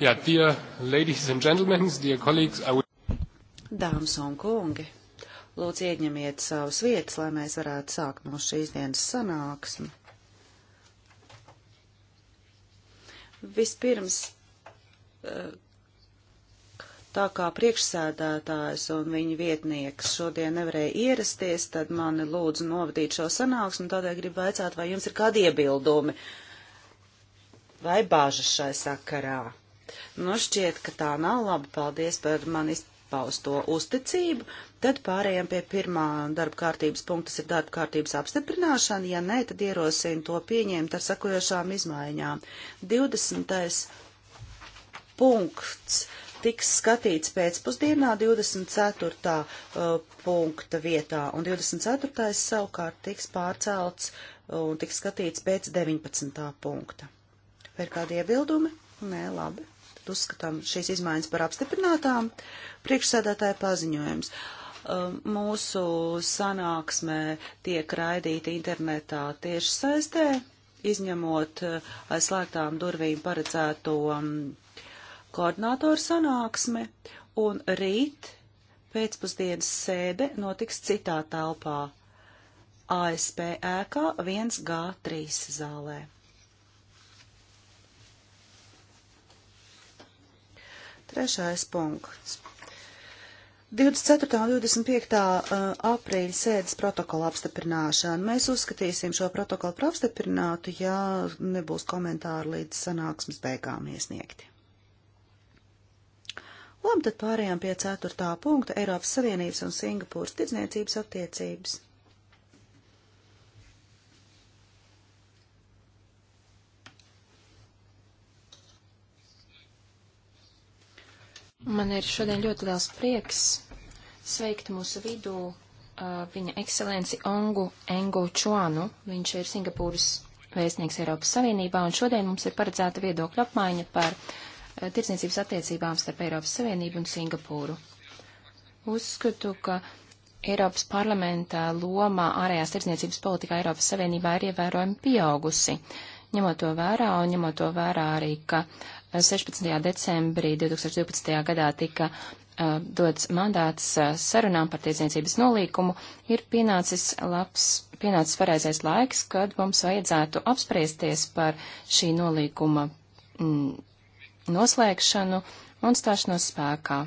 Yeah, dear ladies and gentlemen, dear colleagues, I would... Dāmas un kungi, lūdzu ieņemiet savas vietas, lai mēs varētu sākt mūsu no šīs dienas sanāksmi. Vispirms, eh, tā kā priekšsēdētājs un viņa vietnieks šodien nevarēja ierasties, tad mani lūdzu novadīt šo sanāksmi, tādēļ gribu vaicāt, vai jums ir kādi iebildumi vai bāžas šai sakarā. Nu, šķiet, ka tā nav labi. Paldies par man izpausto uzticību. Tad pārējām pie pirmā darba kārtības punktas ir darba kārtības apstiprināšana. Ja nē, tad ierosinu to pieņemt ar sakojošām izmaiņām. 20. punkts tiks skatīts pēcpusdienā 24. Uh, punkta vietā, un 24. savukārt tiks pārcelts uh, un tiks skatīts pēc 19. punkta. Vai ir kādi iebildumi? Nē, labi. Tad uzskatām šīs izmaiņas par apstiprinātām. Priekšsēdētāja paziņojums. Um, mūsu sanāksmē tiek raidīta internetā tieši saistē, izņemot uh, aizslēgtām durvīm paredzēto um, koordinātoru sanāksmi, un rīt pēcpusdienas sēde notiks citā telpā. ASP ēkā 1G3 zālē. Trešais punkts. 24. un 25. Uh, aprīļa sēdes protokola apstiprināšana. Mēs uzskatīsim šo protokolu par apstiprinātu, ja nebūs komentāri līdz sanāksmes beigām iesniegti. Labi, tad pārējām pie 4. punkta Eiropas Savienības un Singapūras tirdzniecības attiecības. Man ir šodien ļoti liels prieks sveikt mūsu vidū uh, viņa ekscelenci Ongu Engu Čuanu. Viņš ir Singapūras vēstnieks Eiropas Savienībā, un šodien mums ir paredzēta viedokļa apmaiņa par uh, tirdzniecības attiecībām starp Eiropas Savienību un Singapūru. Uzskatu, ka Eiropas parlamenta loma ārējās tirdzniecības politikā Eiropas Savienībā ir ievērojami pieaugusi. Ņemot to vērā un ņemot to vērā arī, ka uh, 16. decembrī 2012. gadā tika uh, dots mandāts uh, sarunām par tiesniecības nolīkumu, ir pienācis labs, pienācis pareizais laiks, kad mums vajadzētu apspriesties par šī nolīkuma mm, noslēgšanu un stāšanos spēkā.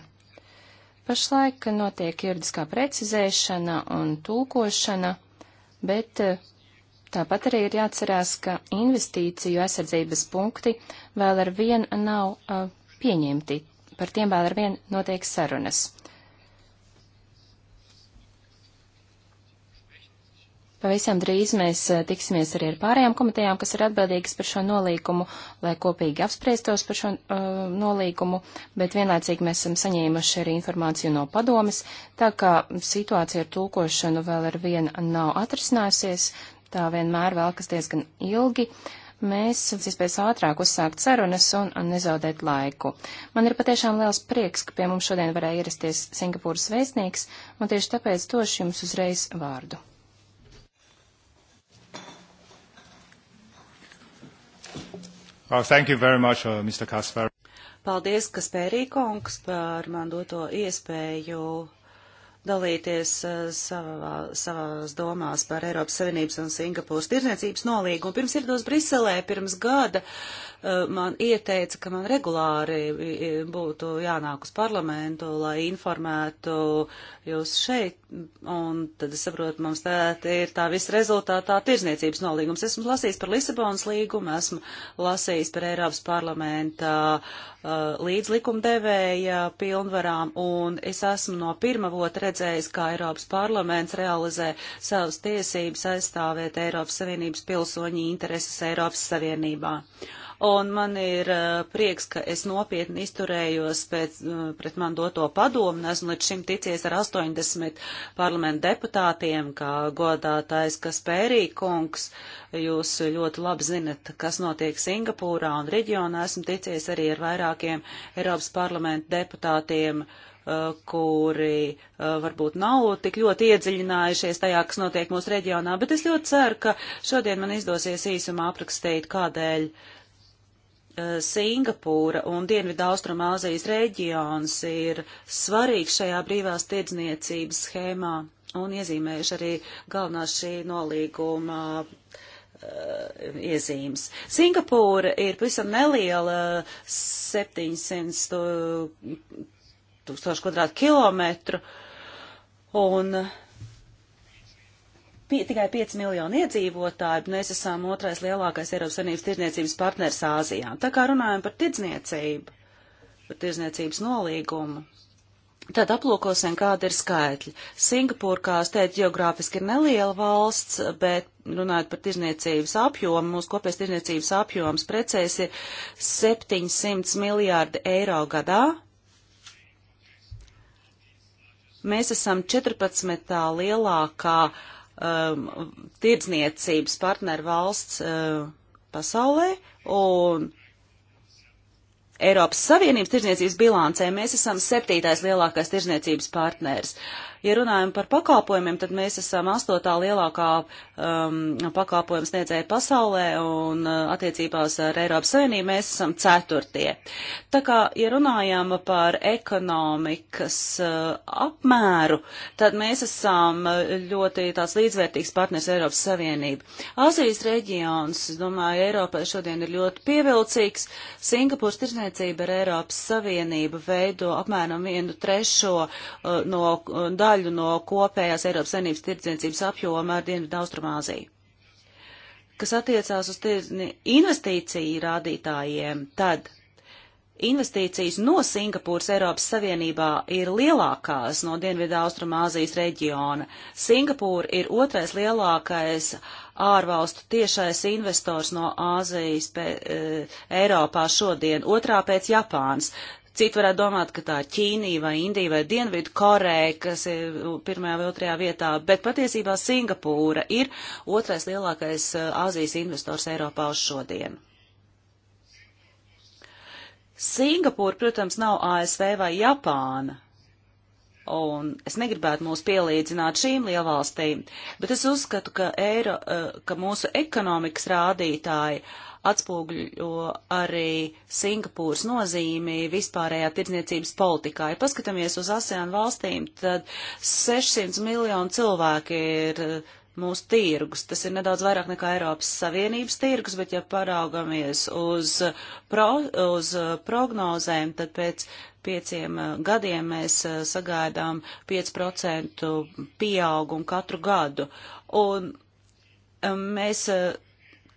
Pašlaik notiek juridiskā precizēšana un tulkošana, bet uh, Tāpat arī ir jāatcerās, ka investīciju aizsardzības punkti vēl ar vien nav uh, pieņemti, par tiem vēl ar vien notiek sarunas. Pavisam drīz mēs uh, tiksimies arī ar pārējām komitejām, kas ir atbildīgas par šo nolīkumu, lai kopīgi apspriestos par šo uh, nolīkumu, bet vienlaicīgi mēs esam saņēmuši arī informāciju no padomes, tā kā situācija ar tulkošanu vēl ar vien nav atrisinājusies, tā vienmēr velkas diezgan ilgi. Mēs vispēc ātrāk uzsākt sarunas un, un nezaudēt laiku. Man ir patiešām liels prieks, ka pie mums šodien varēja ierasties Singapūras vēstnieks, un tieši tāpēc došu jums uzreiz vārdu. Oh, thank you very much, uh, Mr. Kaspar. Paldies, Kaspērī kungs, par man doto iespēju dalīties eh, savā, savās domās par Eiropas Savienības un Singapūras tirzniecības nolīgumu. Pirms ierados Briselē pirms gada Eh, man ieteica, ka man regulāri būtu jānāk uz parlamentu, lai informētu jūs šeit. Un tad es saprotu, mums tā ir tā visa rezultātā tirzniecības nolīgums. Esmu lasījis par Lisabonas līgumu, esmu lasījis par Eiropas parlamenta eh, līdzlikumdevēja pilnvarām, un es esmu no pirmā vota redzējis, kā Eiropas parlaments realizē savas tiesības aizstāvēt Eiropas Savienības pilsoņu intereses Eiropas Savienībā un man ir eh, prieks, ka es nopietni izturējos pēc, eh, pret man doto padomu, un esmu līdz šim ticies ar 80 parlamentu deputātiem, kā godātais Kaspērī kungs, jūs ļoti labi zinat, kas notiek Singapūrā un reģionā, esmu ticies arī ar vairākiem Eiropas parlamentu deputātiem, eh, kuri varbūt nav tik ļoti iedziļinājušies tajā, kas notiek mūsu reģionā, bet es ļoti ceru, ka šodien man izdosies īsumā aprakstīt, kādēļ uh, Eh, Singapūra un Dienvidu-Austrumāzijas reģions ir svarīgs šajā brīvās tirdzniecības schēmā un iezīmējuši arī galvenās šī nolīguma uh, iezīmes. Singapūra ir pavisam neliela 700 tūkstošu kvadrātkilometru un uh, pie, tikai 5 miljoni iedzīvotāji, bet mēs esam otrais lielākais Eiropas Savienības tirdzniecības partners Āzijā. Tā kā runājam par tirdzniecību, par tirdzniecības nolīgumu, tad aplūkosim, kāda ir skaitļi. Singapūra, kā es teicu, geogrāfiski ir neliela valsts, bet runājot par tirdzniecības apjomu, mūsu kopējais tirdzniecības apjoms precēs ir 700 miljārdi eiro gadā, mēs esam 14. lielākā um, tirdzniecības partneru valsts uh, pasaulē, un Eiropas Savienības tirdzniecības bilancē mēs esam septītais lielākais tirdzniecības partners. Uh, Ja runājam par pakāpojumiem, tad mēs esam astotā lielākā um, pakāpojums sniedzēja pasaulē un uh, attiecībās ar Eiropas Savienību mēs esam ceturtie. Tā kā, ja runājam par ekonomikas uh, apmēru, tad mēs esam uh, ļoti tāds līdzvērtīgs partners Eiropas Savienību. Azijas reģions, domāju, Eiropai šodien ir ļoti pievilcīgs. Singapūras tirzniecība ar Eiropas Savienību veido apmēram vienu trešo uh, no uh, daļu daļu no kopējās Eiropas Savienības tirdzniecības apjoma ar Dienvidu Austrumāziju. Kas attiecās uz tirzni, investīciju rādītājiem, tad investīcijas no Singapūras Eiropas Savienībā ir lielākās no Dienvidu Austrumāzijas reģiona. Singapūra ir otrais lielākais ārvalstu tiešais investors no Āzijas pē, e, eh, Eiropā šodien, otrā pēc Japānas. Citi varētu domāt, ka tā Ķīnija vai Indija vai Dienvidu Koreja, kas ir pirmajā vai otrajā vietā, bet patiesībā Singapūra ir otrais lielākais eh, Āzijas investors Eiropā uz šodienu. Singapūra, protams, nav ASV vai Japāna, Un es negribētu mūs pielīdzināt šīm lielvalstīm, bet es uzskatu, ka, Eiro, eh, ka mūsu ekonomikas rādītāji atspūgļo arī Singapūras nozīmi vispārējā tirdzniecības politikā. Ja paskatāmies uz ASEAN valstīm, tad 600 miljonu cilvēki ir eh, mūsu tirgus. Tas ir nedaudz vairāk nekā Eiropas Savienības tirgus, bet ja paraugamies uz, pro, uz eh, prognozēm, tad pēc pieciem eh, gadiem mēs sagaidām 5% pieaugumu katru gadu. Un mēs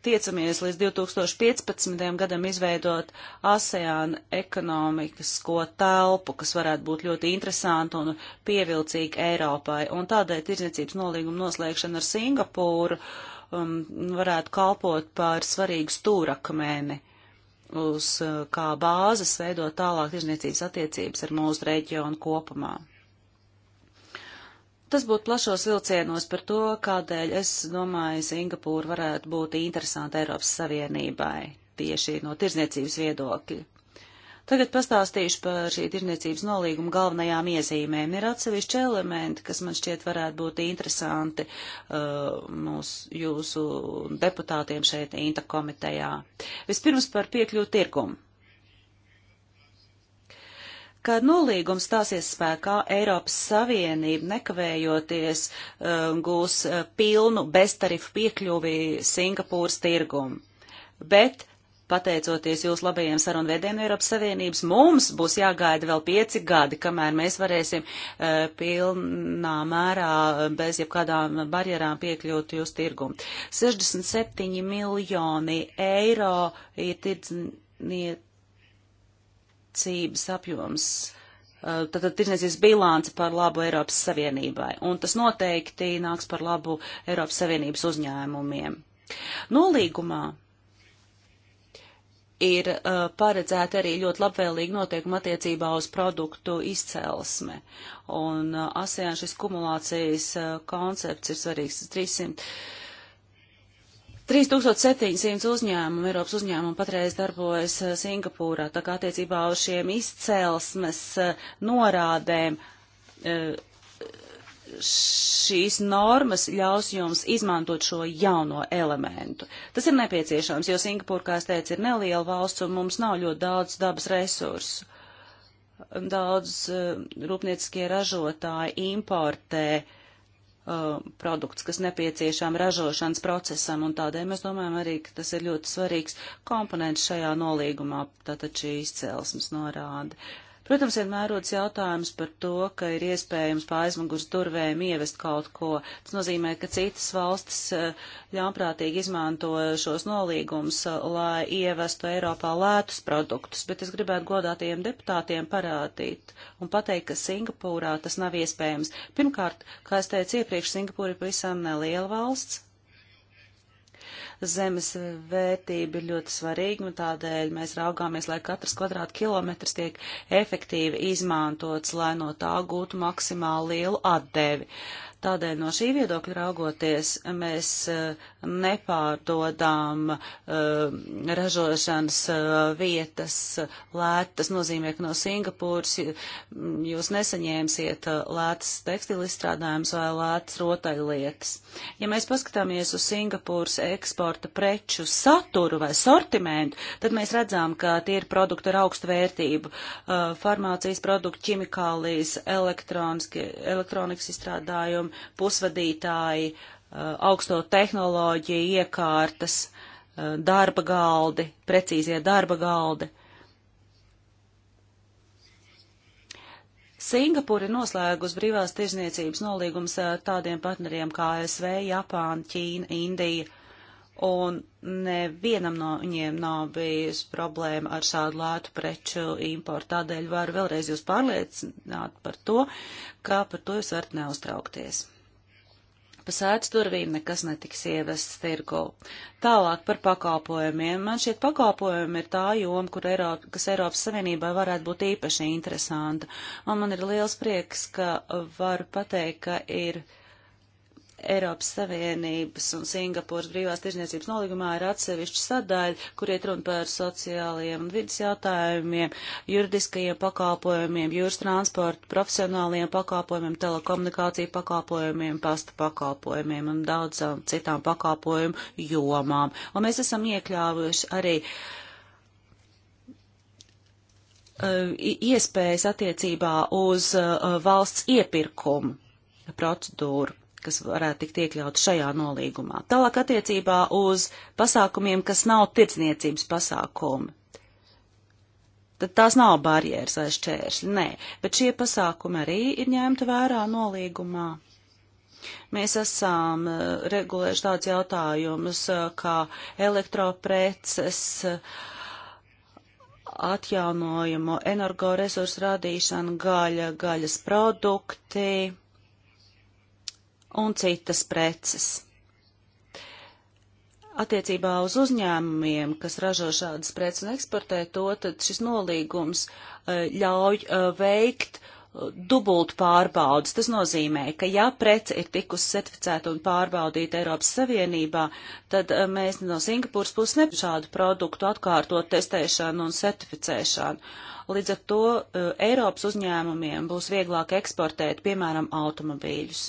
tiecamies līdz 2015. gadam izveidot ASEAN ekonomisko telpu, kas varētu būt ļoti interesanta un pievilcīga Eiropai. Un tādēļ tirdzniecības nolīguma noslēgšana ar Singapūru um, varētu kalpot par svarīgu stūrakmeni uz uh, kā bāzes veidot tālāk tirdzniecības attiecības ar mūsu reģionu kopumā. Tas būtu plašos vilcienos par to, kādēļ es domāju, Singapūra varētu būt interesanta Eiropas Savienībai tieši no tirzniecības viedokļa. Tagad pastāstīšu par šī tirzniecības nolīguma galvenajām iezīmēm. Ir atsevišķi elementi, kas man šķiet varētu būt interesanti uh, mūs, jūsu deputātiem šeit Inta komitejā. Vispirms par piekļuvu tirkumu. Kad nolīgums stāsies spēkā, Eiropas Savienība nekavējoties um, gūs uh, pilnu beztarifu piekļuvi Singapūras tirgumu. Bet Pateicoties jūsu labajiem sarunvediem no Eiropas Savienības, mums būs jāgaida vēl pieci gadi, kamēr mēs varēsim uh, pilnā mērā uh, bez jebkādām barjerām piekļūt jūsu tirgumu. 67 miljoni eiro ir tirdzniecības tirdzniecības apjoms, uh, tātad tirdzniecības bilance par labu Eiropas Savienībai, un tas noteikti nāks par labu Eiropas Savienības uzņēmumiem. Nolīgumā ir uh, paredzēta arī ļoti labvēlīga noteikuma attiecībā uz produktu izcelsme. Un uh, ASEAN šis kumulācijas uh, koncepts ir svarīgs 300 3700 uzņēmumu, Eiropas uzņēmumu patreiz darbojas eh, Singapūrā, tā kā attiecībā uz šiem izcelsmes eh, norādēm eh, šīs normas ļaus jums izmantot šo jauno elementu. Tas ir nepieciešams, jo Singapūra, kā es teicu, ir neliela valsts un mums nav ļoti daudz dabas resursu. Daudz rūpnieciskie ražotāji importē uh, uh, produkts, kas nepieciešām ražošanas procesam, un tādēļ mēs domājam arī, ka tas ir ļoti svarīgs komponents šajā nolīgumā, tātad šī izcelsmes norāda. Uh, Protams, vienmēr rodas jautājums par to, ka ir iespējams pārizmugurs durvēm ievest kaut ko. Tas nozīmē, ka citas valstis eh, ļaunprātīgi izmanto šos nolīgumus, eh, lai ievestu Eiropā lētus produktus, bet es gribētu godātajiem deputātiem parādīt un pateikt, ka Singapūrā tas nav iespējams. Pirmkārt, kā es teicu iepriekš, Singapūra ir pavisam neliela valsts, zemes vērtība ir ļoti svarīga, un nu, tādēļ mēs raugāmies, lai katrs kvadrātkilometrs tiek efektīvi izmantots, lai no tā gūtu maksimāli lielu atdevi. Uh, Tādēļ no šī viedokļa raugoties, mēs eh, nepārdodām eh, ražošanas eh, vietas lēt. Tas nozīmē, ka no Singapūras jūs nesaņēmsiet lētas tekstilizstrādājumus vai lētas rotaļlietas. Ja mēs paskatāmies uz Singapūras eksporta preču saturu vai sortimentu, tad mēs redzam, ka tie ir produkti ar augstu vērtību. Farmācijas produkti, ķimikālijas, elektronikas izstrādājumi, piemēram, pusvadītāji, eh, augsto tehnoloģiju iekārtas, eh, darba galdi, precīzie darba galdi. Singapūra ir noslēgus brīvās tirzniecības nolīgums ar eh, tādiem partneriem kā ASV, Japāna, Ķīna, Indija, un nevienam no viņiem nav bijis problēma ar šādu lētu preču importu. Tādēļ varu vēlreiz jūs pārliecināt par to, ka par to jūs varat neuztraukties. Pa sēdz durvīm nekas netiks ievests tirgu. Tālāk par pakalpojumiem. Man šķiet pakalpojumi ir tā joma, kur Eiropa, kas Eiropas Savienībai varētu būt īpaši interesanta. Un man ir liels prieks, ka varu pateikt, ka ir uh, Eiropas Savienības un Singapūras brīvās tirzniecības nolīgumā ir atsevišķa sadaļa, kur iet runa par sociālajiem un vidas jautājumiem, juridiskajiem pakalpojumiem, jūras transportu, profesionālajiem pakalpojumiem, telekomunikāciju pakalpojumiem, pasta pakalpojumiem un daudzām citām pakalpojumu jomām. Un mēs esam iekļāvuši arī uh, iespējas attiecībā uz uh, valsts iepirkumu procedūru kas varētu tikt iekļauts šajā nolīgumā. Tālāk attiecībā uz pasākumiem, kas nav tirdzniecības pasākumi. Tad tās nav barjeras vai šķēršļi, nē, bet šie pasākumi arī ir ņemti vērā nolīgumā. Mēs esam eh, regulējuši tāds jautājumus, eh, kā elektropreces, eh, atjaunojumu energoresursu radīšana, gaļa, gaļas produkti un citas preces. Attiecībā uz uzņēmumiem, kas ražo šādas preces un eksportē to, tad šis nolīgums e, ļauj e, veikt e, dubult pārbaudas. Tas nozīmē, ka ja prece ir tikusi certificēta un pārbaudīta Eiropas Savienībā, tad mēs no Singapūras puses ne šādu produktu atkārtot testēšanu un certificēšanu. Līdz ar to Eiropas uzņēmumiem būs vieglāk eksportēt, piemēram, automobīļus.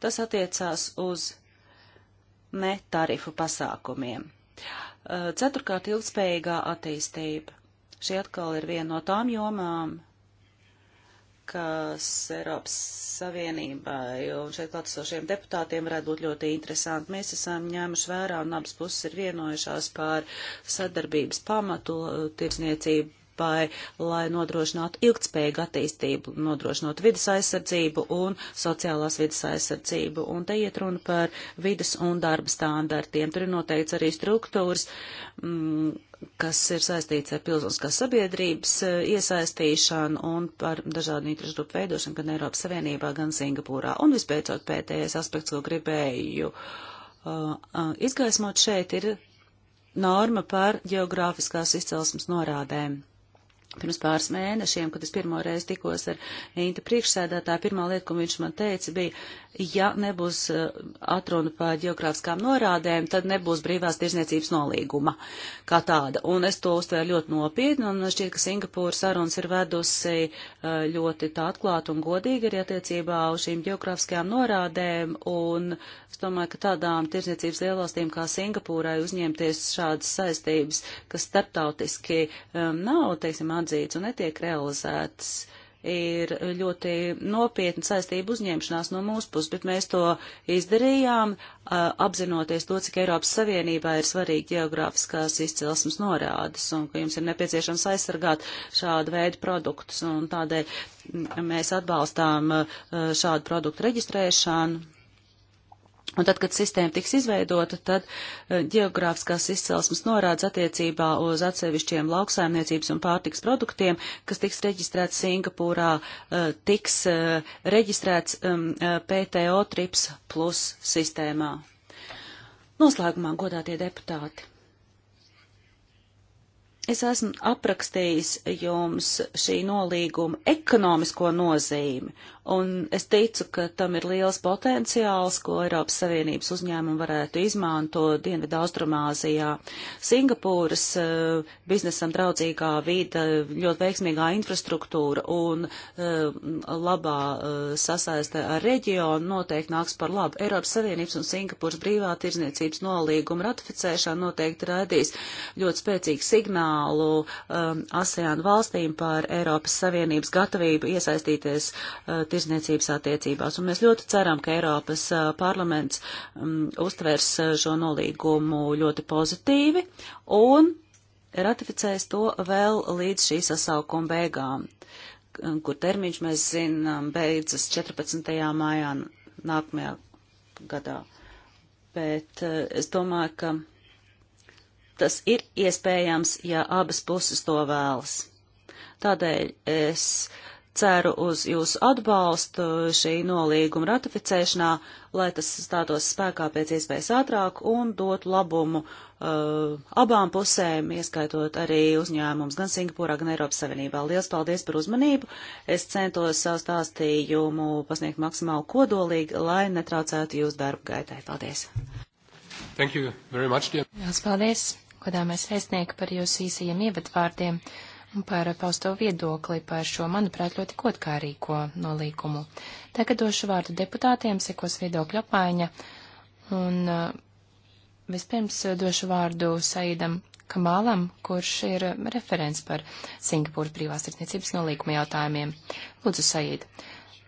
Tas attiecās uz netarifu pasākumiem. Uh, Ceturkārt, ilgspējīgā attīstība. Šī atkal ir viena no tām jomām, kas Eiropas Savienībai un šeit klātesošiem deputātiem varētu būt ļoti interesanti. Mēs esam ņēmuši vērā un abas puses ir vienojušās pār sadarbības pamatu uh, tirsniecību Eiropai, lai nodrošinātu ilgtspējīgu attīstību, nodrošinot vidas aizsardzību un sociālās vidas aizsardzību. Un te iet runa par vidas un darba standartiem. Tur ir noteikts arī struktūras. Mm, kas ir saistīts ar pilsoniskās sabiedrības e, iesaistīšanu un par dažādu interesu grupu veidošanu gan Eiropas Savienībā, gan Singapūrā. Un vispēcot pēdējais aspekts, ko gribēju uh, uh, izgaismot šeit, ir norma par geogrāfiskās izcelsmes norādēm. Pirms pāris mēnešiem, kad es pirmo reizi tikos ar Inta priekšsēdētāju, pirmā lieta, ko viņš man teica, bija, ja nebūs eh, atrunu par geogrāfiskām norādēm, tad nebūs brīvās tirzniecības nolīguma kā tāda. Un es to uztvēru ļoti nopietni, un šķiet, ka Singapūra sarunas ir vedusi eh, ļoti tā atklāt un godīgi arī attiecībā uz šīm geogrāfiskajām norādēm, un es domāju, ka tādām tirzniecības lielvalstīm kā Singapūrai uzņemties šādas saistības, kas starptautiski um, nav, teiksim, atzīts un netiek realizēts, ir ļoti nopietna saistība uzņemšanās no mūsu puses, bet mēs to izdarījām, apzinoties to, cik Eiropas Savienībā ir svarīgi geogrāfiskās izcelsmes norādes un ka jums ir nepieciešams aizsargāt šādu veidu produktus un tādēļ mēs atbalstām šādu produktu reģistrēšanu Un tad, kad sistēma tiks izveidota, tad ģeogrāfiskās e, izcelsmes norādes attiecībā uz atsevišķiem lauksaimniecības un pārtiks produktiem, kas tiks reģistrēts Singapūrā, e, tiks e, reģistrēts PTO trips plus sistēmā. Noslēgumā godātie deputāti. Es esmu aprakstījis jums šī nolīguma ekonomisko nozīmi, un es ticu, ka tam ir liels potenciāls, ko Eiropas Savienības uzņēmumi varētu izmantot Dienvidu Austrumāzijā. Singapūras uh, biznesam draudzīgā vīda, ļoti veiksmīgā infrastruktūra un uh, labā uh, sasaiste ar reģionu noteikti nāks par labu. Eiropas Savienības un Singapūras brīvā tirzniecības nolīguma ratificēšana noteikti radīs ļoti spēcīgu signālu signālu um, ASEAN valstīm par Eiropas Savienības gatavību iesaistīties uh, tirzniecības attiecībās. Un mēs ļoti ceram, ka Eiropas uh, parlaments um, uztvers uh, šo nolīgumu ļoti pozitīvi un ratificēs to vēl līdz šī sasaukuma beigām, um, kur termiņš, mēs zinām, beidzas 14. maijā nākamajā gadā. Bet uh, es domāju, ka tas ir iespējams, ja abas puses to vēlas. Tādēļ es ceru uz jūsu atbalstu šī nolīguma ratificēšanā, lai tas stātos spēkā pēc iespējas ātrāk un dot labumu uh, abām pusēm, ieskaitot arī uzņēmums gan Singapūrā, gan Eiropas Savienībā. Lielas paldies par uzmanību! Es centos savu stāstījumu pasniegt maksimāli kodolīgi, lai netraucētu jūsu darbu gaitai. Paldies! Thank you very much, dear. Lielas paldies! godāmais vēstnieki, par jūsu īsajiem ievadvārdiem un par pausto viedokli par šo, manuprāt, ļoti kodkārīgo nolīkumu. Tagad došu vārdu deputātiem, sekos viedokļu apmaiņa, un uh, vispirms došu vārdu Saidam Kamālam, kurš ir referents par Singapūras privās tirdzniecības nolīguma jautājumiem. Lūdzu, Said.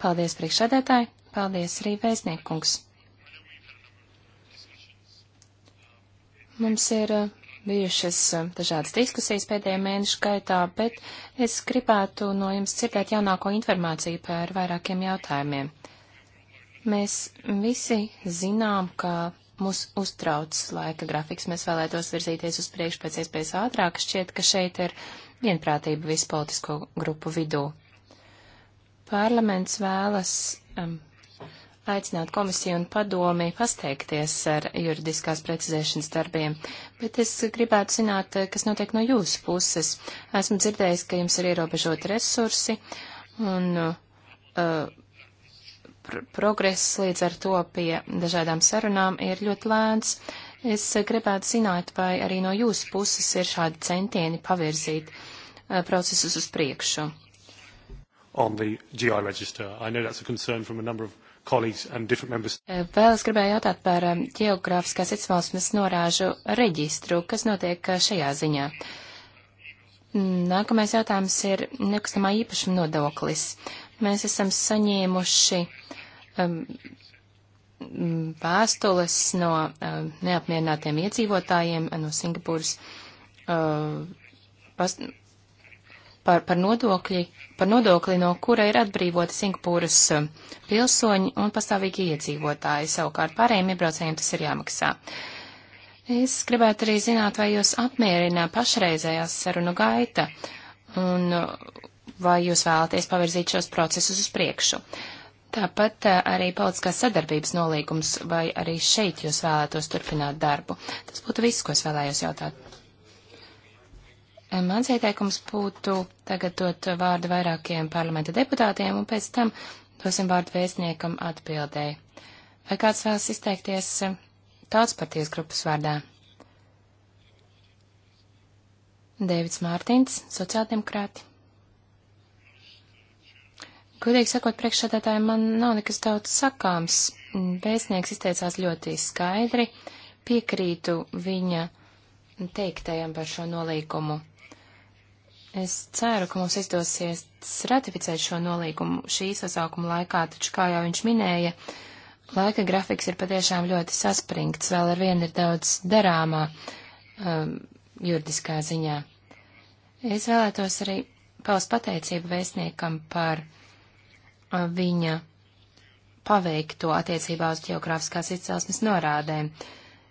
Paldies, priekšsēdētāji. Paldies arī vēstniekungs. Mums ir uh, bijušas um, dažādas diskusijas pēdējā mēneša gaitā, bet es gribētu no jums dzirdēt jaunāko informāciju par vairākiem jautājumiem. Mēs visi zinām, ka mūs uztrauc laika grafiks, mēs vēlētos virzīties uz priekšu pēc iespējas ātrāk, šķiet, ka šeit ir vienprātība vispolitisko grupu vidū. Parlaments vēlas um, aicināt komisiju un padomi pasteikties ar juridiskās precizēšanas darbiem, bet es gribētu zināt, eh, kas notiek no jūsu puses. Esmu dzirdējis, ka jums ir ierobežoti resursi un uh, pr progress līdz ar to pie dažādām sarunām ir ļoti lēns. Es gribētu zināt, vai arī no jūsu puses ir šādi centieni pavirzīt uh, procesus uz priekšu. On the GI register, I know that's a concern from a number of Eh, vēl es gribēju jautāt par ģeogrāfiskās eh, izcelsmes norāžu reģistru, kas notiek eh, šajā ziņā. Mm, nākamais jautājums ir nekustamā īpašuma nodoklis. Mēs esam saņēmuši um, vēstules no um, neapmierinātiem iedzīvotājiem no Singapūras. Um, past, par, par, nodokļi, par nodokli, no kura ir atbrīvoti Singapūras um, pilsoņi un pastāvīgi iedzīvotāji. Savukārt pārējiem iebraucējiem tas ir jāmaksā. Es gribētu arī zināt, vai jūs apmierina pašreizējās sarunu gaita un uh, vai jūs vēlaties pavirzīt šos procesus uz priekšu. Tāpat uh, arī politiskās sadarbības nolīgums, vai arī šeit jūs vēlētos turpināt darbu. Tas būtu viss, ko es vēlējos jautāt. Mans ieteikums būtu tagad dot vārdu vairākiem parlamenta deputātiem un pēc tam dosim vārdu vēstniekam atbildēji. Vai kāds vēlas izteikties eh, tautspartijas grupas vārdā? Dēvids Mārtiņš, sociāldemokrāti. Godīgi sakot, priekšsēdētāji, man nav nekas daudz sakāms. Vēstnieks izteicās ļoti skaidri, piekrītu viņa teiktajam par šo nolīkumu. Es ceru, ka mums izdosies ratificēt šo nolīgumu šī sasaukuma laikā, taču, kā jau viņš minēja, laika grafiks ir patiešām ļoti saspringts, vēl ar vienu ir daudz darāmā um, juridiskā ziņā. Es vēlētos arī paust pateicību vēstniekam par uh, viņa paveikto attiecībā uz ģeogrāfiskās izcelsmes norādēm. Uh,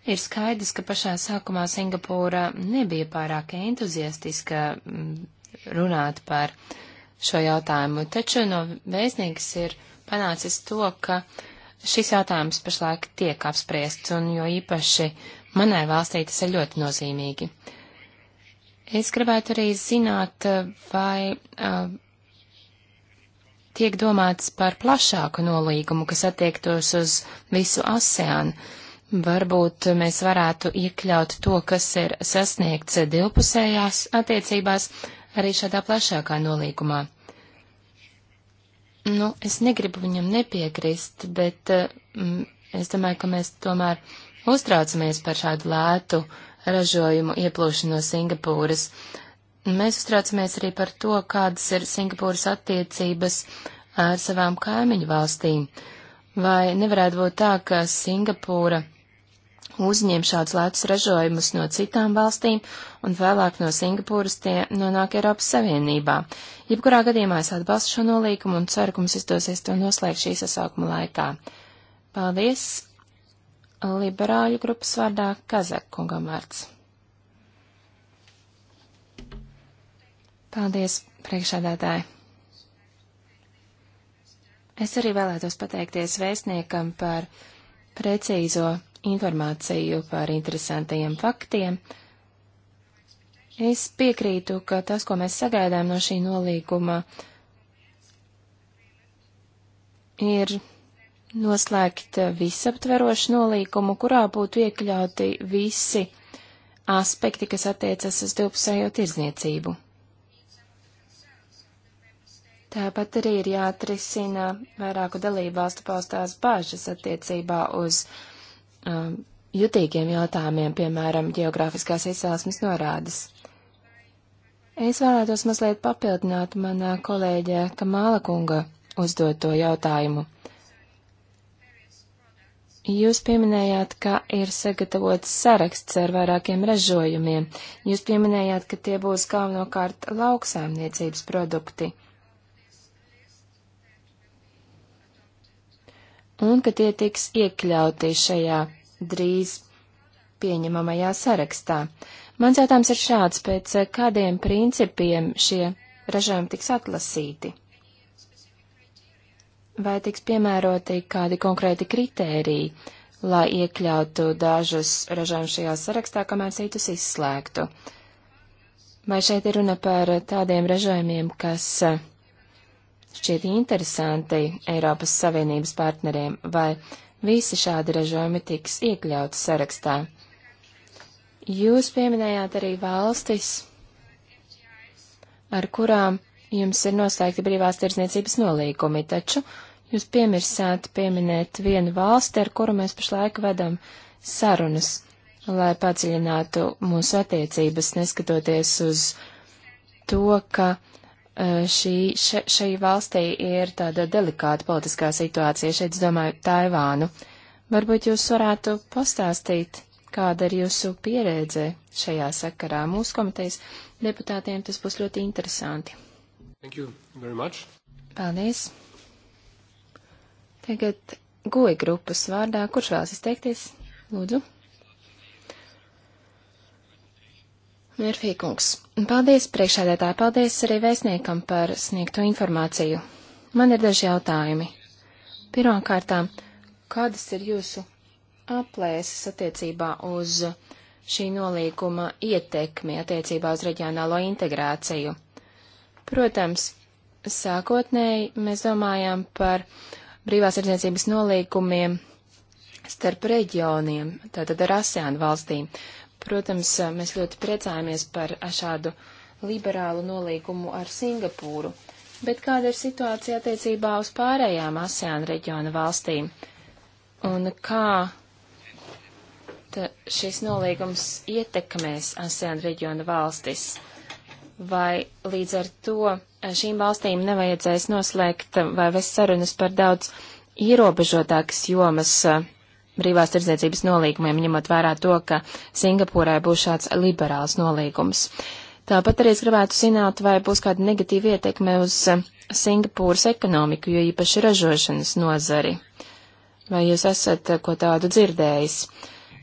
Ir skaidrs, ka pašā sākumā Singapūra nebija pārāk entuziastiska mm, runāt par šo jautājumu, taču no vēstnieks ir panācis to, ka šis jautājums pašlaik tiek apspriests, un jo īpaši manai valstī tas ir ļoti nozīmīgi. Es gribētu arī zināt, vai uh, tiek domāts par plašāku nolīgumu, kas attiektos uz visu ASEANu Varbūt mēs varētu iekļaut to, kas ir sasniegts divpusējās attiecībās, arī šādā plašākā nolīgumā. Nu, es negribu viņam nepiekrist, bet mm, es domāju, ka mēs tomēr uztraucamies par šādu lētu ražojumu ieplūšanu no Singapūras. Mēs uztraucamies arī par to, kādas ir Singapūras attiecības ar savām kaimiņu valstīm. Vai nevarētu būt tā, ka Singapūra uzņem šādus lētus ražojumus no citām valstīm, un vēlāk no Singapūras tie nonāk Eiropas Savienībā. Jebkurā gadījumā es atbalstu šo nolīkumu un ceru, ka mums izdosies to noslēgt šī sasaukuma laikā. Paldies! Liberāļu grupas vārdā Kazakungam vārds. Paldies, priekšādātāji! Es arī vēlētos pateikties vēstniekam par precīzo informāciju par interesantajiem faktiem. Es piekrītu, ka tas, ko mēs sagaidām no šī nolīguma, ir noslēgt visaptverošu nolīgumu, kurā būtu iekļauti visi aspekti, kas attiecas uz divpusējo tirzniecību. Tāpat arī ir jāatrisina vairāku dalību valstu paustās bāžas attiecībā uz um, jutīgiem jautājumiem, piemēram, geogrāfiskās izcelsmes norādes. Es vēlētos mazliet papildināt manā kolēģē Kamāla kunga uzdoto jautājumu. Jūs pieminējāt, ka ir sagatavots saraksts ar vairākiem ražojumiem. Jūs pieminējāt, ka tie būs galvenokārt lauksēmniecības produkti. Uh, un ka tie tiks iekļauti šajā drīz pieņemamajā sarakstā. Mans jautājums ir šāds, pēc kādiem principiem šie ražojumi tiks atlasīti? Vai tiks piemēroti kādi konkrēti kritēriji, lai iekļautu dažus ražojumus šajā sarakstā, kamēr citus izslēgtu? Vai šeit ir runa par tādiem ražojumiem, kas uh, šķiet interesanti Eiropas Savienības partneriem, vai visi šādi ražojumi tiks iekļauti sarakstā. Jūs pieminējāt arī valstis, ar kurām jums ir noslēgti brīvās tirdzniecības nolīgumi, taču jūs piemirsāt pieminēt vienu valsti, ar kuru mēs pašlaik vedam sarunas, lai padziļinātu mūsu attiecības, neskatoties uz to, ka uh, Eh, šī, še, šī valstī ir tāda delikāta politiskā situācija. Šeit es domāju Taivānu. Varbūt jūs varētu pastāstīt, kāda ir jūsu pieredze šajā sakarā. Mūsu komitejas deputātiem tas būs ļoti interesanti. Thank you very much. Paldies. Tagad goja grupas vārdā. Kurš vēlas izteikties? Lūdzu. Mērfīkungs. Paldies priekšādētāji, paldies arī vēstniekam par sniegto informāciju. Man ir daži jautājumi. Pirmkārtām, kādas ir jūsu aplēses attiecībā uz šī nolīguma ietekmi attiecībā uz reģionālo integrāciju. Protams, sākotnēji mēs domājām par brīvās ardzniecības nolīgumiem starp reģioniem, tātad ar ASEAN valstīm, Protams, eh, mēs ļoti priecājamies par šādu liberālu nolīgumu ar Singapūru, bet kāda ir situācija attiecībā uz pārējām ASEAN reģiona valstīm? Un kā šis nolīgums ietekmēs ASEAN reģiona valstis? Vai līdz ar to eh, šīm valstīm nevajadzēs noslēgt eh, vai vest sarunas par daudz ierobežotākas jomas brīvās tirdzniecības nolīgumiem, ņemot vērā to, ka Singapūrai būs šāds liberāls nolīgums. Tāpat arī es gribētu zināt, vai būs kāda negatīva ietekme uz Singapūras ekonomiku, jo īpaši ražošanas nozari. Vai jūs esat ko tādu dzirdējis?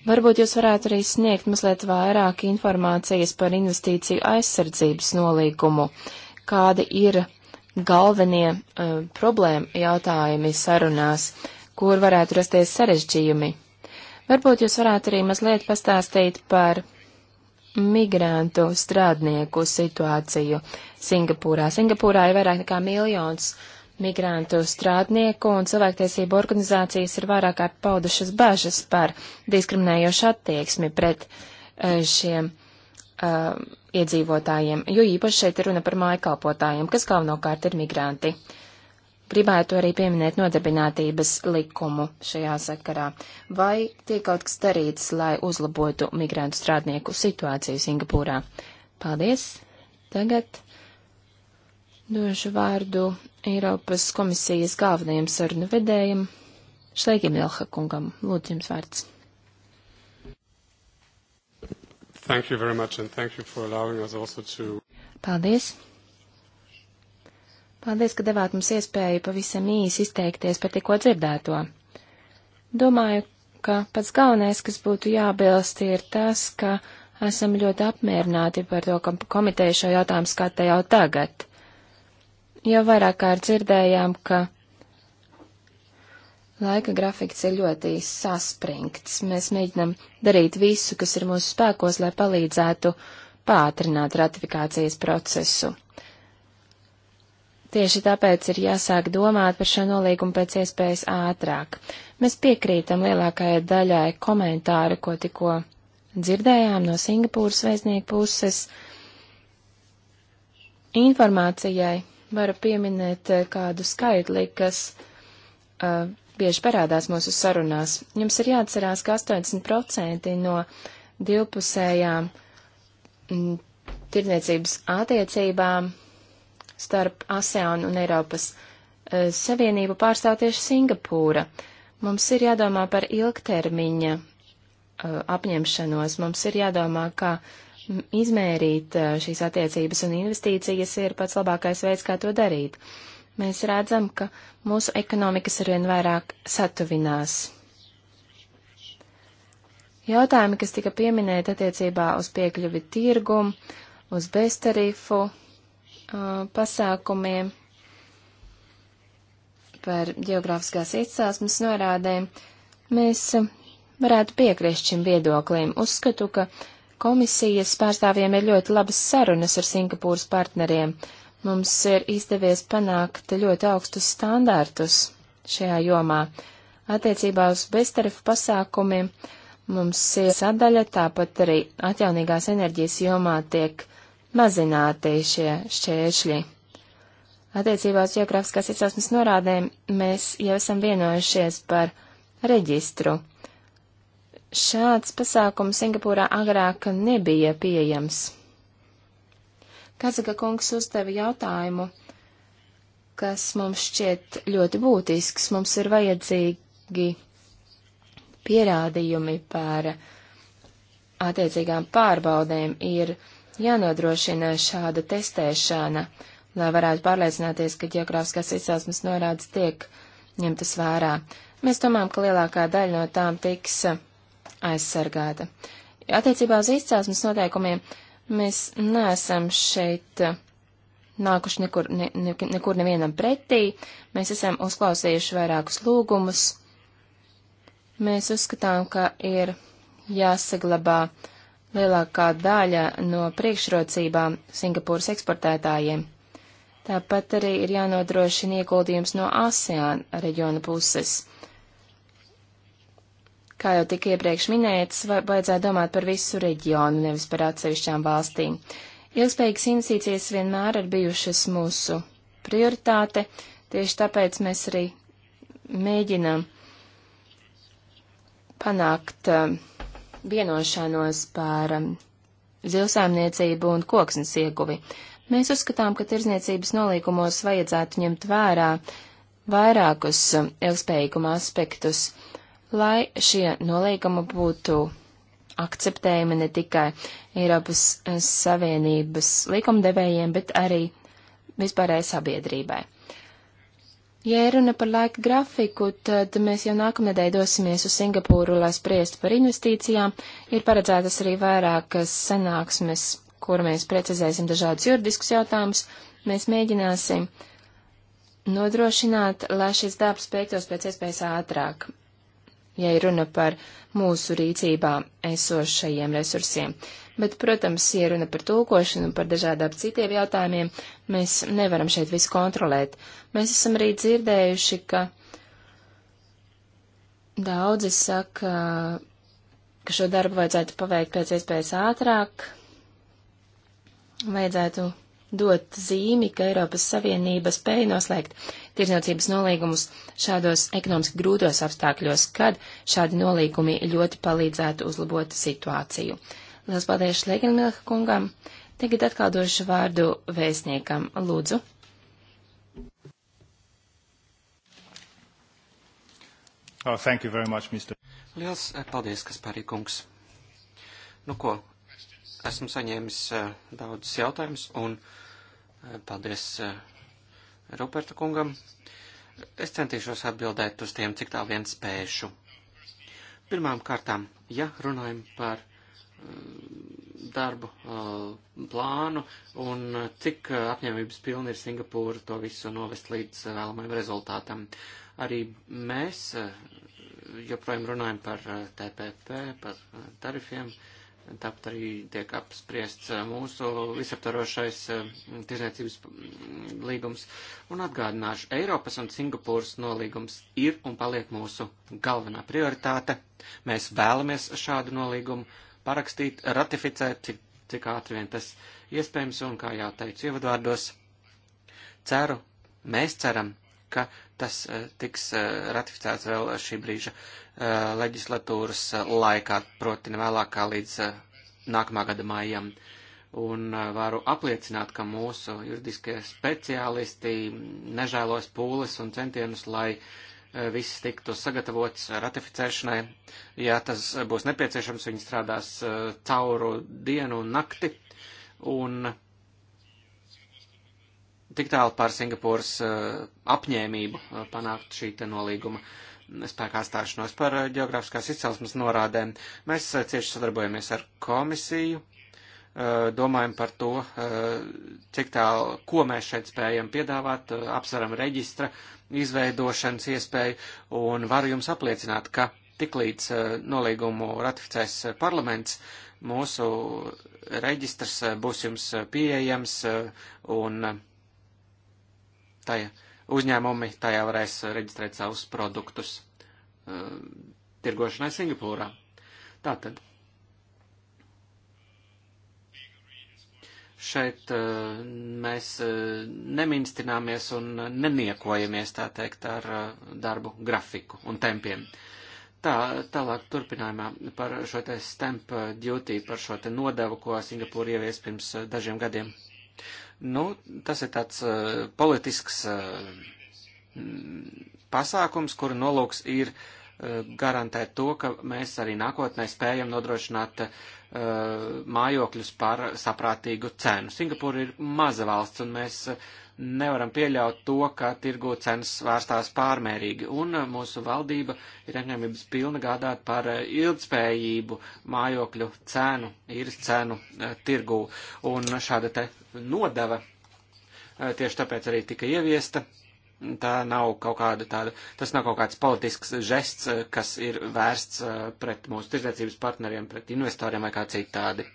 Varbūt jūs varētu arī sniegt mazliet vairāk informācijas par investīciju aizsardzības nolīgumu, kādi ir galvenie uh, problēma jautājumi sarunās kur varētu rasties sarežģījumi. Varbūt jūs varētu arī mazliet pastāstīt par migrantu strādnieku situāciju Singapūrā. Singapūrā ir vairāk nekā miljons migrantu strādnieku un cilvēktiesību organizācijas ir vairāk kārt paudušas bažas par diskriminējošu attieksmi pret eh, šiem uh, iedzīvotājiem, jo īpaši šeit ir runa par mājkalpotājiem, kas galvenokārt ir migranti. Uh, gribētu arī pieminēt nodarbinātības likumu šajā sakarā. Vai tiek kaut kas darīts, lai uzlabotu migrantu strādnieku situāciju Singapūrā? Paldies! Tagad došu vārdu Eiropas komisijas galvenajam sarunu vedējam Šleigim Ilha kungam. Lūdzu, jums vārds. Thank you very much and thank you for allowing us also to. Paldies! Paldies, ka devāt mums iespēju pavisam īsi izteikties par tikko dzirdēto. Domāju, ka pats galvenais, kas būtu jābilst, ir tas, ka esam ļoti apmierināti par to, ka komiteja šo jautājumu skata jau tagad. Jau vairāk kārt dzirdējām, ka laika grafiks ir ļoti saspringts. Mēs mēģinam darīt visu, kas ir mūsu spēkos, lai palīdzētu pātrināt ratifikācijas procesu. Tieši tāpēc ir jāsāk domāt par šo nolīgumu pēc iespējas ātrāk. Mēs piekrītam lielākajai daļai komentāru, ko tikko dzirdējām no Singapūras vēstnieku puses. Informācijai varu pieminēt eh, kādu skaitli, kas uh, bieži parādās mūsu sarunās. Jums ir jāatcerās, ka 80% no divpusējām mm, tirdzniecības attiecībām starp ASEAN un Eiropas e, Savienību pārstāv tieši Singapūra. Mums ir jādomā par ilgtermiņa e, apņemšanos, mums ir jādomā, kā izmērīt e, šīs attiecības un investīcijas ir pats labākais veids, kā to darīt. Mēs redzam, ka mūsu ekonomikas arvien vairāk satuvinās. Jautājumi, kas tika pieminēti attiecībā uz piekļuvi tirgumu, uz beztarifu Uh, pasākumiem, par geogrāfiskās izcelsmes norādēm, mēs varētu piekrist šim viedoklim. Uzskatu, ka komisijas pārstāvjiem ir ļoti labas sarunas ar Singapūras partneriem. Mums ir izdevies panākt ļoti augstus standārtus šajā jomā. Attiecībā uz beztarifu pasākumiem mums ir sadaļa, tāpat arī atjaunīgās enerģijas jomā tiek uh, mazināti šie šķēršļi. Attiecībā uz ģeogrāfiskās izcelsmes norādēm mēs jau esam vienojušies par reģistru. Šāds pasākums Singapūrā agrāk nebija pieejams. Kazaka kungs uzdeva jautājumu, kas mums šķiet ļoti būtisks. Mums ir vajadzīgi pierādījumi par attiecīgām pārbaudēm. Ir jānodrošina šāda testēšana, lai varētu pārliecināties, ka ģeogrāfiskās izcelsmes norādes tiek ņemtas vērā. Mēs domājam, ka lielākā daļa no tām tiks aizsargāta. Attiecībā uz izcelsmes noteikumiem mēs neesam šeit nākuši nekur, ne, ne, nekur nevienam pretī, mēs esam uzklausījuši vairākus lūgumus. Mēs uzskatām, ka ir jāsaglabā uh, lielākā daļa no priekšrocībām Singapūras eksportētājiem. Tāpat arī ir jānodrošina ieguldījums no ASEAN reģiona puses. Kā jau tika iepriekš minēts, vajadzētu domāt par visu reģionu, nevis par atsevišķām valstīm. Ilgspējīgas investīcijas vienmēr ir bijušas mūsu prioritāte, tieši tāpēc mēs arī mēģinām panākt uh, vienošanos par um, zivsāmniecību un koksnes ieguvi. Mēs uzskatām, ka tirzniecības nolīgumos vajadzētu ņemt vērā vairākus um, ilgspējīguma aspektus, lai šie nolīgumi būtu akceptējami ne tikai Eiropas uh, Savienības likumdevējiem, bet arī vispārējai sabiedrībai. Ja runa par laika grafiku, tad mēs jau nākamnedēļ dosimies uz Singapūru, lai spriestu par investīcijām. Ir paredzētas arī vairākas sanāksmes, kur mēs precizēsim dažādus juridiskus jautājumus. Mēs mēģināsim nodrošināt, lai šis darbs beigtos pēc iespējas ātrāk, ja runa par mūsu rīcībā esošajiem resursiem. Bet, protams, ja runa par tulkošanu un par dažādām citiem jautājumiem, mēs nevaram šeit visu kontrolēt. Mēs esam arī dzirdējuši, ka daudzi saka, ka šo darbu vajadzētu paveikt pēc iespējas ātrāk, vajadzētu dot zīmi, ka Eiropas Savienība spēja noslēgt tirzniecības nolīgumus šādos ekonomiski grūtos apstākļos, kad šādi nolīgumi ļoti palīdzētu uzlabot situāciju. Lielas paldies Leigenmilka kungam. Tagad atkal došu vārdu vēstniekam. Lūdzu. Oh, thank you very much, Mr. Liels eh, paldies, Kaspārī kungs. Nu ko, esmu saņēmis uh, daudzus jautājumus un uh, paldies uh, Ruperta kungam. Es centīšos atbildēt uz tiem, cik tā vien spēšu. Pirmām kārtām, ja runājam par Um, darbu uh, plānu un cik uh, apņēmības pilni ir Singapūra to visu novest līdz uh, vēlamajam rezultātam. Arī mēs joprojām runājam par TPP, par tarifiem, tāpat arī tiek apspriests mūsu visaptarošais tirzniecības mm, līgums. Un atgādināšu, Eiropas un Singapūras nolīgums ir un paliek mūsu galvenā prioritāte. Mēs vēlamies šādu nolīgumu parakstīt, ratificēt, cik, cik ātri vien tas iespējams, un, kā jau teicu ievadvārdos, ceru, mēs ceram, ka tas eh, tiks eh, ratificēts vēl šī brīža eh, leģislatūras laikā, proti nevēlākā līdz nākamā gada maijam. Un varu apliecināt, ka mūsu juridiskie speciālisti nežēlos pūles un centienus, lai uh, Eh, viss tiktu sagatavots eh, ratificēšanai. Ja tas būs nepieciešams, viņi strādās eh, cauru dienu un nakti. Un tik tālu par Singapūras apņēmību panākt šī te nolīguma spēkā stāšanos par geogrāfiskās izcelsmes norādēm. Mēs cieši sadarbojamies ar komisiju domājam par to, cik tālu, ko mēs šeit spējam piedāvāt, apsveram reģistra izveidošanas iespēju un varu jums apliecināt, ka tiklīdz nolīgumu ratificēs parlaments, mūsu reģistrs būs jums pieejams un tajā uzņēmumi tajā varēs reģistrēt savus produktus tirgošanai Singapūrā. Tātad šeit eh, mēs eh, neminstināmies un neniekojamies, tā teikt, ar eh, darbu grafiku un tempiem. Tā, tālāk turpinājumā par šo te stamp duty, par šo te nodevu, ko Singapūra ievies pirms dažiem gadiem. Nu, tas ir tāds uh, politisks uh, pasākums, kura nolūks ir uh, garantēt to, ka mēs arī nākotnē spējam nodrošināt uh, Uh, mājokļus par saprātīgu cenu. Singapūra ir maza valsts, un mēs uh, nevaram pieļaut to, ka tirgu cenas svārstās pārmērīgi, un uh, mūsu valdība ir apņēmības pilna gādāt par ilgspējību mājokļu cenu, īres cenu tirgu, un šāda te nodeva tieši tāpēc arī tika ieviesta. Tā nav kaut kāda tāda, tas nav kaut kāds politisks žests, eh, kas ir vērsts eh, pret mūsu tirdzniecības partneriem, pret investoriem vai kā citādi.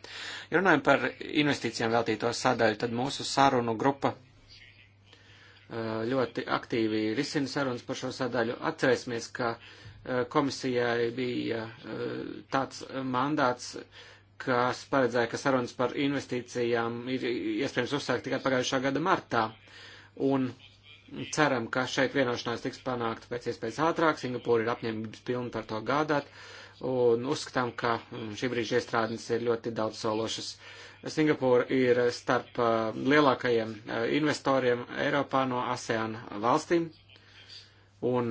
Ja runājam par investīcijām veltīto sadaļu, tad mūsu sarunu grupa eh, ļoti aktīvi risina sarunas par šo sadaļu. Atcerēsimies, ka komisijai bija tāds mandāts, kas paredzēja, ka sarunas par investīcijām ir iespējams uzsākt tikai pagājušā gada martā. Un uh, Ceram, ka šeit vienošanās tiks panākta pēc iespējas ātrāk. Singapūra ir apņēmības pilna par to gādāt un uzskatām, ka mm, šī brīža iestrādnes ir ļoti daudz sološas. Singapūra ir starp uh, lielākajiem uh, investoriem Eiropā no ASEAN valstīm Un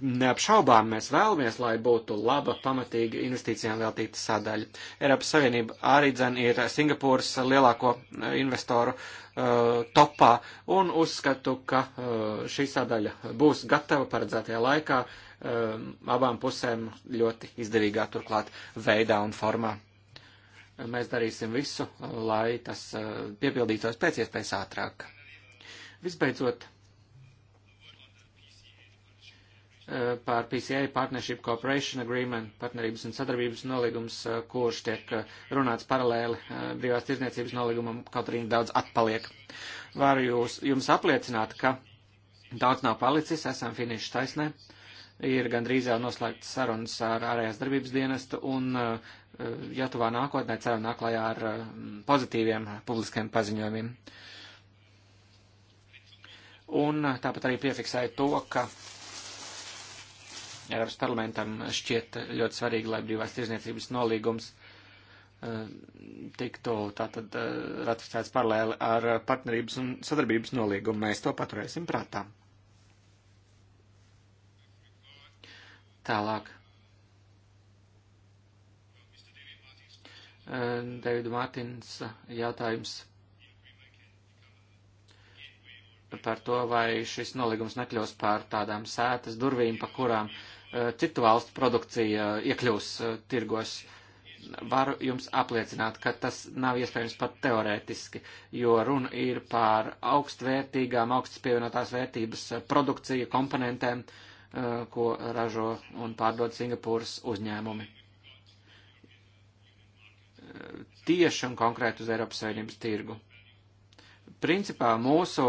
neapšaubām mēs vēlamies, lai būtu laba, pamatīga investīcijām veltīta sadaļa. Eiropas Savienība arī dzen ir Singapūras lielāko eh, investoru uh, topā un uzskatu, ka uh, šī sadaļa būs gatava paredzētajā laikā uh, abām pusēm ļoti izdevīgā turklāt veidā un formā. Mēs darīsim visu, lai tas uh, piepildītos pēc iespējas ātrāk. Visbeidzot, Eh, par PCA Partnership Cooperation Agreement, partnerības un sadarbības nolīgums, eh, kurš tiek eh, runāts paralēli brīvās tirzniecības nolīgumam, kaut arī daudz atpaliek. Varu jūs, jums apliecināt, ka daudz nav palicis, esam finišs taisnē, ir gandrīz jau noslēgts sarunas ar ārējās darbības dienestu un ja tuvā nākotnē ceram nāklājā ar pozitīviem publiskiem paziņojumiem. Un tāpat arī piefiksēju to, ka Eiropas parlamentam šķiet ļoti svarīgi, lai brīvās tirzniecības nolīgums eh, tiktu tātad eh, ratificēts paralēli ar partnerības un sadarbības nolīgumu. Mēs to paturēsim prātā. Tālāk. Eh, Davida Mārtins jautājums par to, vai šis nolīgums nekļūs pār tādām sētas durvīm, pa kurām uh, Eh, citu valstu produkcija eh, iekļūs eh, tirgos. Varu jums apliecināt, ka tas nav iespējams pat teorētiski, jo runa ir par augstvērtīgām, augstas pievienotās vērtības produkciju komponentēm, ko ražo un pārdod Singapūras uzņēmumi. Tieši un konkrēti uz Eiropas Savienības tirgu principā mūsu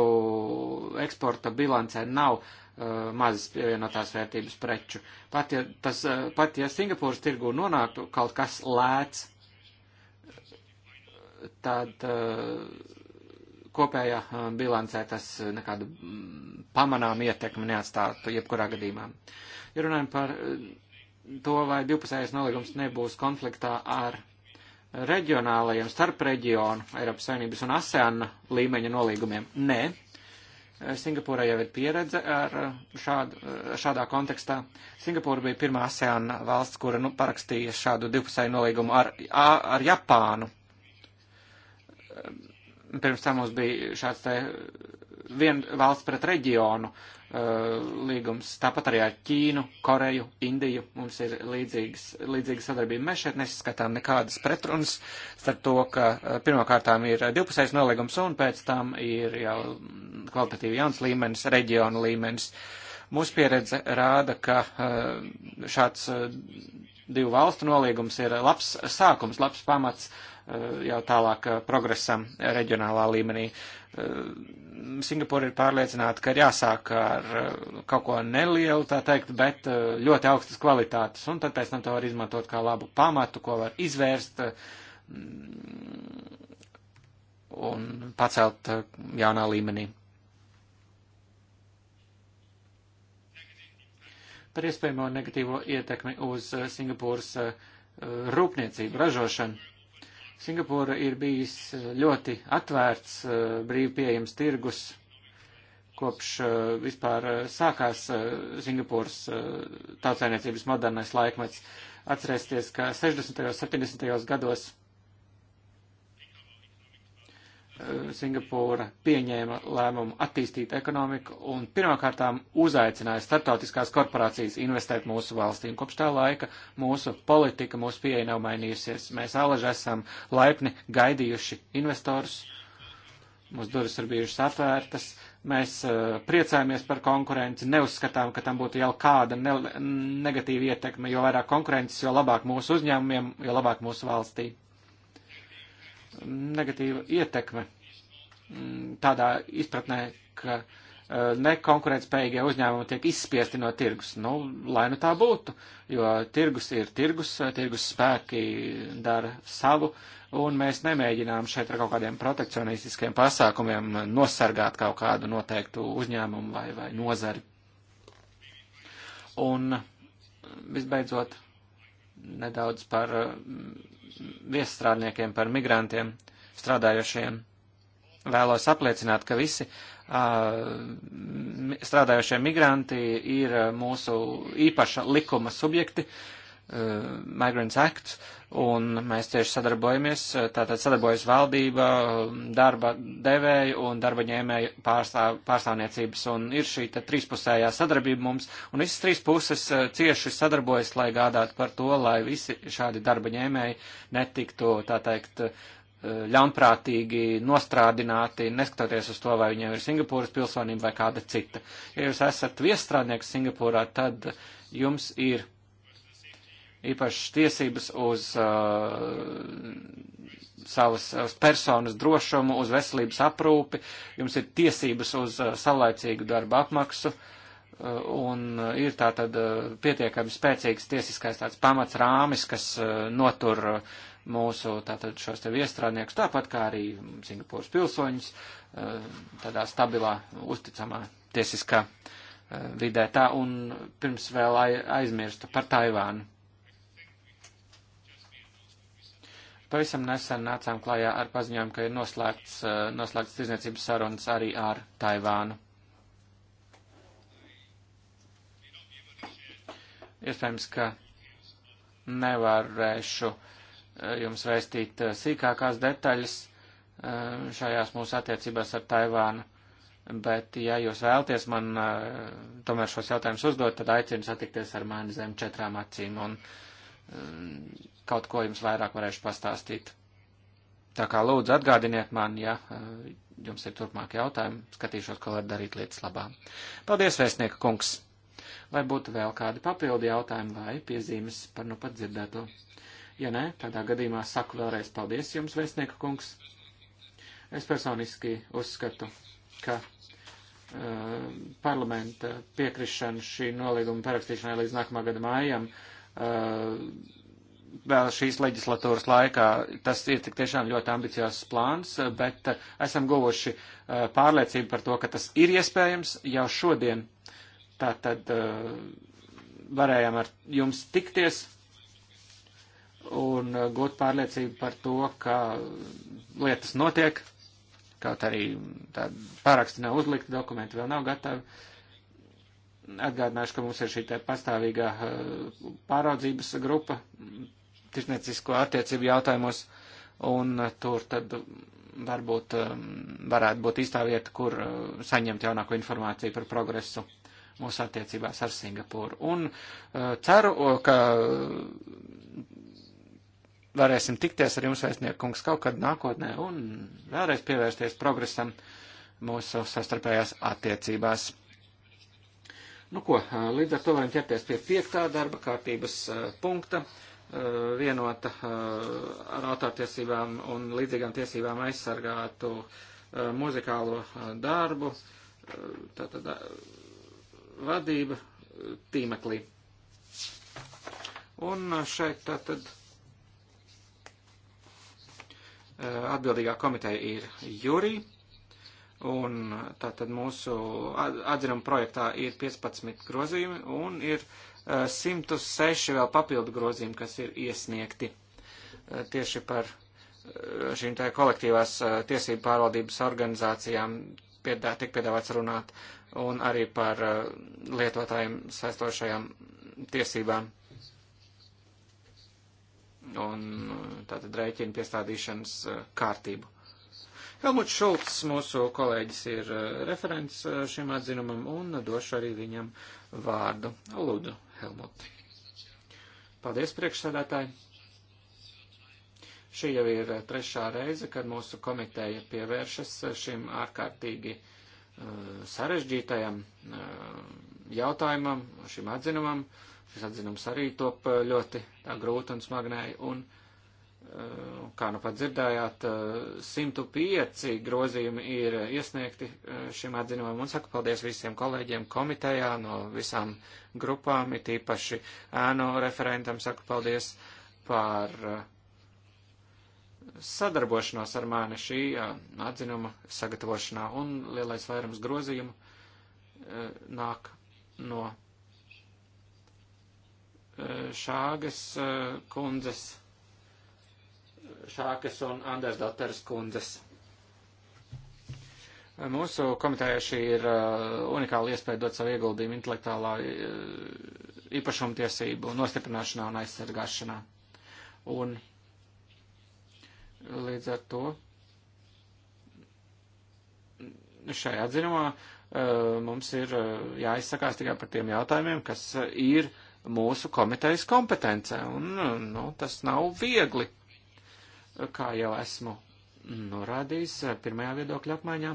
eksporta bilancē nav Eh, mazas pievienotās vērtības preču. Pat ja, tas, eh, pat ja Singapūras tirgu nonāktu kaut kas lēts, tad eh, kopējā bilancē tas nekādu mm, pamanām ietekmi neatstātu jebkurā gadījumā. Ja runājam par to, vai divpusējais nolīgums nebūs konfliktā ar reģionālajiem starp reģionu Eiropas Savienības un ASEAN līmeņa nolīgumiem, nē. Ne Singapūrā jau ir pieredze ar uh, šādu, uh, šādā kontekstā. Singapūra bija pirmā ASEAN valsts, kura nu, parakstīja šādu divpusēju nolīgumu ar, ar Japānu. Pirms tam mums bija šāds te vien valsts pret reģionu uh, līgums. Tāpat arī ar Ķīnu, Koreju, Indiju mums ir līdzīgas, līdzīga sadarbība. Mēs šeit neskatām nekādas pretrunas starp to, ka uh, pirmkārtām ir divpusējs nolīgums un pēc tam ir jau kvalitatīvi jauns līmenis, reģionu līmenis. Mūsu pieredze rāda, ka uh, šāds divu valstu nolīgums ir labs sākums, labs pamats Eh, jau tālāk eh, progresam reģionālā līmenī. Eh, Singapūra ir pārliecināta, ka ir jāsāk ar kaut ko nelielu, tā teikt, bet ļoti augstas kvalitātes, un tad pēc tam to var izmantot kā labu pamatu, ko var izvērst un pacelt jaunā līmenī. Par iespējamo negatīvo ietekmi uz Singapūras rūpniecību, ražošanu Singapūra ir bijis eh, ļoti atvērts, eh, brīvpieejams tirgus kopš eh, vispār sākās Singapūras tautsainiecības modernais laikmets. Atcerēsties, ka 60. un 70. gados Eh, Singapūra pieņēma lēmumu attīstīt ekonomiku un pirmkārtām uzaicināja startautiskās korporācijas investēt mūsu valstī. Un kopš tā laika mūsu politika, mūsu pieeja nav mainījusies. Mēs alaži esam laipni gaidījuši investorus, mūsu durvis ir bijušas atvērtas, mēs uh, priecājamies par konkurenci, neuzskatām, ka tam būtu jau kāda ne negatīva ietekme, jo vairāk konkurences, jo labāk mūsu uzņēmumiem, jo labāk mūsu valstī negatīva ietekme mm, tādā izpratnē, ka e, nekonkurētspējīgie uzņēmumi tiek izspiesti no tirgus. Nu, lai nu tā būtu, jo tirgus ir tirgus, tirgus spēki dara savu, un mēs nemēģinām šeit ar kaut kādiem protekcionistiskiem pasākumiem nosargāt kaut kādu noteiktu uzņēmumu vai, vai nozari. Un mm, visbeidzot, nedaudz par mm, viesstrādniekiem, par migrantiem strādājošiem. Vēlos apliecināt, ka visi strādājošie migranti ir mūsu īpaša likuma subjekti, Eh, Migrants Act, un mēs tieši sadarbojamies, eh, tātad sadarbojas valdība, darba devēja un darba ņēmēja pārstāv, pārstāvniecības, un ir šī trīspusējā sadarbība mums, un visas trīs puses eh, cieši sadarbojas, lai gādātu par to, lai visi šādi darba ņēmēji netiktu, tā teikt, ļaunprātīgi nostrādināti, neskatoties uz to, vai viņiem ir Singapūras pilsonība vai kāda cita. Ja jūs esat viesstrādnieks Singapūrā, tad jums ir īpašas tiesības uz uh, savas uz personas drošumu, uz veselības aprūpi, jums ir tiesības uz uh, saulaicīgu darba apmaksu uh, un ir tā tad uh, pietiekami spēcīgs tiesiskais tāds pamats rāmis, kas uh, notur uh, mūsu tātad šos te viestrādniekus, tāpat kā arī Singapūras pilsoņus, uh, tādā stabilā, uzticamā tiesiskā uh, vidē. Tā un pirms vēl aizmirstu par Taivānu Pavisam nesen nācām klājā ar paziņojumu, ka ir noslēgts, eh, noslēgts tirzniecības sarunas arī ar Taivānu. Iespējams, ka nevarēšu eh, jums vēstīt eh, sīkākās detaļas šajās mūsu attiecībās ar Taivānu, bet, ja jūs vēlties man tomēr šos jautājumus uzdot, tad aicinu satikties ar mani zem četrām acīm. Un, kaut ko jums vairāk varēšu pastāstīt. Tā kā lūdzu atgādiniet man, ja eh, jums ir turpmāk jautājumi, skatīšos, ko var darīt lietas labā. Paldies, vēstnieka kungs! Vai būtu vēl kādi papildi jautājumi vai piezīmes par nu pat dzirdēto? Ja nē, tādā gadījumā saku vēlreiz paldies jums, vēstnieka kungs. Es personiski uzskatu, ka Uh, parlamenta piekrišanu šī nolīguma parakstīšanai līdz nākamā gada mājām uh, eh, vēl šīs leģislatūras laikā. Tas ir tik tiešām ļoti ambiciozs plāns, bet eh, esam guvuši eh, pārliecību par to, ka tas ir iespējams jau šodien. Tātad eh, varējām ar jums tikties un gūt pārliecību par to, ka lietas notiek, kaut arī pāraksti nav uzlikti, dokumenti vēl nav gatavi. Atgādināšu, ka mums ir šī pastāvīgā pāraudzības grupa, tirsniecisko attiecību jautājumos, un tur tad varbūt um, varētu būt īstā vieta, kur uh, saņemt jaunāko informāciju par progresu mūsu attiecībās ar Singapūru. Un uh, ceru, ka uh, varēsim tikties ar jums, vēstniekungs, kaut kad nākotnē un vēlreiz pievērsties progresam mūsu sastarpējās attiecībās. Nu ko, līdz ar to varam ķerties pie piektā darba kārtības punkta. Uh, Eh, vienota eh, ar autortiesībām un līdzīgām tiesībām aizsargātu eh, muzikālo darbu, tātad vadība tīmeklī. Un šeit tātad atbildīgā komiteja ir Jurija. Un tātad mūsu atzinuma projektā ir 15 grozījumi un ir 106 vēl papildu grozījumi, kas ir iesniegti eh, tieši par eh, šīm tā kolektīvās eh, tiesību pārvaldības organizācijām piedā, tik piedāvāts runāt un arī par lietotājiem saistošajām tiesībām un tātad rēķina piestādīšanas kārtību. Helmuts Šulcs, mūsu kolēģis, ir referents šim atzinumam un došu arī viņam vārdu. Lūdzu. Helmut. Paldies, priekšsēdētāji! Šī jau ir trešā reize, kad mūsu komiteja pievēršas šim ārkārtīgi uh, sarežģītajam uh, jautājumam, šim atzinumam. Šis atzinums arī top eh, ļoti grūti un smagnēji. Un uh, Eh, kā nu pat dzirdējāt, 105 eh, grozījumi ir eh, iesniegti šim atzinumam un saku paldies visiem kolēģiem komitejā no visām grupām, it īpaši ēno referentam saku paldies par sadarbošanos ar mani šī atzinuma sagatavošanā un lielais vairums grozījumu nāk no šāgas kundzes Šākas un Anders Dotters kundzes. Mūsu komitējā šī ir uh, unikāla iespēja dot savu ieguldījumu intelektuālā uh, īpašumtiesību nostiprināšanā un aizsargāšanā. Un līdz ar to šajā atzinumā uh, mums ir jāizsakās tikai par tiem jautājumiem, kas ir mūsu komitejas kompetence. Un, nu, tas nav viegli kā jau esmu norādījis eh, pirmajā viedokļa apmaiņā.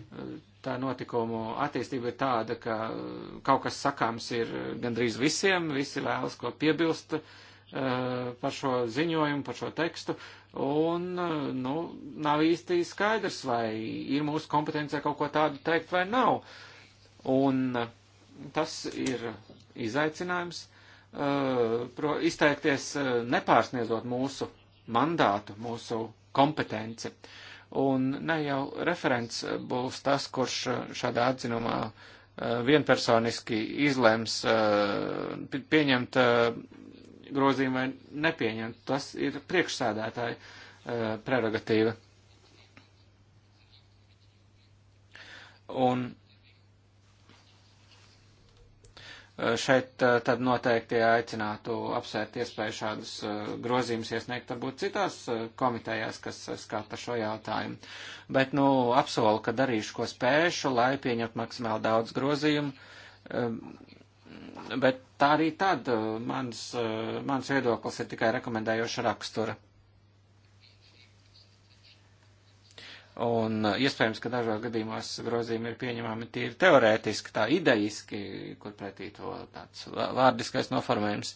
Eh, tā notikumu attīstība ir tāda, ka eh, kaut kas sakāms ir gandrīz visiem, visi vēlas ko piebilst par šo ziņojumu, par šo tekstu, un, nu, nav īsti skaidrs, vai ir mūsu kompetencija kaut ko tādu teikt vai nav. Un tas ir izaicinājums Uh, pro, izteikties uh, nepārsniedzot mūsu mandātu, mūsu kompetenci. Un ne jau referents būs tas, kurš uh, šādā atzinumā vienpersoniski izlems pieņemt grozījumu vai nepieņemt. Tas ir priekšsēdētāja prerogatīva. Un Eh, šeit eh, tad noteikti aicinātu apsvērt iespēju šādus eh, grozījumus iesniegt varbūt citās komitejās, kas skata šo jautājumu. Bet, nu, apsolu, ka darīšu, ko spēšu, lai pieņemtu maksimāli daudz grozījumu. Bet tā arī tad mans, mans viedoklis ir tikai rekomendējoša rakstura. Un uh, iespējams, ka dažos gadījumos grozījumi ir pieņemami tīri teorētiski, tā idejiski, kur pretī to tāds vārdiskais noformējums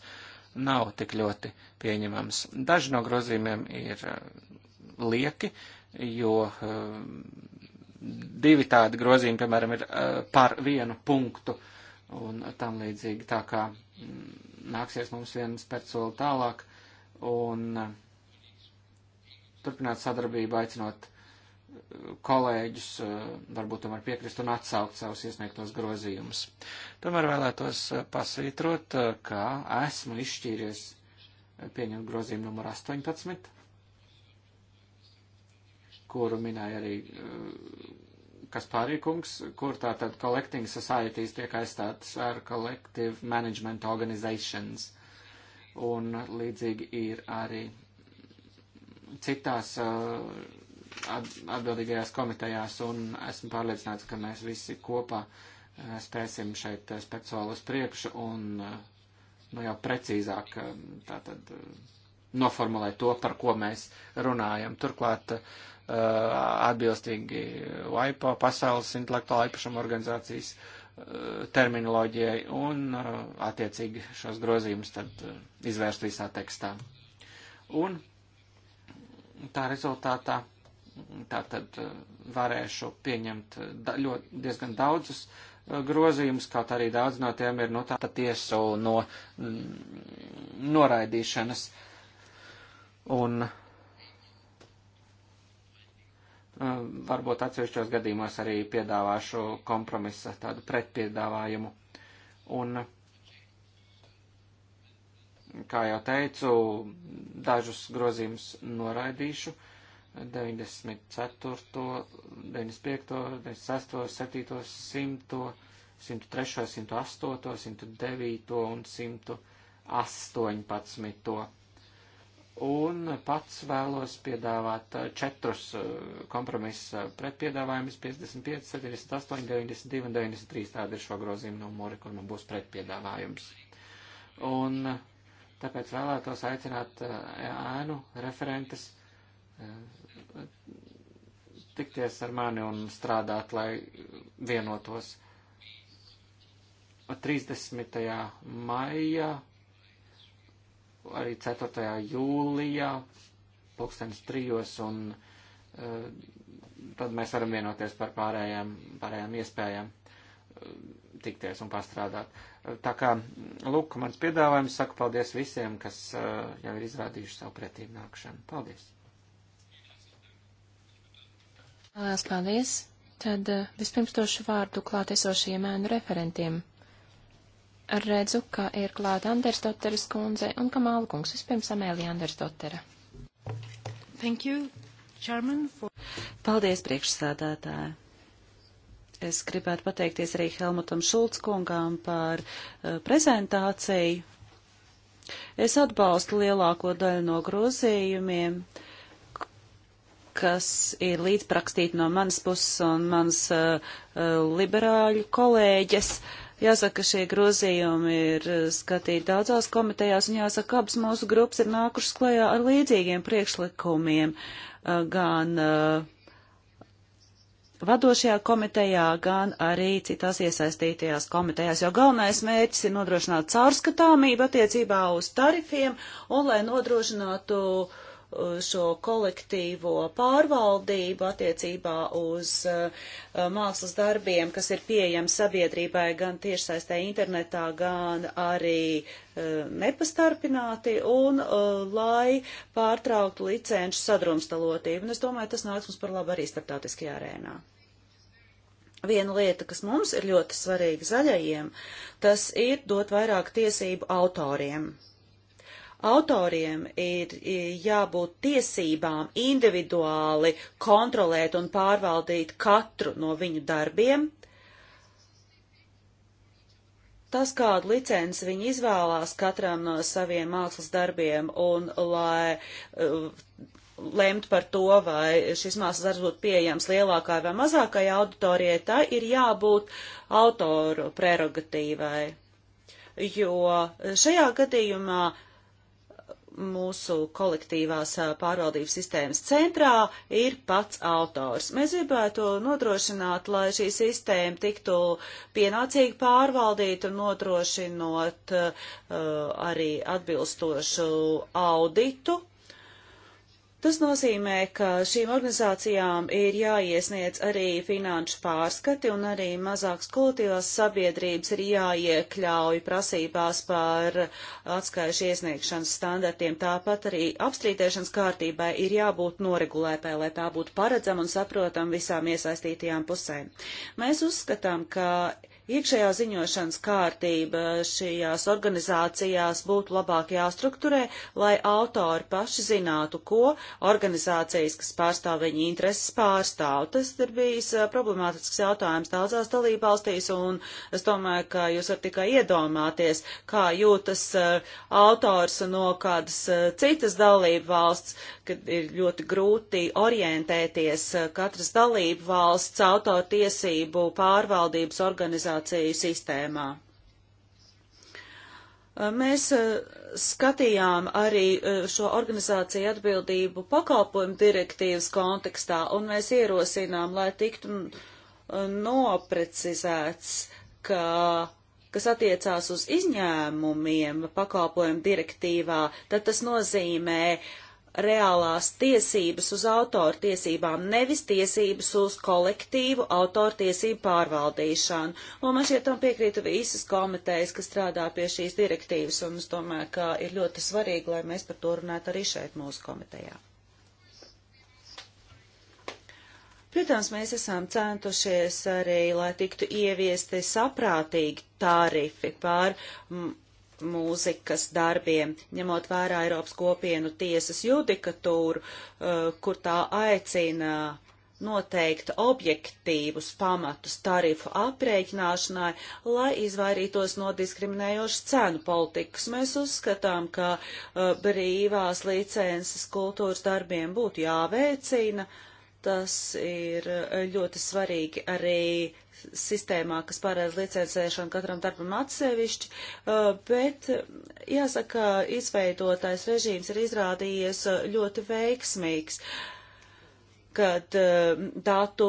nav tik ļoti pieņemams. Daži no grozījumiem ir uh, lieki, jo uh, divi tādi grozījumi, piemēram, ir par vienu punktu un tam līdzīgi, tā kā mm, nāksies mums viens pēc soli tālāk un turpināt sadarbību, aicinot kolēģus eh, varbūt tomēr piekrist un atsaukt savus iesniegtos grozījumus. Tomēr vēlētos eh, pasvītrot, eh, ka esmu izšķīries pieņemt grozījumu numur 18, kuru minēja arī Kaspārīkungs, kur tātad collecting societies tiek aizstātas ar collective management organizations. Un līdzīgi ir arī citās uh, atbildīgajās komitejās, un esmu pārliecināts, ka mēs visi kopā eh, spēsim šeit eh, spēt soli uz priekšu un eh, nu, jau precīzāk tātad noformulēt to, par ko mēs runājam. Turklāt atbilstīgi LIPO, Pasaules intelektuāla īpašuma organizācijas terminoloģijai un attiecīgi šos grozījumus tad izvērst visā tekstā. Un tā rezultātā tā tad eh, varēšu pieņemt da, ļoti, diezgan daudzus eh, grozījumus, kaut arī daudz no tiem ir no nu, tā tiesu no mm, noraidīšanas. Un eh, varbūt atsevišķos gadījumos arī piedāvāšu kompromisa tādu pretpiedāvājumu. Un, kā jau teicu, dažus grozījumus noraidīšu 94., 95., 96., 7., 100., 103., 108., 109. un 118. Un pats vēlos piedāvāt eh, četrus eh, kompromisa pretpiedāvājumus - 55, 78, 92 un 93. Tāda ir šo grozījumu numuri, kur man būs pretpiedāvājums. Un eh, tāpēc vēlētos aicināt ēnu referentes tikties ar mani un strādāt, lai vienotos. 30. maijā, arī 4. jūlijā, pulkstenis trijos, un uh, tad mēs varam vienoties par pārējām, pārējām iespējām eh, tikties un pastrādāt. Tā kā, lūk, mans piedāvājums, saku paldies visiem, kas uh, jau ir izrādījuši savu pretīm nākšanu. Paldies! Lielas paldies! Tad eh, vispirms došu vārdu klāt esošajiem ēnu referentiem. Redzu, ka ir klāt Andersdoteres kundze un Kamāla kungs. Vispirms Amēlija Andersdotera. Thank you, Chairman, for... Paldies, priekšsādātāja! Es gribētu pateikties arī Helmutam Šulc kungām par uh, prezentāciju. Es atbalstu lielāko daļu no grozījumiem. Uh, kas ir līdzprakstīti no manas puses un manas uh, eh, liberāļu kolēģes. Jāsaka, šie grozījumi ir eh, skatīti daudzās komitejās, un jāsaka, abas mūsu grupas ir nākušas klajā ar līdzīgiem priekšlikumiem, uh, gan uh, vadošajā komitejā, gan arī citās iesaistītajās komitejās, jo galvenais mērķis ir nodrošināt caurskatāmību attiecībā uz tarifiem un lai nodrošinātu uh, šo kolektīvo pārvaldību attiecībā uz uh, mākslas darbiem, kas ir pieejami sabiedrībai gan tiešsaistē internetā, gan arī uh, nepastarpināti un uh, lai pārtrauktu licenšu sadrumstalotību. Un es domāju, tas nāks mums par labu arī starptautiskajā arēnā. Viena lieta, kas mums ir ļoti svarīga zaļajiem, tas ir dot vairāk tiesību autoriem autoriem ir jābūt tiesībām individuāli kontrolēt un pārvaldīt katru no viņu darbiem. Tas, kādu licenci viņi izvēlās katram no saviem mākslas darbiem un lai uh, lemt par to, vai šis mākslas darbs būtu pieejams lielākai vai mazākai auditorijai, tā ir jābūt autoru prerogatīvai. Jo šajā gadījumā uh, mūsu kolektīvās pārvaldības sistēmas centrā ir pats autors. Mēs gribētu nodrošināt, lai šī sistēma tiktu pienācīgi pārvaldīta, nodrošinot uh, arī atbilstošu auditu Tas nozīmē, ka šīm organizācijām ir jāiesniedz arī finanšu pārskati un arī mazākas kultīvās sabiedrības ir jāiekļauj prasībās par atskaišu iesniegšanas standartiem. Tāpat arī apstrīdēšanas kārtībai ir jābūt noregulētai, lai tā būtu paredzama un saprotama visām iesaistītajām pusēm. Mēs uzskatām, ka iekšējā ziņošanas kārtība šajās organizācijās būtu labāk jāstrukturē, lai autori paši zinātu, ko organizācijas, kas pārstāv viņa intereses, pārstāv. Tas ir bijis uh, problemātisks jautājums daudzās dalībvalstīs, un es domāju, ka jūs varat tikai iedomāties, kā jūtas uh, autors no kādas uh, citas dalībvalsts, kad ir ļoti grūti orientēties eh, katras dalību valsts autortiesību pārvaldības organizāciju sistēmā. Eh, mēs eh, skatījām arī šo organizāciju atbildību pakalpojumu direktīvas kontekstā, un mēs ierosinām, lai tiktu mm, noprecizēts, ka kas attiecās uz izņēmumiem pakalpojumu direktīvā, tad tas nozīmē uh, reālās tiesības uz autortiesībām, nevis tiesības uz kolektīvu autortiesību pārvaldīšanu. Un man šķiet, tam piekrītu visas komitejas, kas strādā pie šīs direktīvas, un es domāju, ka ir ļoti svarīgi, lai mēs par to runātu arī šeit mūsu komitejā. Protams, mēs esam centušies arī, lai tiktu ieviesti saprātīgi tarifi par mūzikas darbiem, ņemot vērā Eiropas kopienu tiesas judikatūru, eh, kur tā aicina noteikti objektīvus pamatus tarifu aprēķināšanai, lai izvairītos no diskriminējošas cenu politikas. Mēs uzskatām, ka uh, brīvās licences kultūras darbiem būtu jāveicina. Tas ir eh, ļoti svarīgi arī sistēmā, kas pārēdz licencēšanu katram darbam atsevišķi, uh, bet jāsaka, izveidotais režīms ir izrādījies uh, ļoti veiksmīgs kad uh, datu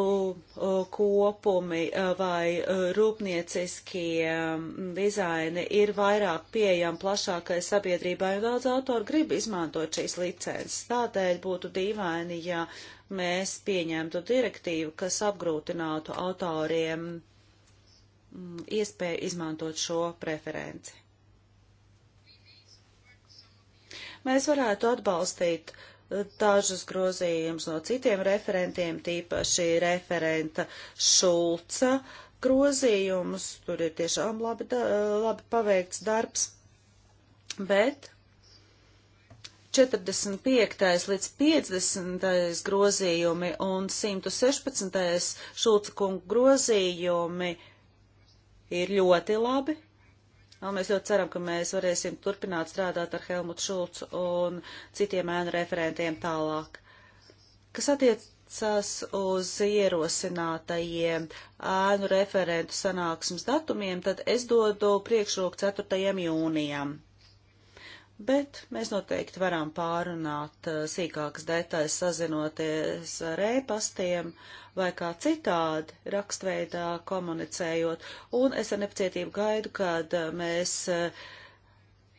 kopumi vai rūpnieciskie um, dizaini ir vairāk pieejami plašākai sabiedrībai, un daudz autori grib izmantot šīs licences. Tādēļ būtu dīvaini, ja mēs pieņemtu direktīvu, kas apgrūtinātu autoriem mm, iespēju izmantot šo preferenci. Mēs varētu atbalstīt eh, dažus grozījumus no citiem referentiem, tīpaši referenta Šulca grozījumus. Tur ir tiešām labi, eh, labi paveikts darbs, bet 45. līdz 50. grozījumi un 116. šulca kungu grozījumi ir ļoti labi. Un mēs ļoti ceram, ka mēs varēsim turpināt strādāt ar Helmutu Šulcu un citiem ēnu referentiem tālāk. Kas attiecas uz ierosinātajiem ēnu referentu sanāksmes datumiem, tad es dodu priekšroku 4. jūnijam bet mēs noteikti varam pārunāt eh, sīkākas detaļas, sazinoties ar ēpastiem vai kā citādi rakstveidā komunicējot, un es ar nepacietību gaidu, kad eh, mēs eh,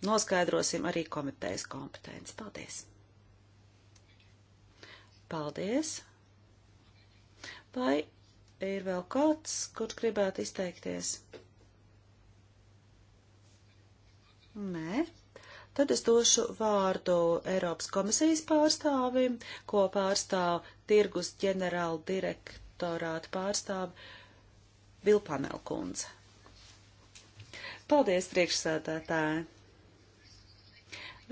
noskaidrosim arī komitejas kompetenci. Paldies! Paldies! Vai ir vēl kāds, kurš gribētu izteikties? Nē. Tad es došu vārdu Eiropas komisijas pārstāvim, ko pārstāv tirgus ģenerāla direktorāta pārstāvi Vilpanelkundze. Paldies, priekšsēdētāji!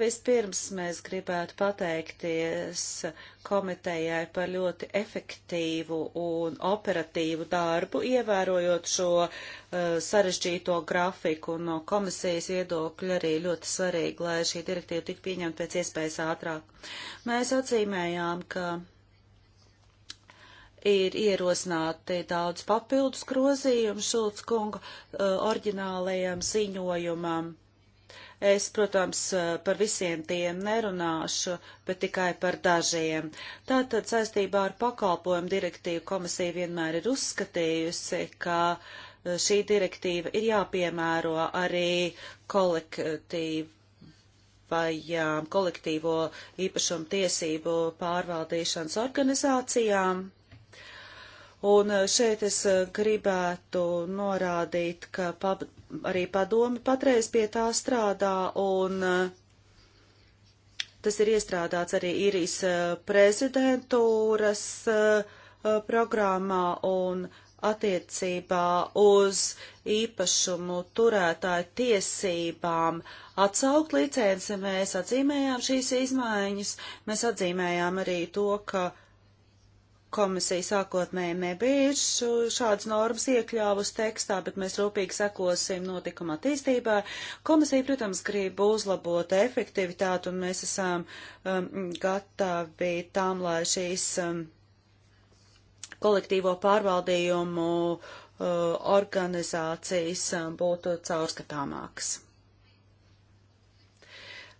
Vispirms mēs gribētu pateikties komitejai par ļoti efektīvu un operatīvu darbu, ievērojot šo uh, sarežģīto grafiku. No komisijas viedokļa arī ļoti svarīgi, lai šī direktīva tik pieņemta pēc iespējas ātrāk. Mēs atzīmējām, ka ir ierosināti daudz papildus grozījumu Šulc kunga uh, oriģinālajam ziņojumam. Es, protams, par visiem tiem nerunāšu, bet tikai par dažiem. Tātad saistībā ar pakalpojumu direktīvu komisija vienmēr ir uzskatījusi, ka e, šī direktīva ir jāpiemēro arī kolektīvajām, kolektīvo īpašumu tiesību pārvaldīšanas organizācijām. Un e, šeit es e, gribētu norādīt, ka arī padomi patreiz pie tā strādā, un eh, tas ir iestrādāts arī īrijas eh, prezidentūras eh, programmā un attiecībā uz īpašumu turētāju tiesībām atsaukt licenci. Mēs atzīmējām šīs izmaiņas, mēs atzīmējām arī to, ka uh, Komisija sākotnēji nebija šādas normas iekļāvusi tekstā, bet mēs rūpīgi sekosim notikuma attīstībā. Komisija, protams, grib uzlabot efektivitāti, un mēs esam um, gatavi tām, lai šīs um, kolektīvo pārvaldījumu uh, organizācijas um, būtu caurskatāmākas.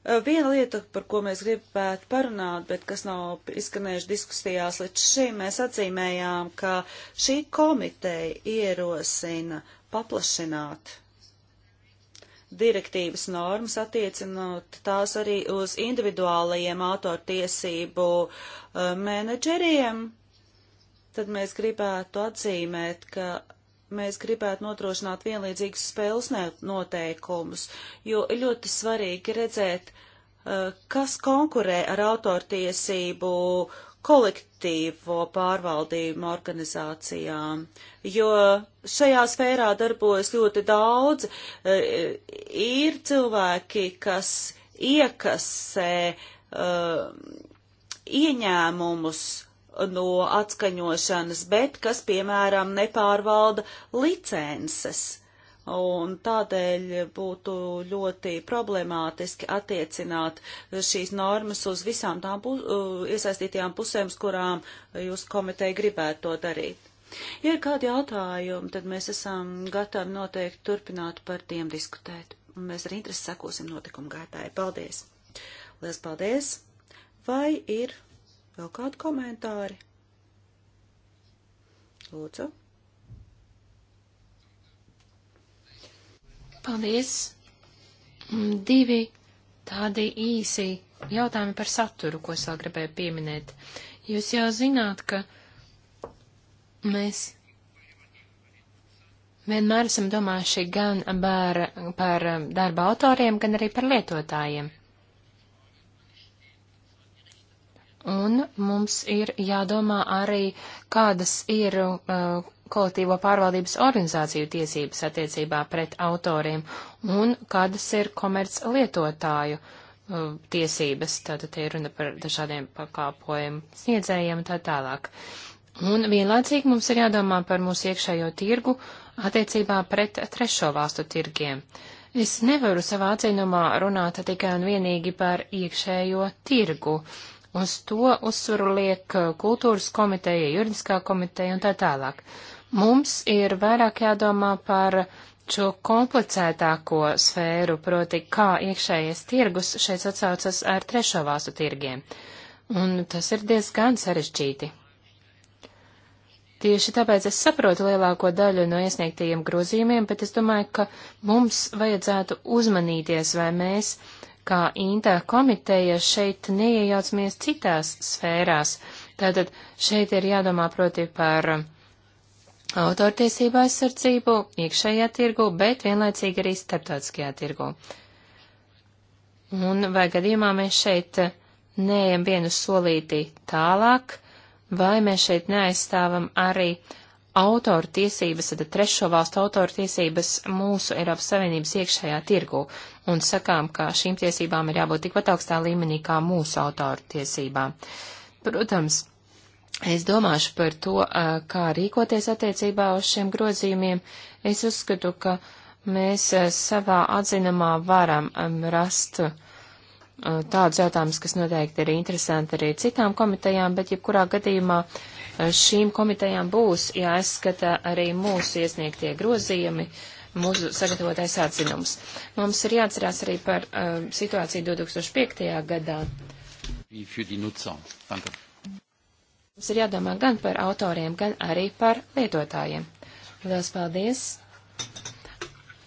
Eh, viena lieta, par ko mēs gribētu parunāt, bet kas nav izskanējuši diskusijās līdz šim, mēs atzīmējām, ka šī komiteja ierosina paplašināt direktīvas normas, attiecinot tās arī uz individuālajiem autortiesību eh, menedžeriem, tad mēs gribētu atzīmēt, ka mēs gribētu nodrošināt vienlīdzīgus spēles noteikumus, jo ļoti svarīgi redzēt, uh, kas konkurē ar autortiesību kolektīvo pārvaldījumu organizācijām, jo šajā sfērā darbojas ļoti daudz, uh, ir cilvēki, kas iekasē uh, ieņēmumus no atskaņošanas, bet kas, piemēram, nepārvalda licences. Un tādēļ būtu ļoti problemātiski attiecināt šīs normas uz visām tām pu uh, iesaistītajām pusēm, uz kurām jūs komiteja gribētu to darīt. Ja ir kādi jautājumi, tad mēs esam gatavi noteikti turpināt par tiem diskutēt. Un mēs ar interesi sekosim notikumu gaitai. Paldies! Lielas paldies! Vai ir Vēl kādi komentāri? Lūdzu. Paldies. Mm, divi tādi īsi jautājumi par saturu, ko es vēl gribēju pieminēt. Jūs jau zināt, ka mēs vienmēr esam domājuši gan par, par darba autoriem, gan arī par lietotājiem. Un mums ir jādomā arī, kādas ir uh, kolektīvo pārvaldības organizāciju tiesības attiecībā pret autoriem un kādas ir komerc lietotāju uh, tiesības, tātad te ir runa par dažādiem pakāpojumu sniedzējiem un tā tālāk. Un vienlaicīgi mums ir jādomā par mūsu iekšējo tirgu attiecībā pret trešo valstu tirgiem. Es nevaru savā atzinumā runāt tikai un vienīgi par iekšējo tirgu. Uh, Uz to uzsvaru liek uh, kultūras komiteja, juridiskā komiteja un tā tālāk. Mums ir vairāk jādomā par šo komplicētāko sfēru, proti, kā iekšējais tirgus šeit atsaucas ar trešo valstu tirgiem. Un tas ir diezgan sarežģīti. Tieši tāpēc es saprotu lielāko daļu no iesniegtajiem grozījumiem, bet es domāju, ka mums vajadzētu uzmanīties, vai mēs kā Inta komiteja šeit neiejaucamies citās sfērās. Tātad šeit ir jādomā proti par autortiesību aizsardzību iekšējā tirgu, bet vienlaicīgi arī starptautiskajā tirgu. Un vai gadījumā mēs šeit neejam vienu solīti tālāk, vai mēs šeit neaizstāvam arī uh, autoru tiesības, tad trešo valstu autoru tiesības mūsu Eiropas Savienības iekšējā tirgu un sakām, ka šīm tiesībām ir jābūt tikpat augstā līmenī kā mūsu autoru tiesībām. Protams, es domāšu par to, kā rīkoties attiecībā uz šiem grozījumiem. Es uzskatu, ka mēs savā atzinumā varam rast uh, Eh, tādus jautājumus, kas noteikti ir interesanti arī citām komitejām, bet jebkurā gadījumā eh, šīm komitejām būs jāizskata arī mūsu iesniegtie grozījumi, mūsu sagatavotais atzinums. Mums ir jāatcerās arī par uh, situāciju 2005. gadā. Mums ir jādomā gan par autoriem, gan arī par lietotājiem. Lielas paldies!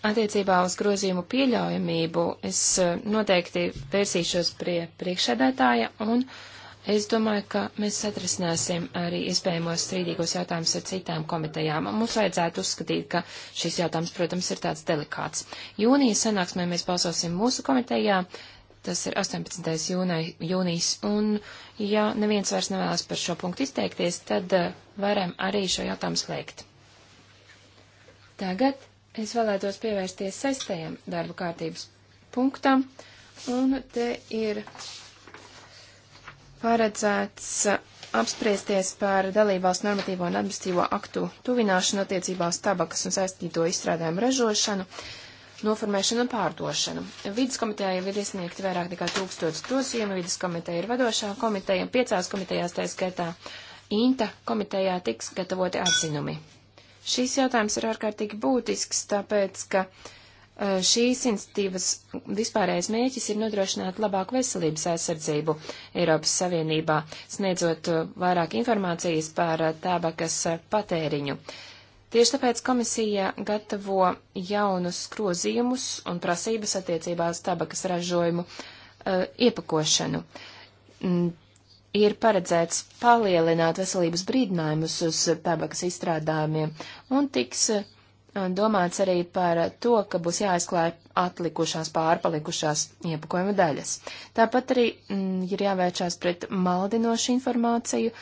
Attiecībā uz grozījumu pieļaujamību es eh, noteikti vērsīšos pie priekšsēdētāja un es domāju, ka mēs atrisināsim arī iespējamos strīdīgos jautājumus ar citām komitejām. Mums vajadzētu uzskatīt, ka šis jautājums, protams, ir tāds delikāts. Jūnija sanāksmē mēs balsosim mūsu komitejā, tas ir 18. Jūnai, jūnijas, un ja neviens vairs nevēlas par šo punktu izteikties, tad eh, varam arī šo jautājumu slēgt. Tagad Es vēlētos pievērsties sestajam darba kārtības punktam, un te ir paredzēts apspriesties par dalībvalsts normatīvo un administīvo aktu tuvināšanu attiecībā uz tabakas un saistīto izstrādājumu ražošanu, noformēšanu un pārdošanu. Vides komitejā jau ir iesniegti vairāk nekā tūkstotis grozījumu, vides komiteja ir vadošā komiteja, piecās komitejās tā skaitā Inta komitejā tiks gatavoti atzinumi. Šīs jautājums ir ārkārtīgi būtisks, tāpēc, ka e, šīs institīvas vispārējais mēķis ir nodrošināt labāku veselības aizsardzību Eiropas Savienībā, sniedzot e, vairāk informācijas par e, tābakas patēriņu. Tieši tāpēc komisija gatavo jaunus grozījumus un prasības attiecībās tabakas ražojumu uh, iepakošanu ir paredzēts palielināt veselības brīdinājumus uz tabakas izstrādājumiem, un tiks eh, domāts arī par to, ka būs jāizklāj atlikušās pārpalikušās iepakojuma daļas. Tāpat arī m, mm, ir jāvēršās pret maldinošu informāciju,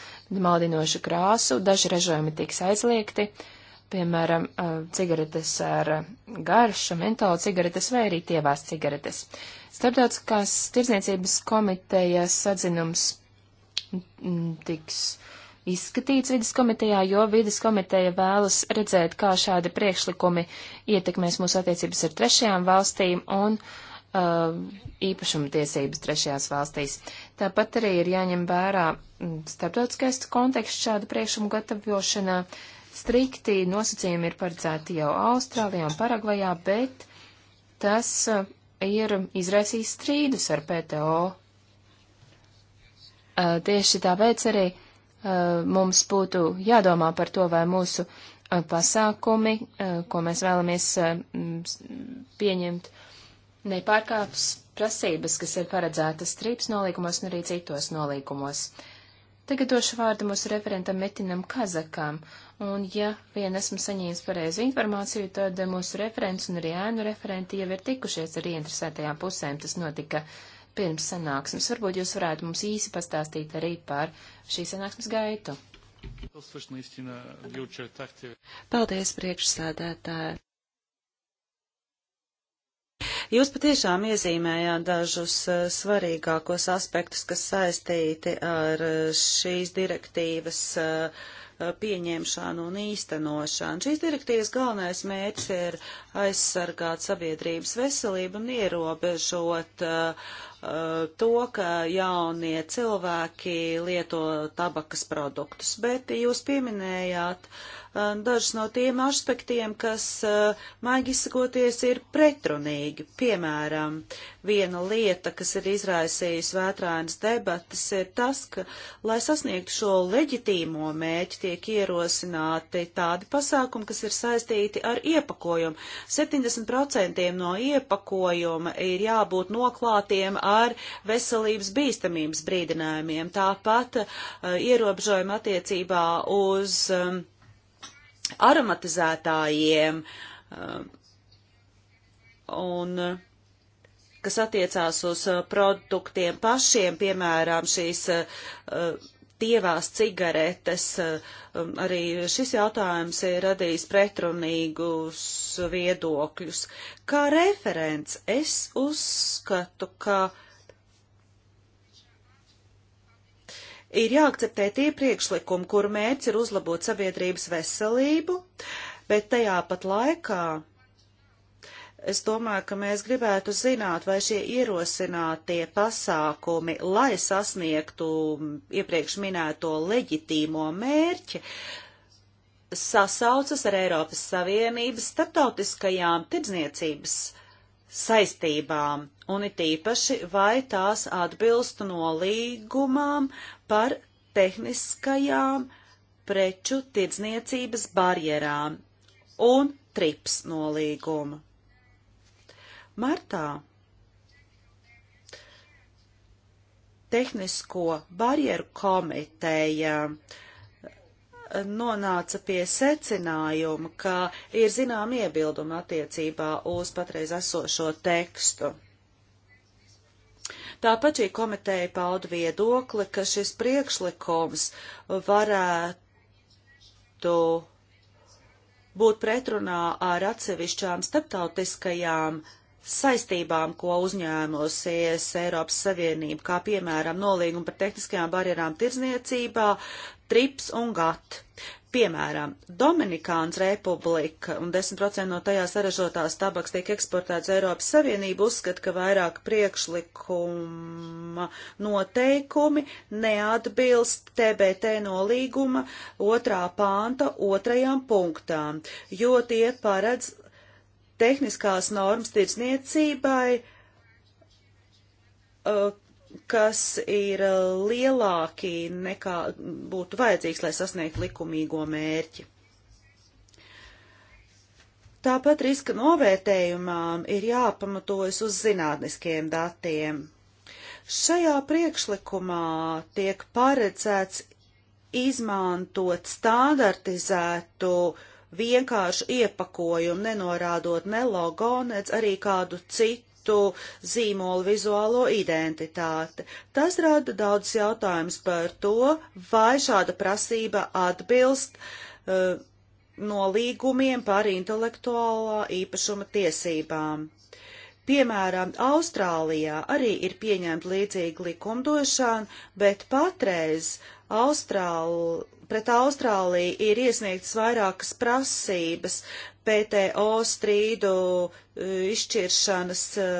maldinošu krāsu, daži ražojumi tiks aizliegti, piemēram, eh, cigaretes ar garšu, mentola cigaretes vai arī tievās cigaretes. Starptautiskās tirdzniecības komitejas atzinums tiks izskatīts vidas komitejā, jo vidas komiteja vēlas redzēt, kā šādi priekšlikumi ietekmēs mūsu attiecības ar trešajām valstīm un uh, īpašuma tiesības trešajās valstīs. Tāpat arī ir jāņem vērā mm, starptautiskais konteksts šādu priekšumu gatavošanā. Strikti nosacījumi ir paredzēti jau Austrālijā un Paragvajā, bet tas uh, ir izraisījis strīdus ar PTO Eh, tieši tāpēc arī eh, mums būtu jādomā par to, vai mūsu eh, pasākumi, ko mēs vēlamies pieņemt, nepārkāps prasības, kas ir paredzētas strīps nolīgumos un arī citos nolīgumos. Tagad došu vārdu mūsu referentam Metinam Kazakam, un ja vien esmu saņēmis pareizu informāciju, tad mūsu referents un arī ēnu referenti jau ir tikušies ar ieinteresētajām pusēm. Tas notika uh, pirms sanāksmes. Varbūt jūs varētu mums īsi pastāstīt arī par šī sanāksmes gaitu. Paldies, priekšsādātāji! Jūs patiešām iezīmējāt dažus eh, svarīgākos aspektus, kas saistīti ar eh, šīs direktīvas uh, Eh, pieņemšanu un īstenošanu. Šīs direktīvas galvenais mērķis ir aizsargāt sabiedrības veselību un ierobežot uh, to, ka jaunie cilvēki lieto tabakas produktus, bet jūs pieminējāt uh, dažs no tiem aspektiem, kas, eh, maigi sakoties, ir pretrunīgi. Piemēram, viena lieta, kas ir izraisījusi vētrānas debatas, ir tas, ka, lai sasniegtu šo leģitīmo mēķi, tiek ierosināti tādi pasākumi, kas ir saistīti ar iepakojumu. 70% no iepakojuma ir jābūt noklātiem ar veselības bīstamības brīdinājumiem. Tāpat uh, ierobežojumi attiecībā uz um, aromatizētājiem eh, un eh, kas attiecās uz eh, produktiem pašiem, piemēram, šīs tievās cigaretes. Um, arī šis jautājums ir radījis pretrunīgus viedokļus. Kā referents es uzskatu, ka ir jāakceptē tie priekšlikumi, kur mērķis ir uzlabot sabiedrības veselību, bet tajā pat laikā es domāju, ka mēs gribētu zināt, vai šie ierosinātie pasākumi, lai sasniegtu iepriekš minēto leģitīmo mērķi, sasaucas ar Eiropas Savienības starptautiskajām tirdzniecības uh, saistībām, un it īpaši, vai tās atbilst nolīgumām par tehniskajām preču tirdzniecības barjerām un trips nolīgumu. Martā tehnisko barjeru komiteja uh, nonāca pie secinājuma, ka ir zinām iebildumi attiecībā uz patreiz esošo tekstu. Tāpat šī komiteja pauda viedokli, ka šis priekšlikums varētu būt pretrunā ar atsevišķām starptautiskajām saistībām, ko uzņēmusies Eiropas Savienība, kā piemēram nolīguma par tehniskajām barjerām tirzniecībā, trips un gat. Piemēram, Dominikāns republika un 10% no tajā saražotās tabaks tiek eksportēts Eiropas Savienību, uzskat, ka vairāk priekšlikuma noteikumi neatbilst TBT nolīguma otrā pānta otrajām punktām, jo tie paredz tehniskās normas tirsniecībai, uh, kas ir lielāki nekā būtu vajadzīgs, lai sasniegtu likumīgo mērķi. Tāpat riska novērtējumām ir jāpamatojas uz zinātniskiem datiem. Šajā priekšlikumā tiek paredzēts izmantot standartizētu vienkāršu iepakojumu, nenorādot ne logo, ne arī kādu citu būtu zīmola vizuālo identitāte. Tas rada daudz jautājums par to, vai šāda prasība atbilst uh, eh, no līgumiem par intelektuālā īpašuma tiesībām. Piemēram, Austrālijā arī ir pieņemta līdzīga likumdošana, bet patreiz Austrāl... pret Austrāliju ir iesniegtas vairākas prasības PTO strīdu e, izšķiršanas e,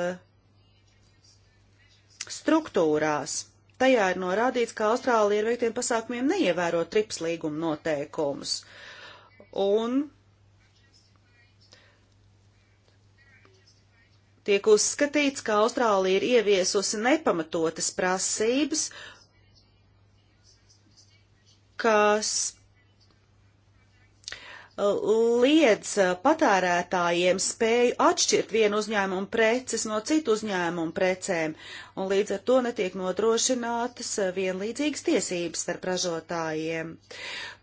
struktūrās. Tajā ir norādīts, ka Austrālija ar veiktiem pasākumiem neievēro trips līguma noteikumus. Un tiek uzskatīts, ka Austrālija ir ieviesusi nepamatotas prasības, kas liedz eh, patērētājiem spēju atšķirt vienu uzņēmumu preces no citu uzņēmumu precēm, un līdz ar to netiek nodrošinātas eh, vienlīdzīgas tiesības starp ražotājiem.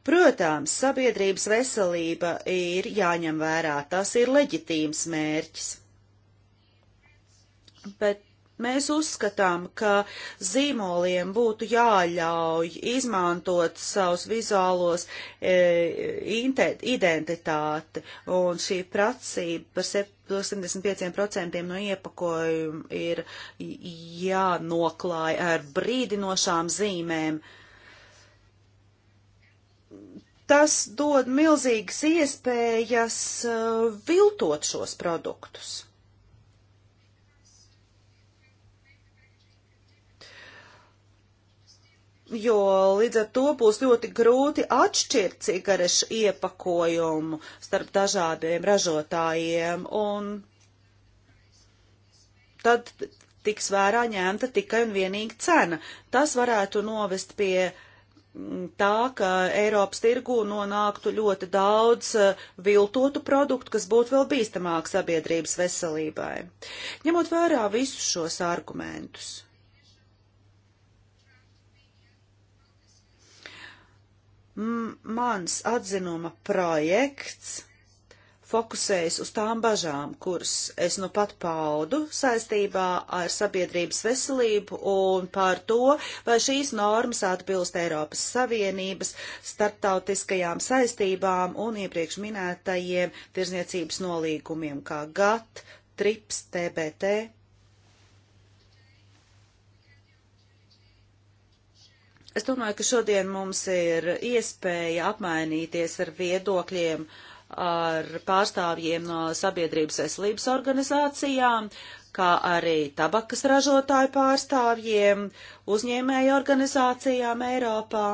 Protams, sabiedrības veselība ir jāņem vērā, tas ir leģitīms mērķis. Bet Mēs uzskatām, ka zīmoliem būtu jāļauj izmantot savus vizuālos e, identitāti, un šī pracība par 75% no iepakojuma ir jānoklāj ar brīdinošām zīmēm. Tas dod milzīgas iespējas e, viltot šos produktus. jo līdz ar to būs ļoti grūti atšķirt cigarešu iepakojumu starp dažādiem ražotājiem, un tad tiks vērā ņemta tikai un vienīgi cena. Tas varētu novest pie mm, tā, ka Eiropas tirgū nonāktu ļoti daudz eh, viltotu produktu, kas būtu vēl bīstamāk sabiedrības veselībai. Ņemot vērā visus šos argumentus, mans atzinuma projekts fokusējas uz tām bažām, kuras es nu pat paudu saistībā ar sabiedrības veselību un par to, vai šīs normas atbilst Eiropas Savienības starptautiskajām saistībām un iepriekš minētajiem tirzniecības nolīgumiem kā GATT, TRIPS, TBT Es domāju, ka šodien mums ir iespēja apmainīties ar viedokļiem ar pārstāvjiem no sabiedrības veselības organizācijām, kā arī tabakas ražotāju pārstāvjiem, uzņēmēju organizācijām Eiropā.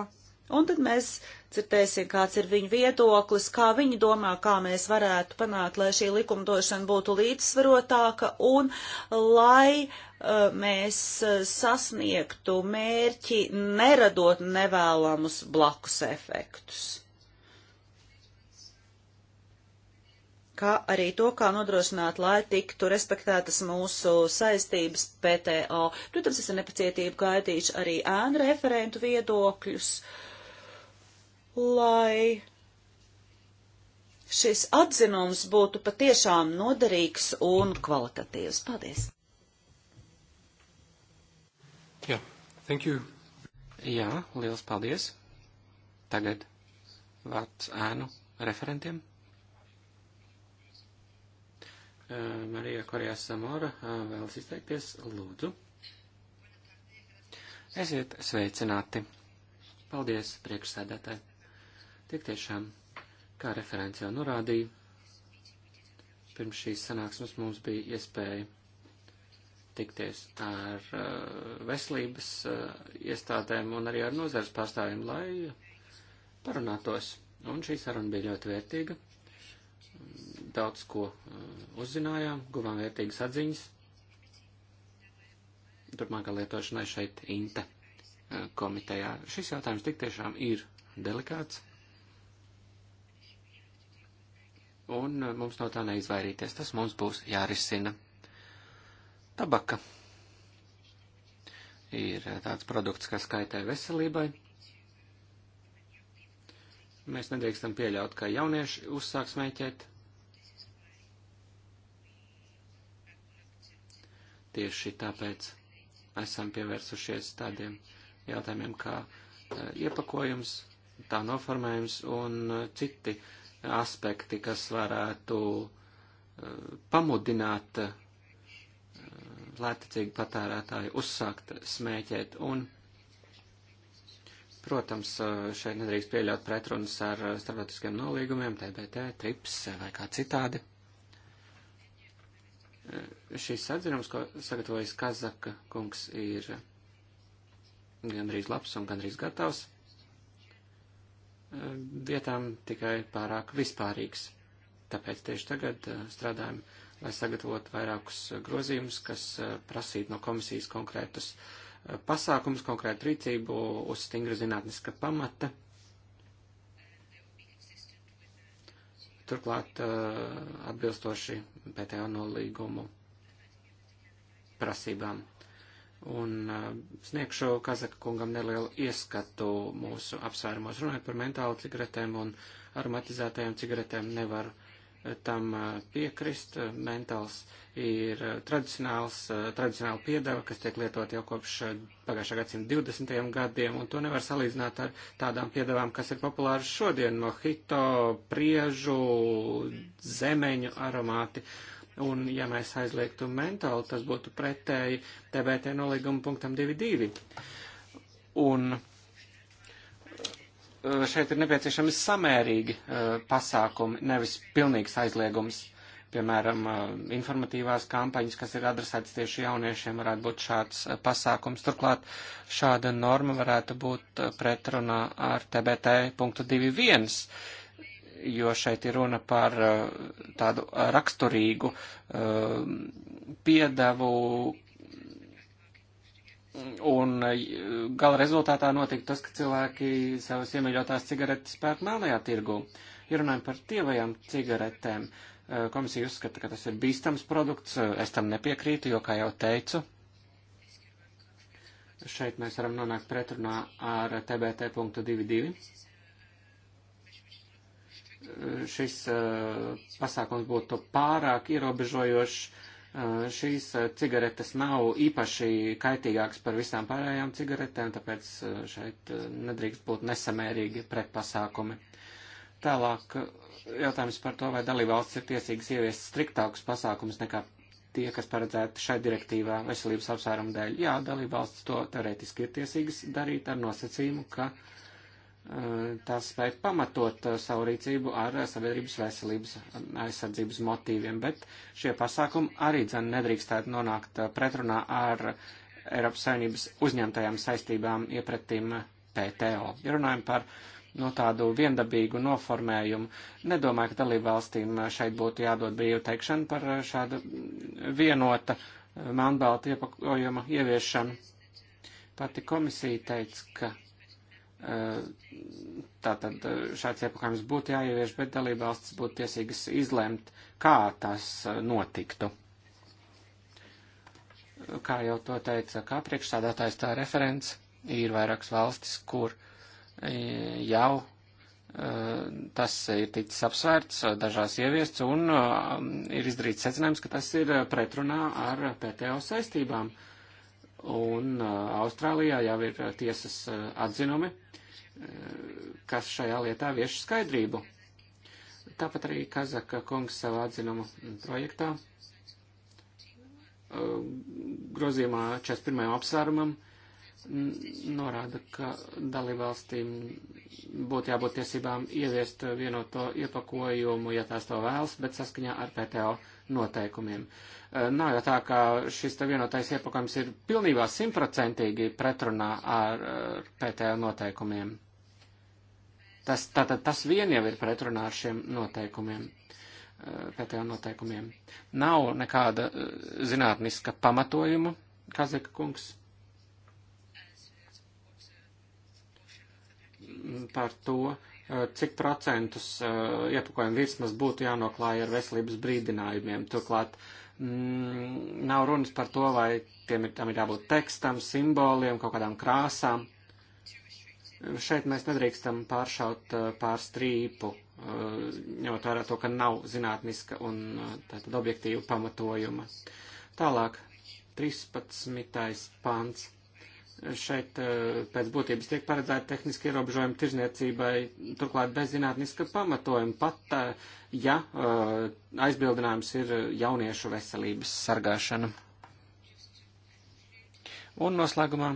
Un tad mēs uh, dzirdēsim, kāds ir viņu viedoklis, kā viņi domā, kā mēs varētu panākt, lai šī likumdošana būtu līdzsvarotāka un lai uh, mēs uh, sasniegtu mērķi, neradot nevēlamus blakus efektus. Kā arī to, kā nodrošināt, lai tiktu respektētas mūsu saistības PTO. Protams, es ar nepacietību gaidīšu arī ēnu referentu viedokļus. Uh, lai šis atzinums būtu patiešām noderīgs un kvalitatīvs. Paldies! Jā, yeah, thank you! Jā, liels paldies! Tagad vārds ēnu referentiem. Marija Korejā Samora vēlas izteikties, lūdzu. Esiet sveicināti. Paldies, priekšsēdētāji. Tik tiešām, kā referents jau norādīja, pirms šīs sanāksmes mums bija iespēja tikties ar uh, veselības uh, iestādēm un arī ar nozares pārstāvjiem, lai parunātos. Un šī saruna bija ļoti vērtīga. Daudz ko uh, uzzinājām, guvām vērtīgas atziņas. Turpmākā lietošanai šeit INTA komitejā. Šis jautājums tik tiešām ir delikāts. un eh, mums no tā neizvairīties. Tas mums būs jārisina. Tabaka ir eh, tāds produkts, kas kaitē veselībai. Mēs nedrīkstam pieļaut, ka jaunieši uzsāks mēķēt. Tieši tāpēc esam pievērsušies tādiem jautājumiem kā eh, iepakojums, tā noformējums un citi uh, aspekti, kas varētu eh, pamudināt eh, lētacīgi patērētāju uzsākt smēķēt. Un, protams, eh, šeit nedrīkst pieļaut pretrunas ar starptautiskiem nolīgumiem, TBT, TRIPS vai kā citādi. Šis atzinums, ko sagatavojas Kazaka kungs, ir gandrīz labs un gandrīz gatavs. Eh, vietām tikai pārāk vispārīgs. Tāpēc tieši tagad eh, strādājam, lai sagatavotu vairākus eh, grozījumus, kas prasītu no komisijas konkrētus pasākumus, konkrētu rīcību uz stingra zinātniska pamata. Turklāt atbilstoši PTO nolīgumu prasībām un eh, sniegšu Kazaka kungam nelielu ieskatu mūsu apsvērumos. Runājot par mentālu cigaretēm un aromatizētajām cigaretēm nevar eh, tam eh, piekrist. Mentāls ir tradicionāls, tradicionāla piedeva, kas tiek lietot jau kopš pagājušā gadsimta 20. gadiem, un to nevar salīdzināt ar tādām piedevām, kas ir populāras šodien - mohito, priežu, zemeņu aromāti. Uh, un ja mēs aizliegtu mentāli, tas būtu pretēji TBT nolīguma punktam 2.2. Un eh, šeit ir nepieciešami samērīgi eh, pasākumi, nevis pilnīgs aizliegums. Piemēram, eh, informatīvās kampaņas, kas ir adresētas tieši jauniešiem, varētu būt šāds pasākums. Turklāt šāda norma varētu būt pretrunā ar TBT punktu 2.1 jo šeit ir runa par eh, tādu raksturīgu eh, piedevu, un eh, gala rezultātā notika tas, ka cilvēki savas iemīļotās cigaretes pērk melnajā tirgu. Ja runājam par tievajām cigaretēm, komisija uzskata, ka tas ir bīstams produkts, es tam nepiekrītu, jo, kā jau teicu, šeit mēs varam nonākt pretrunā ar TBT.22 šis eh, pasākums būtu pārāk ierobežojošs. Eh, šīs eh, cigaretes nav īpaši kaitīgākas par visām pārējām cigaretēm, tāpēc šeit nedrīkst būt nesamērīgi pretpasākumi. Tālāk jautājums par to, vai dalībvalsts ir tiesīgas ieviest striktākus pasākumus nekā tie, kas paredzēti šai direktīvā veselības apsvērumu dēļ. Jā, dalībvalsts to teoretiski ir tiesīgas darīt ar nosacījumu, ka uh, Eh, tās spēja pamatot eh, savu rīcību ar eh, sabiedrības veselības aizsardzības motīviem, bet šie pasākumi arī dzen nedrīkstētu nonākt pretrunā ar Eiropas Savienības uzņemtajām saistībām iepretim PTO. Ja runājam par no nu, tādu viendabīgu noformējumu, nedomāju, ka dalību valstīm šeit būtu jādod brīvu teikšanu par šādu vienota manbalta iepakojuma ieviešanu. Pati komisija teica, ka Eh, tātad eh, šāds iepakojums būtu jāievieš, bet dalībvalstis būtu tiesīgas izlemt, kā tas eh, notiktu. Kā jau to teica, kā priekšstādātājs tā referents, ir vairākas valstis, kur jau tas ir ticis apsvērts, dažās ieviests un ir izdarīts secinājums, ka tas ir pretrunā ar PTO saistībām. Uh, Un uh, Austrālijā jau ir uh, tiesas uh, atzinumi, kas šajā lietā vieš skaidrību. Tāpat arī Kazaka kungs savā atzinumu projektā grozījumā 41. apsvērumam norāda, ka dalībvalstīm būtu jābūt tiesībām ieviest vienoto iepakojumu, ja tās to vēlas, bet saskaņā ar PTO noteikumiem. Uh, Eh, nav jau tā, ka šis te vienotais iepakojums ir pilnībā simtprocentīgi pretrunā ar, ar eh, PTO noteikumiem. Tas, tātad tas vien jau ir pretrunā ar šiem noteikumiem, eh, PTO noteikumiem. Nav nekāda zinātniska pamatojuma, Kazika kungs. par to, cik procentus uh, iepakojumu virsmas būtu jānoklāj ar veselības brīdinājumiem. Turklāt mm, nav runas par to, vai tiem ir, tam ir jābūt tekstam, simboliem, kaut kādām krāsām. Šeit mēs nedrīkstam pāršaut eh, pār strīpu, eh, ņemot vērā to, ka nav zinātniska un eh, tātad objektīva pamatojuma. Tālāk, 13. pants šeit eh, pēc būtības tiek paredzēta tehniski ierobežojumi tirzniecībai, turklāt bez zinātniska pamatojuma, pat eh, ja eh, aizbildinājums ir jauniešu veselības sargāšana. Un noslēgumā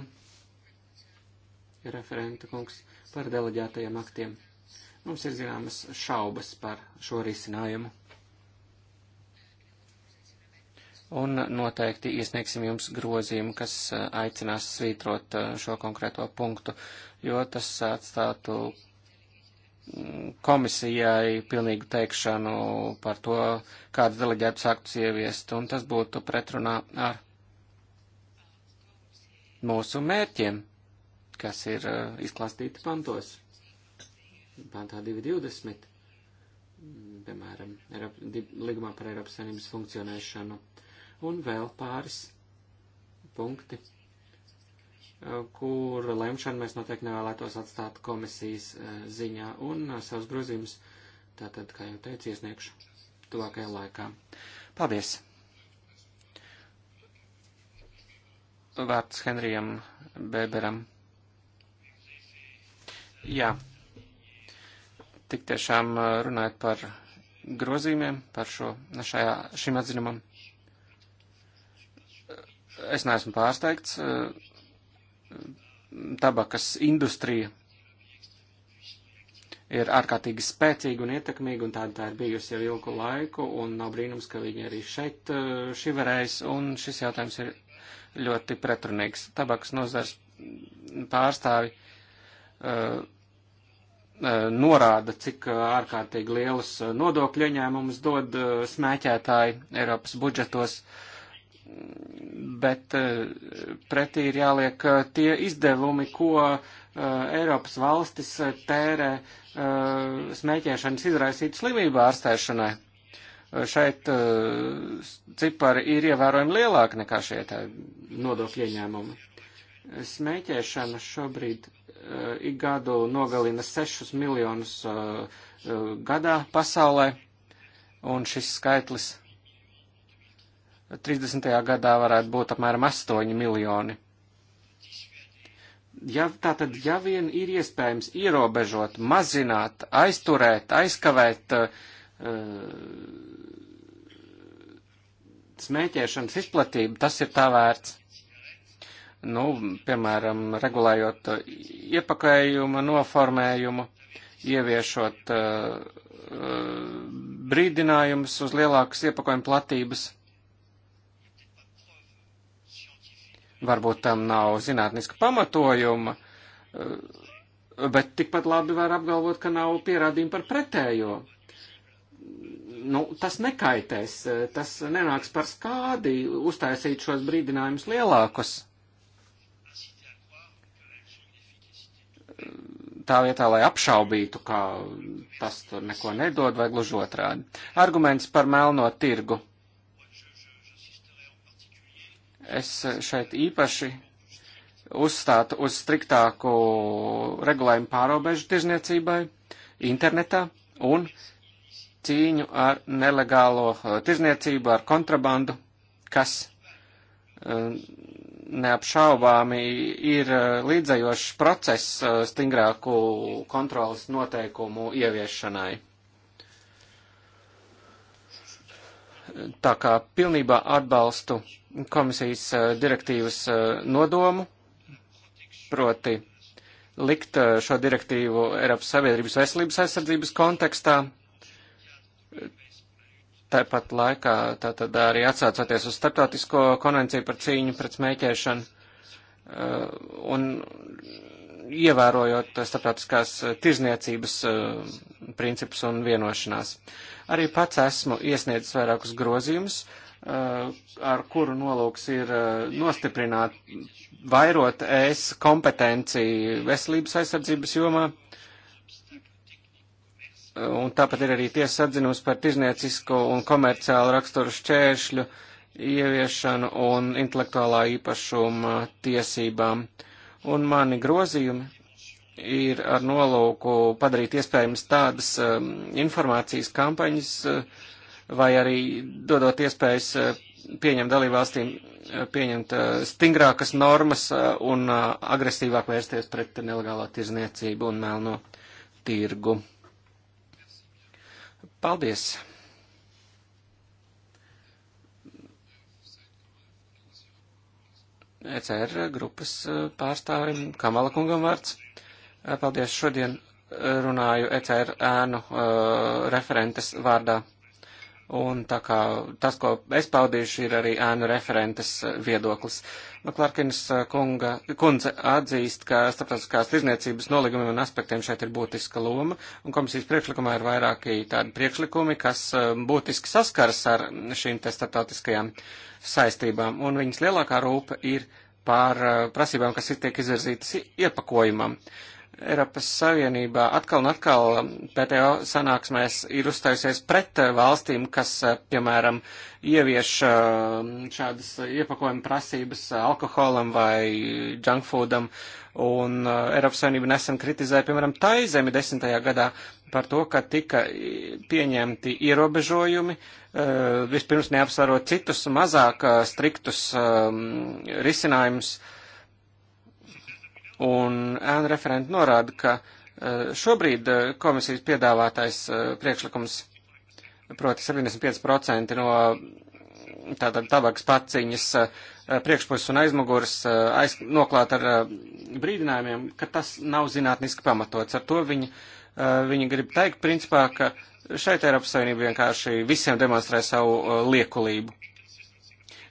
referenta kungs par deleģētajiem aktiem. Mums ir zināmas šaubas par šo risinājumu un noteikti iesniegsim jums grozījumu, kas eh, aicinās svītrot eh, šo konkrēto punktu, jo tas atstātu mm, komisijai pilnīgu teikšanu par to, kādas deleģētas aktus ieviest, un tas būtu pretrunā ar mūsu mērķiem, kas ir eh, izklāstīti pantos. Pantā 220, mm, piemēram, Eiropa, līgumā par Eiropas Savienības funkcionēšanu. Uh, Un vēl pāris punkti, eh, kur lemšanu mēs noteikti nevēlētos atstāt komisijas eh, ziņā un eh, savus grozījumus, tātad, kā jau teicu, iesniegšu tuvākajā laikā. Paldies! Vārds Henrijam Bēberam. Jā, tik tiešām runājot par grozījumiem, par šo, šajā, šim atzinumam es neesmu pārsteigts. Tabakas industrija ir ārkārtīgi spēcīga un ietekmīga, un tāda tā ir bijusi jau ilgu laiku, un nav brīnums, ka viņi arī šeit eh, šiverēs, un šis jautājums ir ļoti pretrunīgs. Tabakas nozars pārstāvi uh, norāda, cik ārkārtīgi lielus nodokļu ieņēmumus dod smēķētāji Eiropas budžetos. Uh, bet eh, pretī ir jāliek eh, tie izdevumi, ko eh, Eiropas valstis tērē smēķēšanas izraisītu slimību ārstēšanai. Šeit cipari ir ievērojami lielāki nekā šie nodokļu ieņēmumi. Smēķēšana šobrīd ik gadu nogalina 6 miljonus gadā pasaulē, un šis skaitlis 30. gadā varētu būt apmēram 8 miljoni. Ja, tātad, ja vien ir iespējams ierobežot, mazināt, aizturēt, aizkavēt uh, smēķēšanas izplatību, tas ir tā vērts. Nu, piemēram, regulējot eh, iepakējumu, noformējumu, ieviešot uh, brīdinājumus uz lielākas iepakojuma platības. Varbūt tam nav zinātniska pamatojuma, eh, bet tikpat labi var apgalvot, ka nav pierādījumi par pretējo. Nu, tas nekaitēs, eh, tas nenāks par skādi uztaisīt šos brīdinājumus lielākus. tā vietā, lai apšaubītu, ka tas tur neko nedod vai gluži otrādi. Arguments par melno tirgu. Es eh, šeit īpaši uzstātu uz striktāku regulējumu pārobežu tirzniecībai internetā un cīņu ar nelegālo eh, tirzniecību, ar kontrabandu, kas eh, neapšaubāmi ir līdzējošs process stingrāku kontrolas noteikumu ieviešanai. Tā kā pilnībā atbalstu komisijas eh, direktīvas eh, nodomu, proti likt eh, šo direktīvu Eiropas Savienības veselības aizsardzības kontekstā. Tāpat laikā tātad arī atsācoties uz starptautisko konvenciju par cīņu pret smēķēšanu. Un ievērojot starptautiskās eh, tirzniecības eh, principus un vienošanās. Arī pats esmu iesniedzis vairākus grozījumus, eh, ar kuru nolūks ir nostiprināt, vairot es kompetenci veselības aizsardzības jomā. Un tāpat ir arī tiesas atzinums par tirzniecisko un komerciālu raksturu šķēršļu ieviešanu un intelektuālā īpašuma tiesībām. Uh, un mani grozījumi ir ar nolūku padarīt iespējams tādas um, informācijas kampaņas uh, vai arī dodot iespējas uh, pieņemt dalībvalstīm, uh, pieņemt uh, stingrākas normas uh, un uh, agresīvāk vērsties pret nelegālā tirzniecību un melno tirgu. Paldies! ECR grupas e, pārstāvim Kamala kungam vārds. E, paldies, šodien e, runāju ECR ēnu referentes vārdā. Un tā kā tas, ko es paudīšu, ir arī ēnu referentes viedoklis. Maklārkins nu, eh, kunga, kundze atzīst, ka starptautiskās tirzniecības noligumiem un aspektiem šeit ir būtiska loma, un komisijas priekšlikumā ir vairāki tādi priekšlikumi, kas eh, būtiski saskaras ar šīm te starptautiskajām saistībām, un viņas lielākā rūpa ir par eh, prasībām, kas ir tiek izvirzītas iepakojumam. Uh, Eiropas Savienībā atkal un atkal PTO sanāksmēs ir uzstājusies pret valstīm, kas, eh, piemēram, ievieš eh, šādas iepakojuma prasības alkoholam vai junkfoodam, un eh, Eiropas Savienība nesen kritizēja, piemēram, Taizemi desmitajā gadā par to, ka tika pieņemti ierobežojumi, vispirms neapsvarot citus mazāk striktus risinājumus Un ēnu referenti norāda, ka e, šobrīd e, komisijas piedāvātais e, priekšlikums, proti 75% no tātad tabaks paciņas priekšpuses un aizmugures aiz, noklāt ar brīdinājumiem, ka tas nav zinātniski pamatots. Ar to viņi, viņi grib teikt, principā, ka šeit Eiropas Savienība vienkārši visiem demonstrē savu liekulību.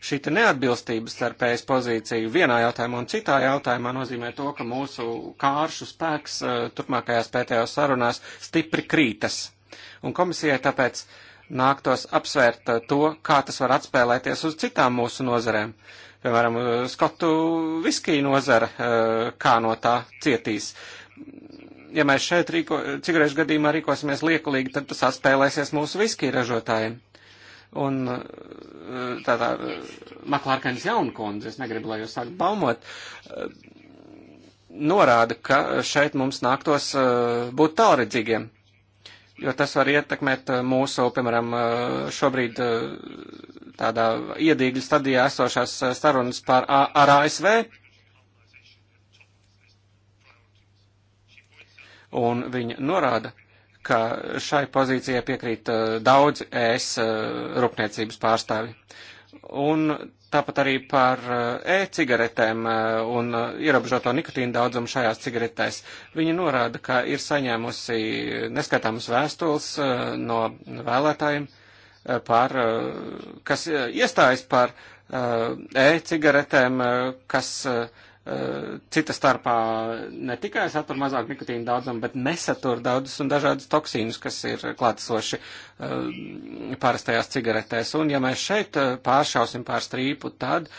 Šī neatbilstība starp ES pozīciju vienā jautājumā un citā jautājumā nozīmē to, ka mūsu kāršu spēks eh, turpmākajās pētējās sarunās stipri krītas. Un komisijai tāpēc nāktos apsvērt eh, to, kā tas var atspēlēties uz citām mūsu nozarēm. Piemēram, eh, skotu viskiju nozara, kā no tā cietīs ja mēs šeit rīko, cigarešu gadījumā rīkosimies liekulīgi, tad tas atspēlēsies mūsu viskiju ražotājiem. Un eh, tādā eh, Maklārkainas jaunkundze, es negribu, lai jūs sākat baumot, eh, norāda, ka šeit mums nāktos būt tālredzīgiem, jo tas var ietekmēt mūsu, piemēram, šobrīd tādā iedīgļu stadijā esošās sarunas par, ar ASV. Un viņa norāda, ka šai pozīcijai piekrīt uh, daudz ES uh, rūpniecības pārstāvi. Un tāpat arī par uh, e-cigaretēm un ierobežoto nikotīnu daudzumu šajās cigaretēs. Viņa norāda, ka ir saņēmusi neskaitāmas vēstules no vēlētājiem, par, kas iestājas par e-cigaretēm, kas Eh, cita starpā ne tikai satur mazāk nikotīna daudzumu, bet nesatur daudzus un dažādus toksīnus, kas ir klātesoši eh, parastajās cigaretēs. Un ja mēs šeit eh, pāršausim pār strīpu, tad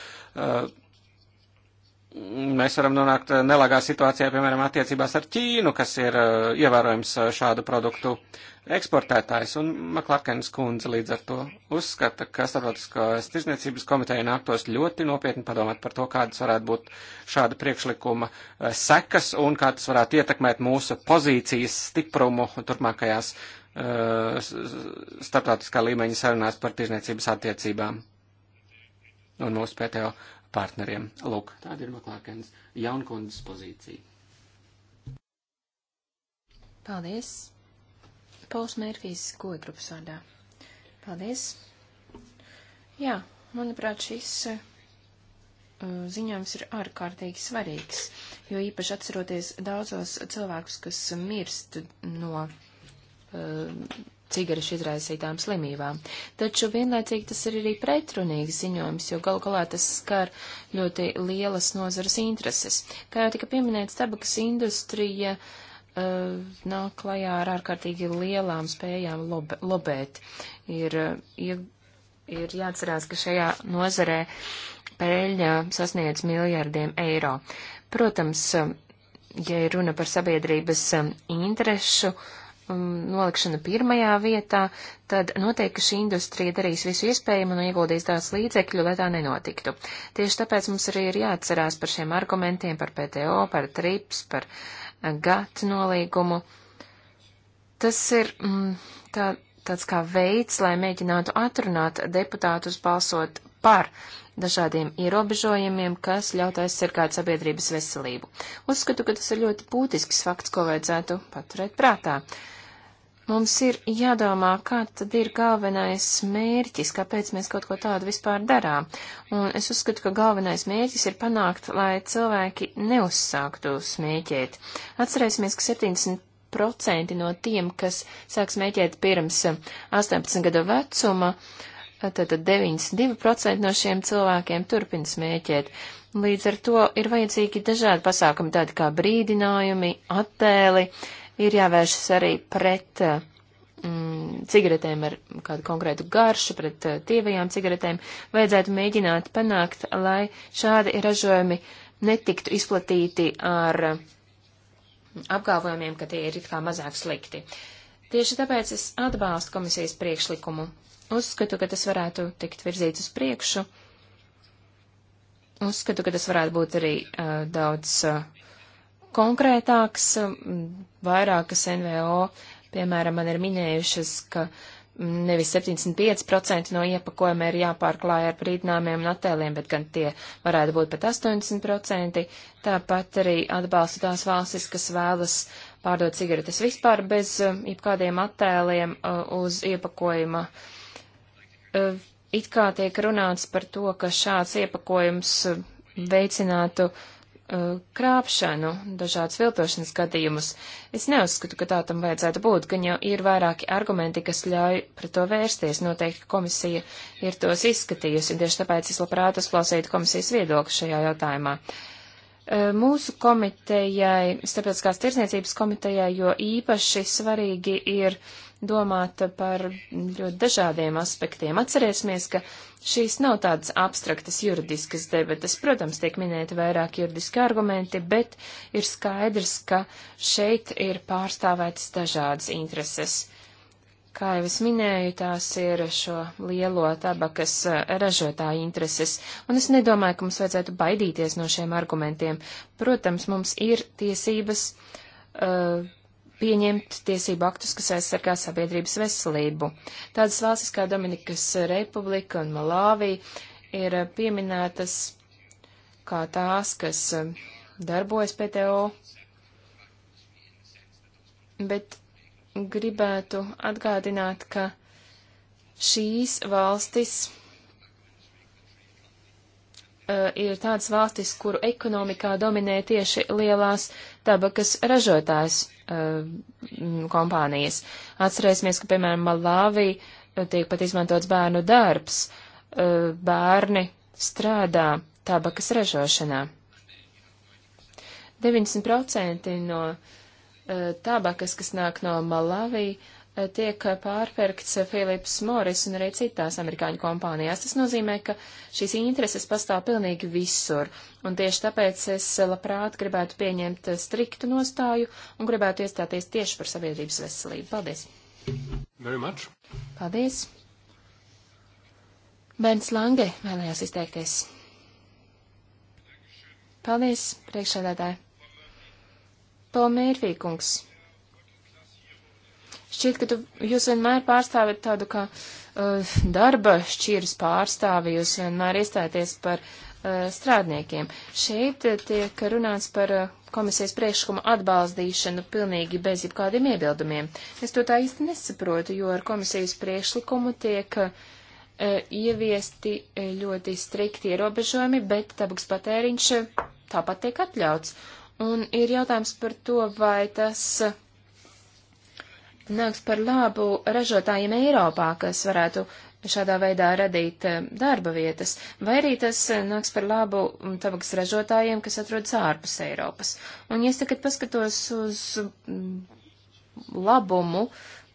mēs varam nonākt nelagā situācijā, piemēram, attiecībās ar Ķīnu, kas ir eh, ievērojams eh, šādu produktu eksportētājs. Un Maklakens kundze līdz ar to uzskata, ka Starptautiskās tirzniecības komiteja nāktos ļoti nopietni padomāt par to, kādas varētu būt šāda priekšlikuma eh, sekas un kā tas varētu ietekmēt mūsu pozīcijas stiprumu turpmākajās starptautiskā līmeņa sarunās par tirzniecības attiecībām un mūsu PTO partneriem. Lūk, tāda ir Maklākens jaunkundas pozīcija. Paldies. Pauls Mērfijs, koja grupas vārdā. Paldies. Jā, manuprāt, šis uh, ziņojums ir ārkārtīgi svarīgs, jo īpaši atceroties daudzos cilvēkus, kas mirst no uh, cigarešu izraisītām slimībām. Taču vienlaicīgi tas ir arī pretrunīgs ziņojums, jo gal galā tas skar ļoti lielas nozaras intereses. Kā jau tika pieminēts, tabakas industrija uh, nāk klajā ar ārkārtīgi lielām spējām lob lobēt. Ir, ir, ir jāatcerās, ka šajā nozarē pēļņa sasniedz miljardiem eiro. Protams, ja ir runa par sabiedrības eh, interešu, uh, um, nolikšana pirmajā vietā, tad noteikti šī industrija darīs visu iespējamo un ieguldīs daudz līdzekļu, lai tā nenotiktu. Tieši tāpēc mums arī ir jāatcerās par šiem argumentiem, par PTO, par TRIPS, par uh, GATT nolīgumu. Tas ir mm, tā, tāds kā veids, lai mēģinātu atrunāt deputātus balsot par dažādiem ierobežojumiem, kas ļaut aizsargāt sabiedrības veselību. Uzskatu, ka tas ir ļoti būtisks fakts, ko vajadzētu paturēt prātā. Uh, Mums ir jādomā, kāds tad ir galvenais mērķis, kāpēc mēs kaut ko tādu vispār darām. Un es uzskatu, ka galvenais mērķis ir panākt, lai cilvēki neuzsāktu smēķēt. Atcerēsimies, ka 70% no tiem, kas sāk smēķēt pirms 18 gadu vecuma, tātad 92% no šiem cilvēkiem turpina smēķēt. Līdz ar to ir vajadzīgi dažādi pasākumi, tādi kā brīdinājumi, attēli, uh, ir jāvēršas arī pret eh, mm, cigaretēm ar kādu konkrētu garšu, pret eh, tievajām cigaretēm. Vajadzētu mēģināt panākt, lai šādi ražojumi netiktu izplatīti ar eh, apgalvojumiem, ka tie ir it kā mazāk slikti. Tieši tāpēc es atbalstu komisijas priekšlikumu. Uzskatu, ka tas varētu tikt virzīts uz priekšu. Uzskatu, ka tas varētu būt arī uh, daudz uh, konkrētāks. Um, vairākas NVO, piemēram, man ir minējušas, ka mm, nevis 75% no iepakojuma ir jāpārklāj ar brīdinājumiem un attēliem, bet gan tie varētu būt pat 80%. Tāpat arī atbalsta tās valstis, kas vēlas pārdot cigaretes vispār bez um, jebkādiem attēliem uh, uz iepakojuma. Uh, it kā tiek runāts par to, ka šāds iepakojums um, veicinātu uh, Uh, krāpšanu, dažādas viltošanas gadījumus. Es neuzskatu, ka tā tam vajadzētu būt, gan jau ir vairāki argumenti, kas ļauj pret to vērsties. Noteikti komisija ir tos izskatījusi, un tieši tāpēc es labprāt uzklausītu komisijas viedokli šajā jautājumā. Uh, mūsu komitejai, starptautiskās tirsniecības komitejai, jo īpaši svarīgi ir domāt par ļoti dažādiem aspektiem. Atcerēsimies, ka šīs nav tādas abstraktas juridiskas debatas. Protams, tiek minēti vairāk juridiski argumenti, bet ir skaidrs, ka šeit ir pārstāvētas dažādas intereses. Kā jau es minēju, tās ir šo lielo tabakas eh, ražotāju intereses, un es nedomāju, ka mums vajadzētu baidīties no šiem argumentiem. Protams, mums ir tiesības uh, pieņemt tiesību aktus, kas aizsargā sabiedrības veselību. Tādas valstis kā Dominikas Republika un Malāvija ir pieminētas kā tās, kas eh, darbojas PTO, bet gribētu atgādināt, ka šīs valstis Eh, ir tādas valstis, kuru ekonomikā dominē tieši lielās tabakas ražotājs eh, kompānijas. Atcerēsimies, ka, piemēram, Malāvī eh, tiek pat izmantots bērnu darbs. Bērni strādā tabakas ražošanā. 90% no tabakas, kas nāk no Malāvī, uh, tiek pārpirkts Philips Morris un arī citās amerikāņu kompānijās. Tas nozīmē, ka šīs intereses pastāv pilnīgi visur, un tieši tāpēc es labprāt gribētu pieņemt striktu nostāju un gribētu iestāties tieši par sabiedrības veselību. Paldies! Very much. Paldies! Bērns Lange vēlējās izteikties. Paldies, priekšsēdētāji! Paul Mērfīkungs Šķiet, ka tu, jūs vienmēr pārstāvat tādu kā uh, darba šķiras pārstāvi, jūs vienmēr iestāties par uh, strādniekiem. Šeit tiek runāts par uh, komisijas priekšlikuma atbalstīšanu pilnīgi bez jebkādiem iebildumiem. Es to tā īsti nesaprotu, jo ar komisijas priekšlikumu tiek uh, ieviesti uh, ļoti strikti ierobežojumi, bet tabaks patēriņš uh, tāpat tiek atļauts. Un ir jautājums par to, vai tas. Uh, nāks par labu ražotājiem Eiropā, kas varētu šādā veidā radīt eh, darba vietas, vai arī tas eh, nāks par labu mm, tabakas ražotājiem, kas atrodas ārpus Eiropas. Un ja es tagad paskatos uz mm, labumu,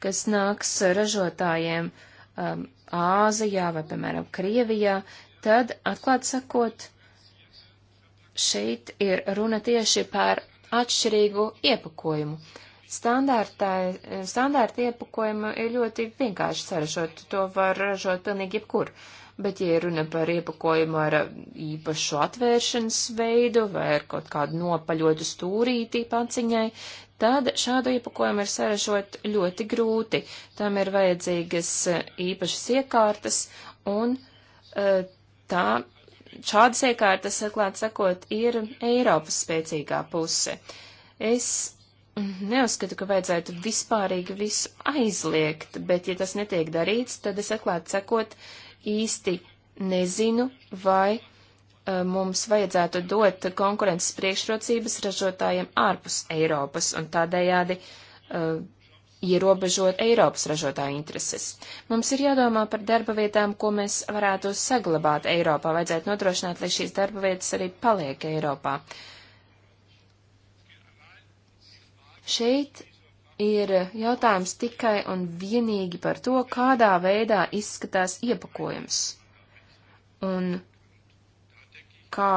kas nāks ražotājiem um, Āzijā vai, piemēram, Krievijā, tad, atklāt sakot, šeit ir runa tieši par atšķirīgu iepakojumu. Standārta iepakojuma ir ļoti vienkārši saražot, to var ražot pilnīgi jebkur. Bet, ja runa par iepakojumu ar īpašu atvēršanas veidu vai ar kaut kādu nopaļotu stūrītī panciņai, tad šādu iepakojumu ir saražot ļoti grūti. Tam ir vajadzīgas īpašas iekārtas un e, tā šādas iekārtas, atklāt sakot, ir Eiropas spēcīgā puse. Es neuzskatu, ka vajadzētu vispārīgi visu aizliegt, bet ja tas netiek darīts, tad es atklāti sakot īsti nezinu, vai uh, mums vajadzētu dot konkurences priekšrocības ražotājiem ārpus Eiropas un tādējādi uh, ierobežot Eiropas ražotāju intereses. Mums ir jādomā par darba vietām, ko mēs varētu saglabāt Eiropā. Vajadzētu nodrošināt, lai šīs darba vietas arī paliek Eiropā. Uh, Šeit ir jautājums tikai un vienīgi par to, kādā veidā izskatās iepakojums un kā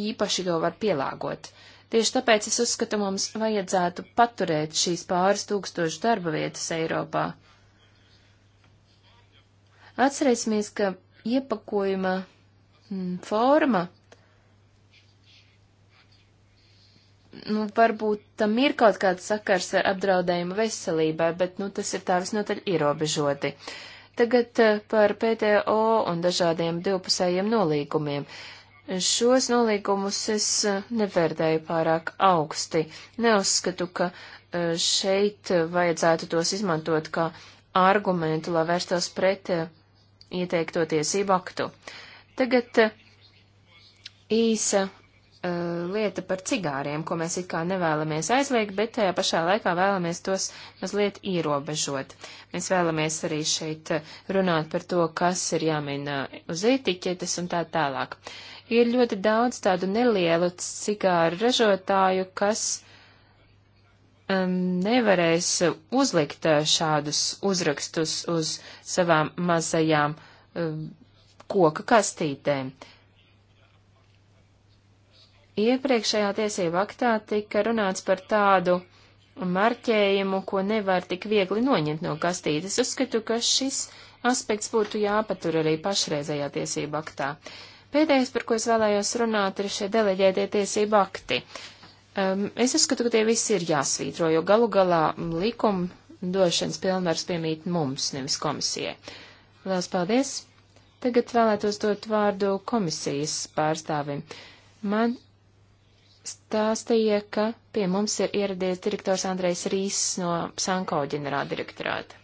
īpaši to var pielāgot. Tieši tāpēc es uzskatu, mums vajadzētu paturēt šīs pāris tūkstošu darba vietas Eiropā. Atcerēsimies, ka iepakojuma mm, forma nu, varbūt tam ir kaut kāds sakars ar apdraudējumu veselībai, bet, nu, tas ir tā visnotaļ ierobežoti. Tagad eh, par PTO un dažādiem divpusējiem nolīgumiem. Šos nolīgumus es eh, nevērtēju pārāk augsti. Neuzskatu, ka eh, šeit vajadzētu tos izmantot kā argumentu, lai vērstos pret ieteikto tiesību aktu. Tagad īsa Eh, lieta par cigāriem, ko mēs it kā nevēlamies aizliegt, bet tajā pašā laikā vēlamies tos mazliet ierobežot. Mēs vēlamies arī šeit eh, runāt par to, kas ir jāmin eh, uz etiķetes un tā tālāk. Ir ļoti daudz tādu nelielu cigāru ražotāju, kas um, nevarēs uzlikt šādus uzrakstus uz savām mazajām um, koka kastītēm. Uh, Iepriekšējā tiesību aktā tika runāts par tādu marķējumu, ko nevar tik viegli noņemt no kastītes. Uzskatu, ka šis aspekts būtu jāpatur arī pašreizējā tiesību aktā. Pēdējais, par ko es vēlējos runāt, ir šie deleģētie tiesību akti. Um, es uzskatu, ka tie visi ir jāsvītro, jo galu galā likuma došanas pilnvars piemīt mums, nevis komisijai. Lielas paldies! Tagad vēlētos dot vārdu komisijas pārstāvim. Man stāstīja, ka pie mums ir ieradies direktors Andrejs Rīss no Sanko ģenerāldirektorāta.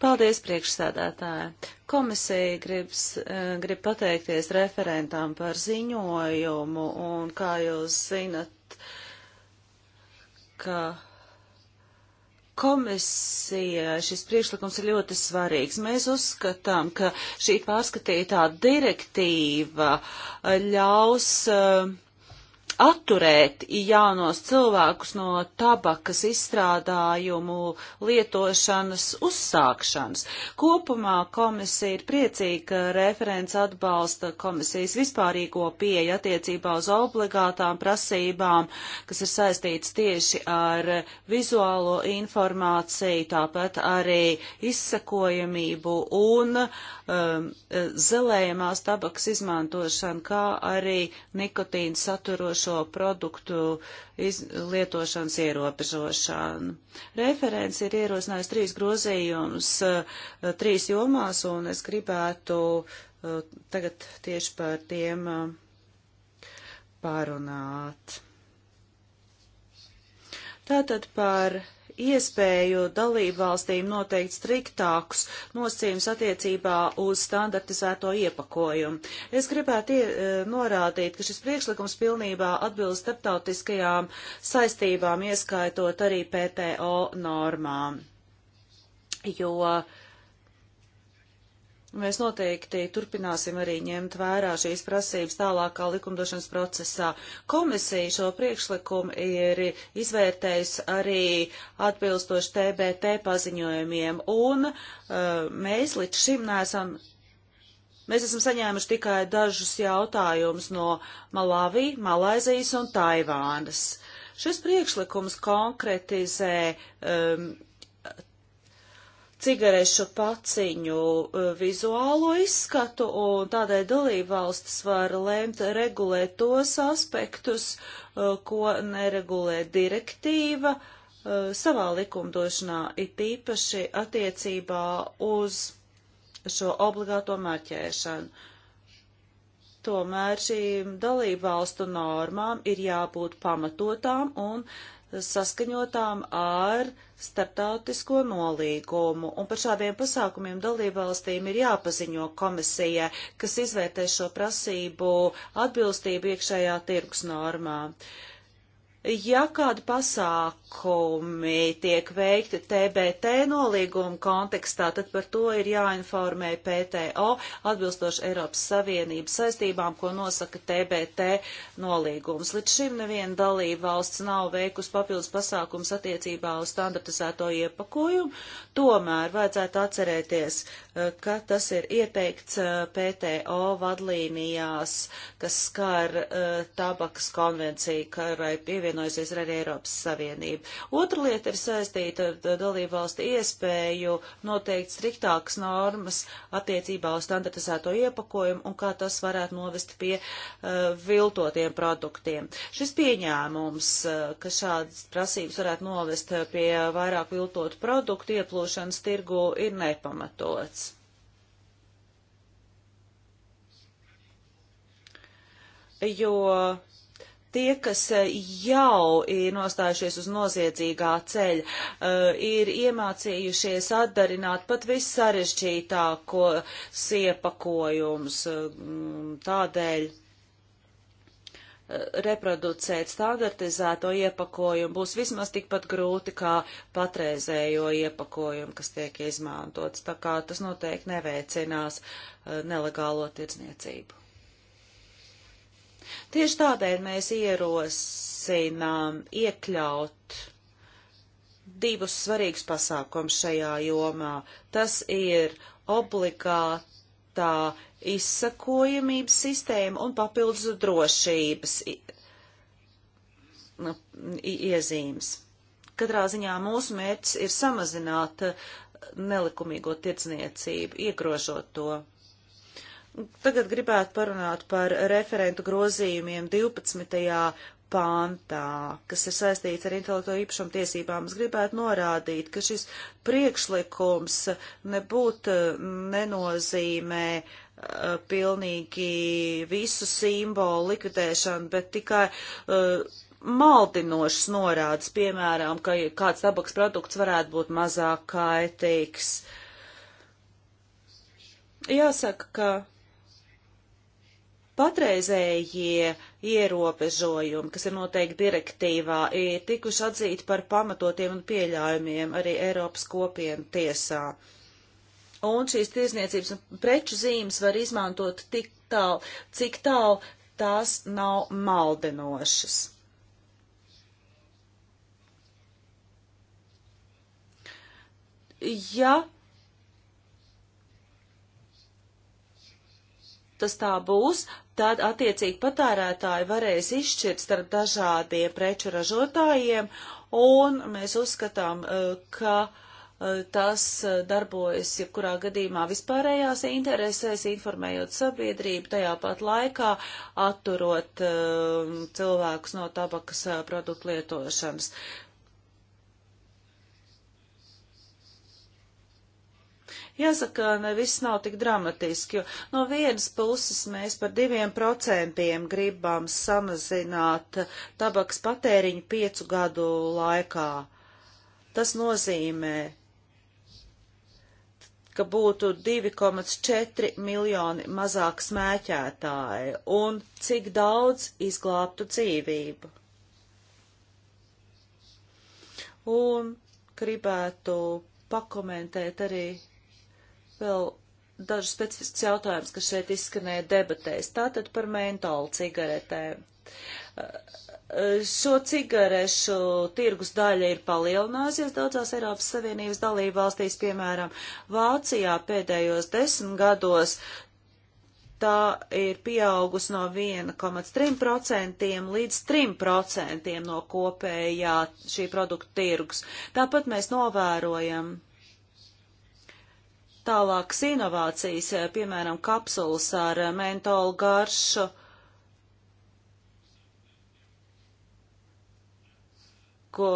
Paldies, priekšsēdētāji! Komisija gribs, eh, grib pateikties referentām par ziņojumu, un kā jūs zinat, ka komisija šis priekšlikums ir ļoti svarīgs. Mēs uzskatām, ka šī pārskatītā direktīva ļaus uh, atturēt jaunos cilvēkus no tabakas izstrādājumu lietošanas uzsākšanas. Kopumā komisija ir priecīga, ka referents atbalsta komisijas vispārīgo pieeju attiecībā uz obligātām prasībām, kas ir saistīts tieši ar vizuālo informāciju, tāpat arī izsakojamību un uh, um, zelējumās tabaks izmantošanu, kā arī nikotīnu saturošo produktu iz, lietošanas ierobežošanu. Referents ir ierosinājis trīs grozījumus uh, trīs jomās, un es gribētu uh, tagad tieši par tiem uh, pārunāt. Tātad par iespēju dalību valstīm noteikt striktākus nosacījumus attiecībā uz standartizēto iepakojumu. Es gribētu ie, e, norādīt, ka šis priekšlikums pilnībā atbilst starptautiskajām saistībām, ieskaitot arī PTO normām, jo uh, Mēs noteikti turpināsim arī ņemt vērā šīs prasības tālākā likumdošanas procesā. Komisija šo priekšlikumu ir izvērtējusi arī atbilstoši TBT paziņojumiem, un uh, mēs līdz šim neesam. Mēs esam saņēmuši tikai dažus jautājumus no Malavī, Malaizijas un Taivānas. Šis priekšlikums konkretizē um, cigarešu paciņu e, vizuālo izskatu, un tādēļ dalībvalstis var lēmt regulēt tos aspektus, e, ko neregulē direktīva e, savā likumdošanā, it īpaši attiecībā uz šo obligāto marķēšanu. Tomēr šīm dalībvalstu normām ir jābūt pamatotām un uh, saskaņotām ar starptautisko nolīgumu, un par šādiem pasākumiem dalībvalstīm ir jāpaziņo komisija, kas izvērtē šo prasību atbilstību iekšējā tirgus normā. Uh, Ja kādi pasākumi tiek veikti TBT nolīguma kontekstā, tad par to ir jāinformē PTO atbilstoši Eiropas Savienības saistībām, ko nosaka TBT nolīgums. Līdz šim neviena dalība valsts nav veikusi papildus pasākums attiecībā uz standartizēto iepakojumu, Tomēr vajadzētu atcerēties, eh, ka tas ir ieteikts eh, PTO vadlīnijās, kas skar eh, tabakas konvenciju, karai pievienojusies arī Eiropas Savienība. Otra lieta ir saistīta ar dalību valstu iespēju noteikt striktākas normas attiecībā uz standartizēto iepakojumu un kā tas varētu novest pie uh, viltotiem produktiem. Šis pieņēmums, uh, ka šādas prasības varētu novest pie vairāk viltotu produktu ieplūst, iekļaušanas tirgu ir nepamatots. Jo tie, kas jau ir nostājušies uz noziedzīgā ceļa, eh, ir iemācījušies atdarināt pat vissarežģītāko siepakojumus eh, tādēļ reproducēt standartizēto iepakojumu būs vismaz tikpat grūti kā patreizējo iepakojumu, kas tiek izmantots. Tā kā tas noteikti neveicinās uh, nelegālo tirdzniecību. Tieši tādēļ mēs ierosinām iekļaut divus svarīgus pasākums šajā jomā. Tas ir obligātā izsakojamības sistēma un papildus drošības nu, iezīmes. Katrā ziņā mūsu mērķis ir samazināt uh, nelikumīgo tirdzniecību, iegrožot to. Tagad gribētu parunāt par referentu grozījumiem 12. pāntā, kas ir saistīts ar intelekto īpašumu tiesībām. Es gribētu norādīt, ka šis priekšlikums nebūtu uh, nenozīmē uh, uh, pilnīgi visu simbolu likvidēšanu, bet tikai uh, maldinošas norādes, piemēram, ka kāds tabaks produkts varētu būt mazāk kaitīgs. Jāsaka, ka patreizējie ierobežojumi, kas ir noteikti direktīvā, ir tikuši atzīti par pamatotiem un pieļaujumiem arī Eiropas kopienu tiesā. Uh, un šīs tirzniecības un preču zīmes var izmantot tik tālu, cik tālu tās nav maldinošas. Ja tas tā būs, tad attiecīgi patērētāji varēs izšķirt starp dažādiem preču ražotājiem, un mēs uzskatām, eh, ka uh, Eh, tas eh, darbojas jebkurā gadījumā vispārējās interesēs, informējot sabiedrību, tajā pat laikā atturot uh, cilvēkus no tabakas uh, produktu lietošanas. Jāsaka, ne viss nav tik dramatiski, jo no vienas puses mēs par diviem procentiem gribam samazināt tabaks patēriņu piecu gadu laikā. Tas nozīmē, ka būtu 2,4 miljoni mazāk smēķētāji un cik daudz izglābtu dzīvību. Un gribētu pakomentēt arī vēl dažus specifiskus jautājumus, kas šeit izskanēja debatēs. Tātad par mentolu cigaretēm. Šo cigarešu tirgus daļa ir palielinājusies daudzās Eiropas Savienības dalībvalstīs, piemēram, Vācijā pēdējos desmit gados tā ir pieaugusi no 1,3% līdz 3% no kopējā šī produkta tirgus. Tāpat mēs novērojam tālākas inovācijas, piemēram, kapsulas ar mentolu garšu ko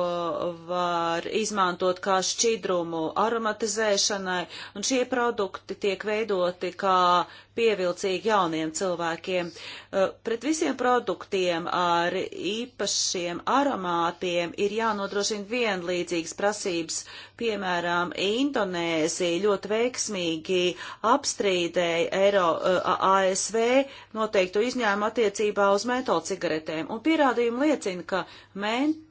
var izmantot kā šķidrumu aromatizēšanai, un šie produkti tiek veidoti kā pievilcīgi jauniem cilvēkiem. Eh, pret visiem produktiem ar īpašiem aromātiem ir jānodrošina vienlīdzīgas prasības. Piemēram, Indonēzija ļoti veiksmīgi apstrīdēja Eiro, eh, ASV noteiktu izņēmumu attiecībā uz mentola cigaretēm, un pierādījumi liecina, ka mentola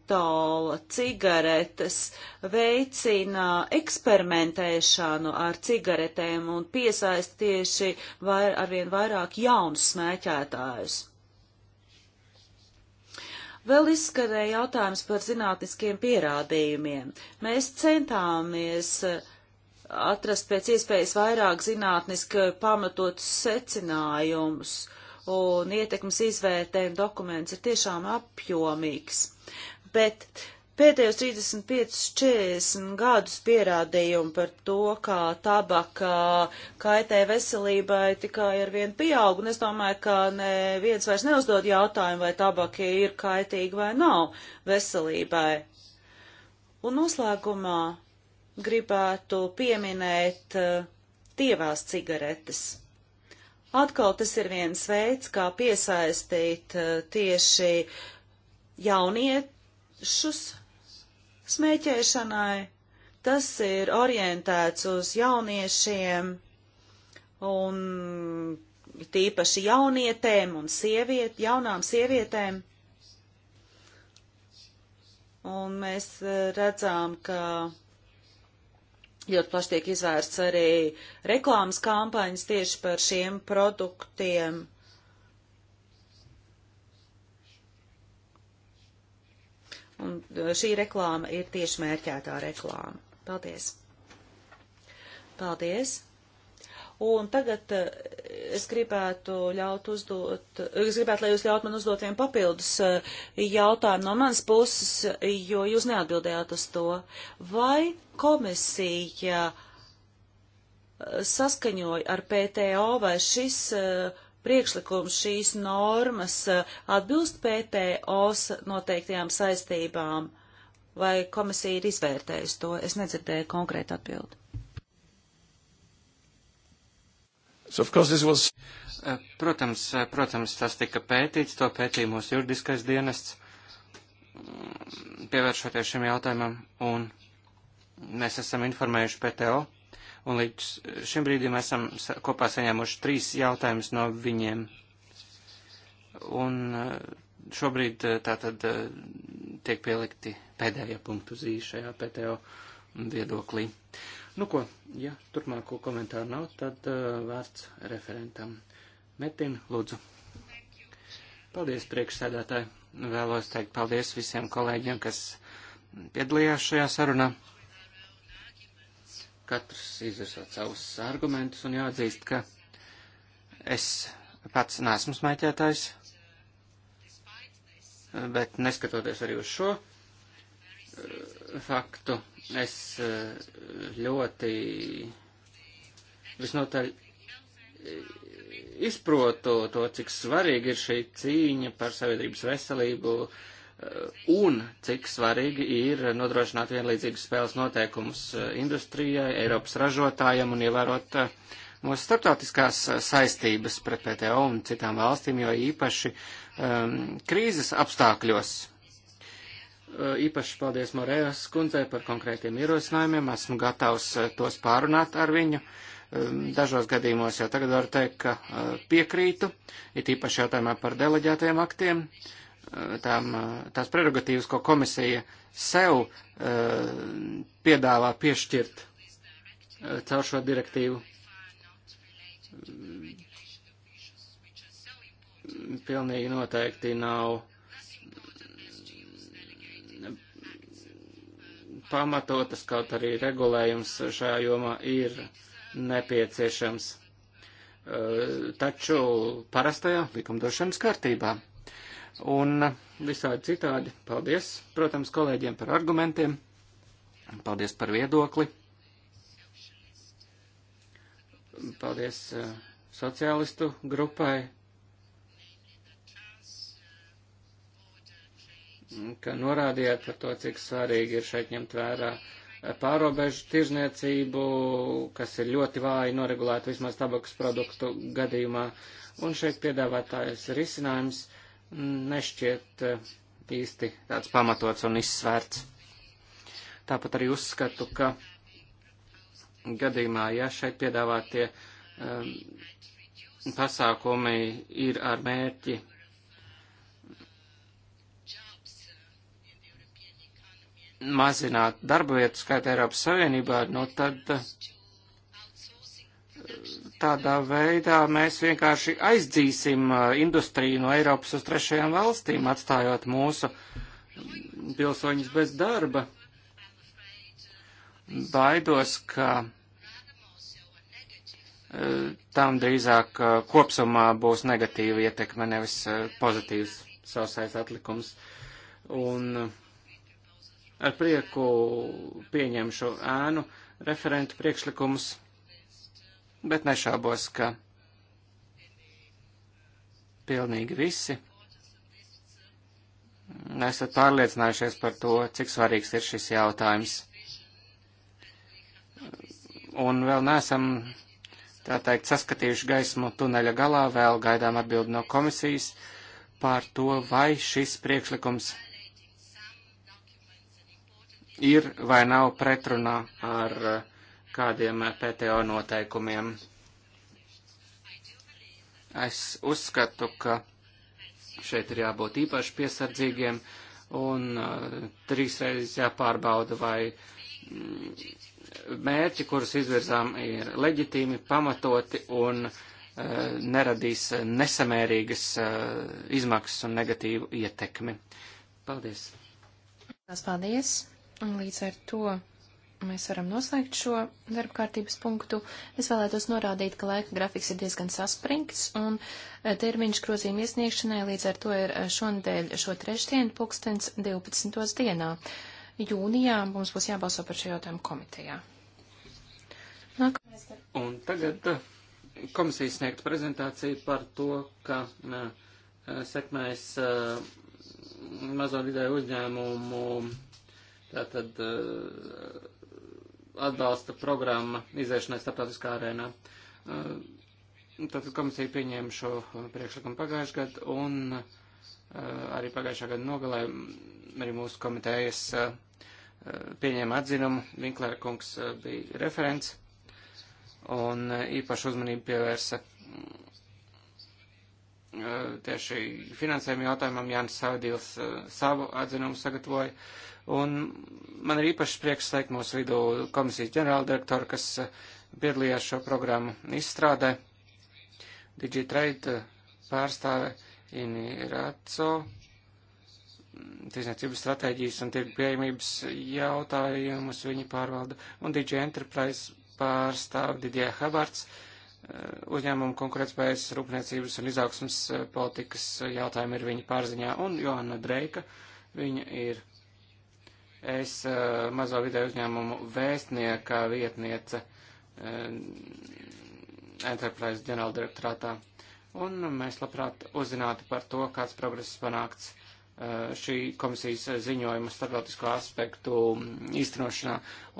cigaretes veicina eksperimentēšanu ar cigaretēm un piesaist tieši vai, arvien vairāk jaunus smēķētājus. Vēl izskanēja jautājums par zinātniskiem pierādījumiem. Mēs centāmies eh, atrast pēc iespējas vairāk zinātniski pamatotus secinājumus, un ietekmes izvērtējuma dokuments ir tiešām apjomīgs. Bet uh, Pēdējos 35-40 gadus pierādījumi par to, kā tabaka kaitē veselībai tikai ar vien pieaug, un es domāju, ka neviens vairs neuzdod jautājumu, vai tabaka ir kaitīga vai nav veselībai. Un noslēgumā gribētu pieminēt eh, tievās cigaretes. Atkal tas ir viens veids, kā piesaistīt eh, tieši jauniešus smēķēšanai. Tas ir orientēts uz jauniešiem un tīpaši jaunietēm un sieviet, jaunām sievietēm. Un mēs e, redzām, ka ļoti plaši tiek izvērsts arī reklāmas kampaņas tieši par šiem produktiem. Un eh, šī reklāma ir tieši mērķētā reklāma. Paldies! Paldies! Un tagad eh, es gribētu ļaut uzdot, eh, es gribētu, lai jūs ļaut man uzdot vienu papildus jautājumu no manas puses, jo jūs neatbildējāt uz to. Vai komisija saskaņoja ar PTO vai šis uh, priekšlikums šīs normas eh, atbilst PTOs noteiktajām saistībām, vai komisija ir izvērtējusi to? Es nedzirdēju konkrētu atbildi. So was... Eh, protams, eh, protams, tas tika pētīts, to pētīja mūsu juridiskais dienests, mm, pievēršoties šim jautājumam, un mēs esam informējuši PTO Un līdz šim brīdim esam kopā saņēmuši trīs jautājumus no viņiem. Un eh, šobrīd eh, tātad eh, tiek pielikti pēdējie punktu zīši šajā PTO viedoklī. Nu ko, ja turpmāko komentāru nav, tad uh, vārds referentam. Metin, lūdzu. Paldies, priekšsēdētāji. Vēlos teikt paldies visiem kolēģiem, kas piedalījās šajā sarunā katrs izvirsot savus argumentus un jāatzīst, ka es pats nesmu smēķētājs, bet neskatoties arī uz šo eh, faktu, es eh, ļoti visnotaļ eh, izprotu to, cik svarīgi ir šī cīņa par sabiedrības veselību, uh, Eh, un cik svarīgi ir nodrošināt vienlīdzīgus spēles noteikumus eh, industrijai, Eiropas ražotājiem un ievērot eh, mūsu starptautiskās saistības pret PTO un citām valstīm, jo īpaši um, krīzes apstākļos. Īpaši paldies Morēras kundzei par konkrētiem ierosinājumiem. Esmu gatavs tos pārunāt ar viņu. Ehm, dažos gadījumos jau tagad varu teikt, ka piekrītu, it īpaši jautājumā par deleģētajiem aktiem. Uh, tām, tās prerogatīvas, ko komisija sev piedāvā piešķirt caur šo direktīvu. Pilnīgi noteikti nav pamatotas, kaut arī regulējums šajā jomā ir nepieciešams, taču parastajā likumdošanas kārtībā un visādi citādi. Paldies, protams, kolēģiem par argumentiem, paldies par viedokli, paldies uh, sociālistu grupai, ka norādījāt par to, cik svarīgi ir šeit ņemt vērā eh, pārobežu tirzniecību, kas ir ļoti vāji noregulēta vismaz tabakas produktu gadījumā, un šeit piedāvātājs risinājums. Uh, nešķiet eh, īsti tāds pamatots un izsvērts. Tāpat arī uzskatu, ka gadījumā, ja šeit piedāvātie um, pasākumi ir ar mērķi mazināt darba vietu skaitu Eiropas Savienībā, nu tad eh, Tādā veidā mēs vienkārši aizdzīsim uh, industriju no Eiropas uz trešajām valstīm, atstājot mūsu pilsoņus bez darba. Baidos, ka uh, tam drīzāk uh, kopsumā būs negatīva ietekme, nevis pozitīvs sausais atlikums. Un ar prieku pieņemšu ēnu referentu priekšlikumus bet nešaubos, ka pilnīgi visi esat pārliecinājušies par to, cik svarīgs ir šis jautājums. Un vēl neesam, tā teikt, saskatījuši gaismu tuneļa galā, vēl gaidām atbildi no komisijas par to, vai šis priekšlikums ir vai nav pretrunā ar uh, kādiem PTO noteikumiem. Es uzskatu, ka šeit ir jābūt īpaši piesardzīgiem un uh, trīsreiz jāpārbauda, vai mm, mērķi, kurus izvirzām, ir leģitīmi, pamatoti un uh, neradīs nesamērīgas uh, izmaksas un negatīvu ietekmi. Paldies! Paldies! Un līdz ar to mēs varam noslēgt šo darba kārtības punktu. Es vēlētos norādīt, ka laika grafiks ir diezgan saspringts, un e, termiņš grozījuma iesniegšanai līdz ar to ir e, šonadēļ šo trešdienu pulkstens 12. dienā. Jūnijā mums būs jābalso par šo jautājumu komitejā. Nākamais. Un tagad e, komisija sniegt prezentāciju par to, ka sekmēs mazo vidēju uzņēmumu tātad atbalsta programma iziešanai starptautiskā arēnā. Tātad uh, komisija pieņēma šo priekšlikumu pagājušajā gadā un uh, arī pagājušā gada nogalē arī mūsu komitejas uh, pieņēma atzinumu. Vinklēra kungs bija referents un īpašu uzmanību pievērsa tieši finansējuma jautājumam Jānis Savadīls uh, savu atzinumu sagatavoja. Un man ir īpašs prieks sveikt mūsu vidū komisijas ģenerāldirektoru, kas uh, piedalījās šo programmu izstrādē. Digitrade uh, pārstāve Iniraco, tiesniecības stratēģijas un tirgu pieejamības jautājumus viņi pārvalda, un Digi Enterprise pārstāve Didie Habarts, uh, Eh, uzņēmumu konkurētspējas, rūpniecības un izaugsmas eh, politikas jautājumi ir viņa pārziņā, un Johana Dreika, viņa ir es eh, mazo vidēju uzņēmumu vēstnieka vietniece Enterprise ģenerāldirektorātā. Un mēs labprāt uzzinātu par to, kāds progress panākts Eh, šī komisijas ziņojuma starptautisko aspektu īstenošanā.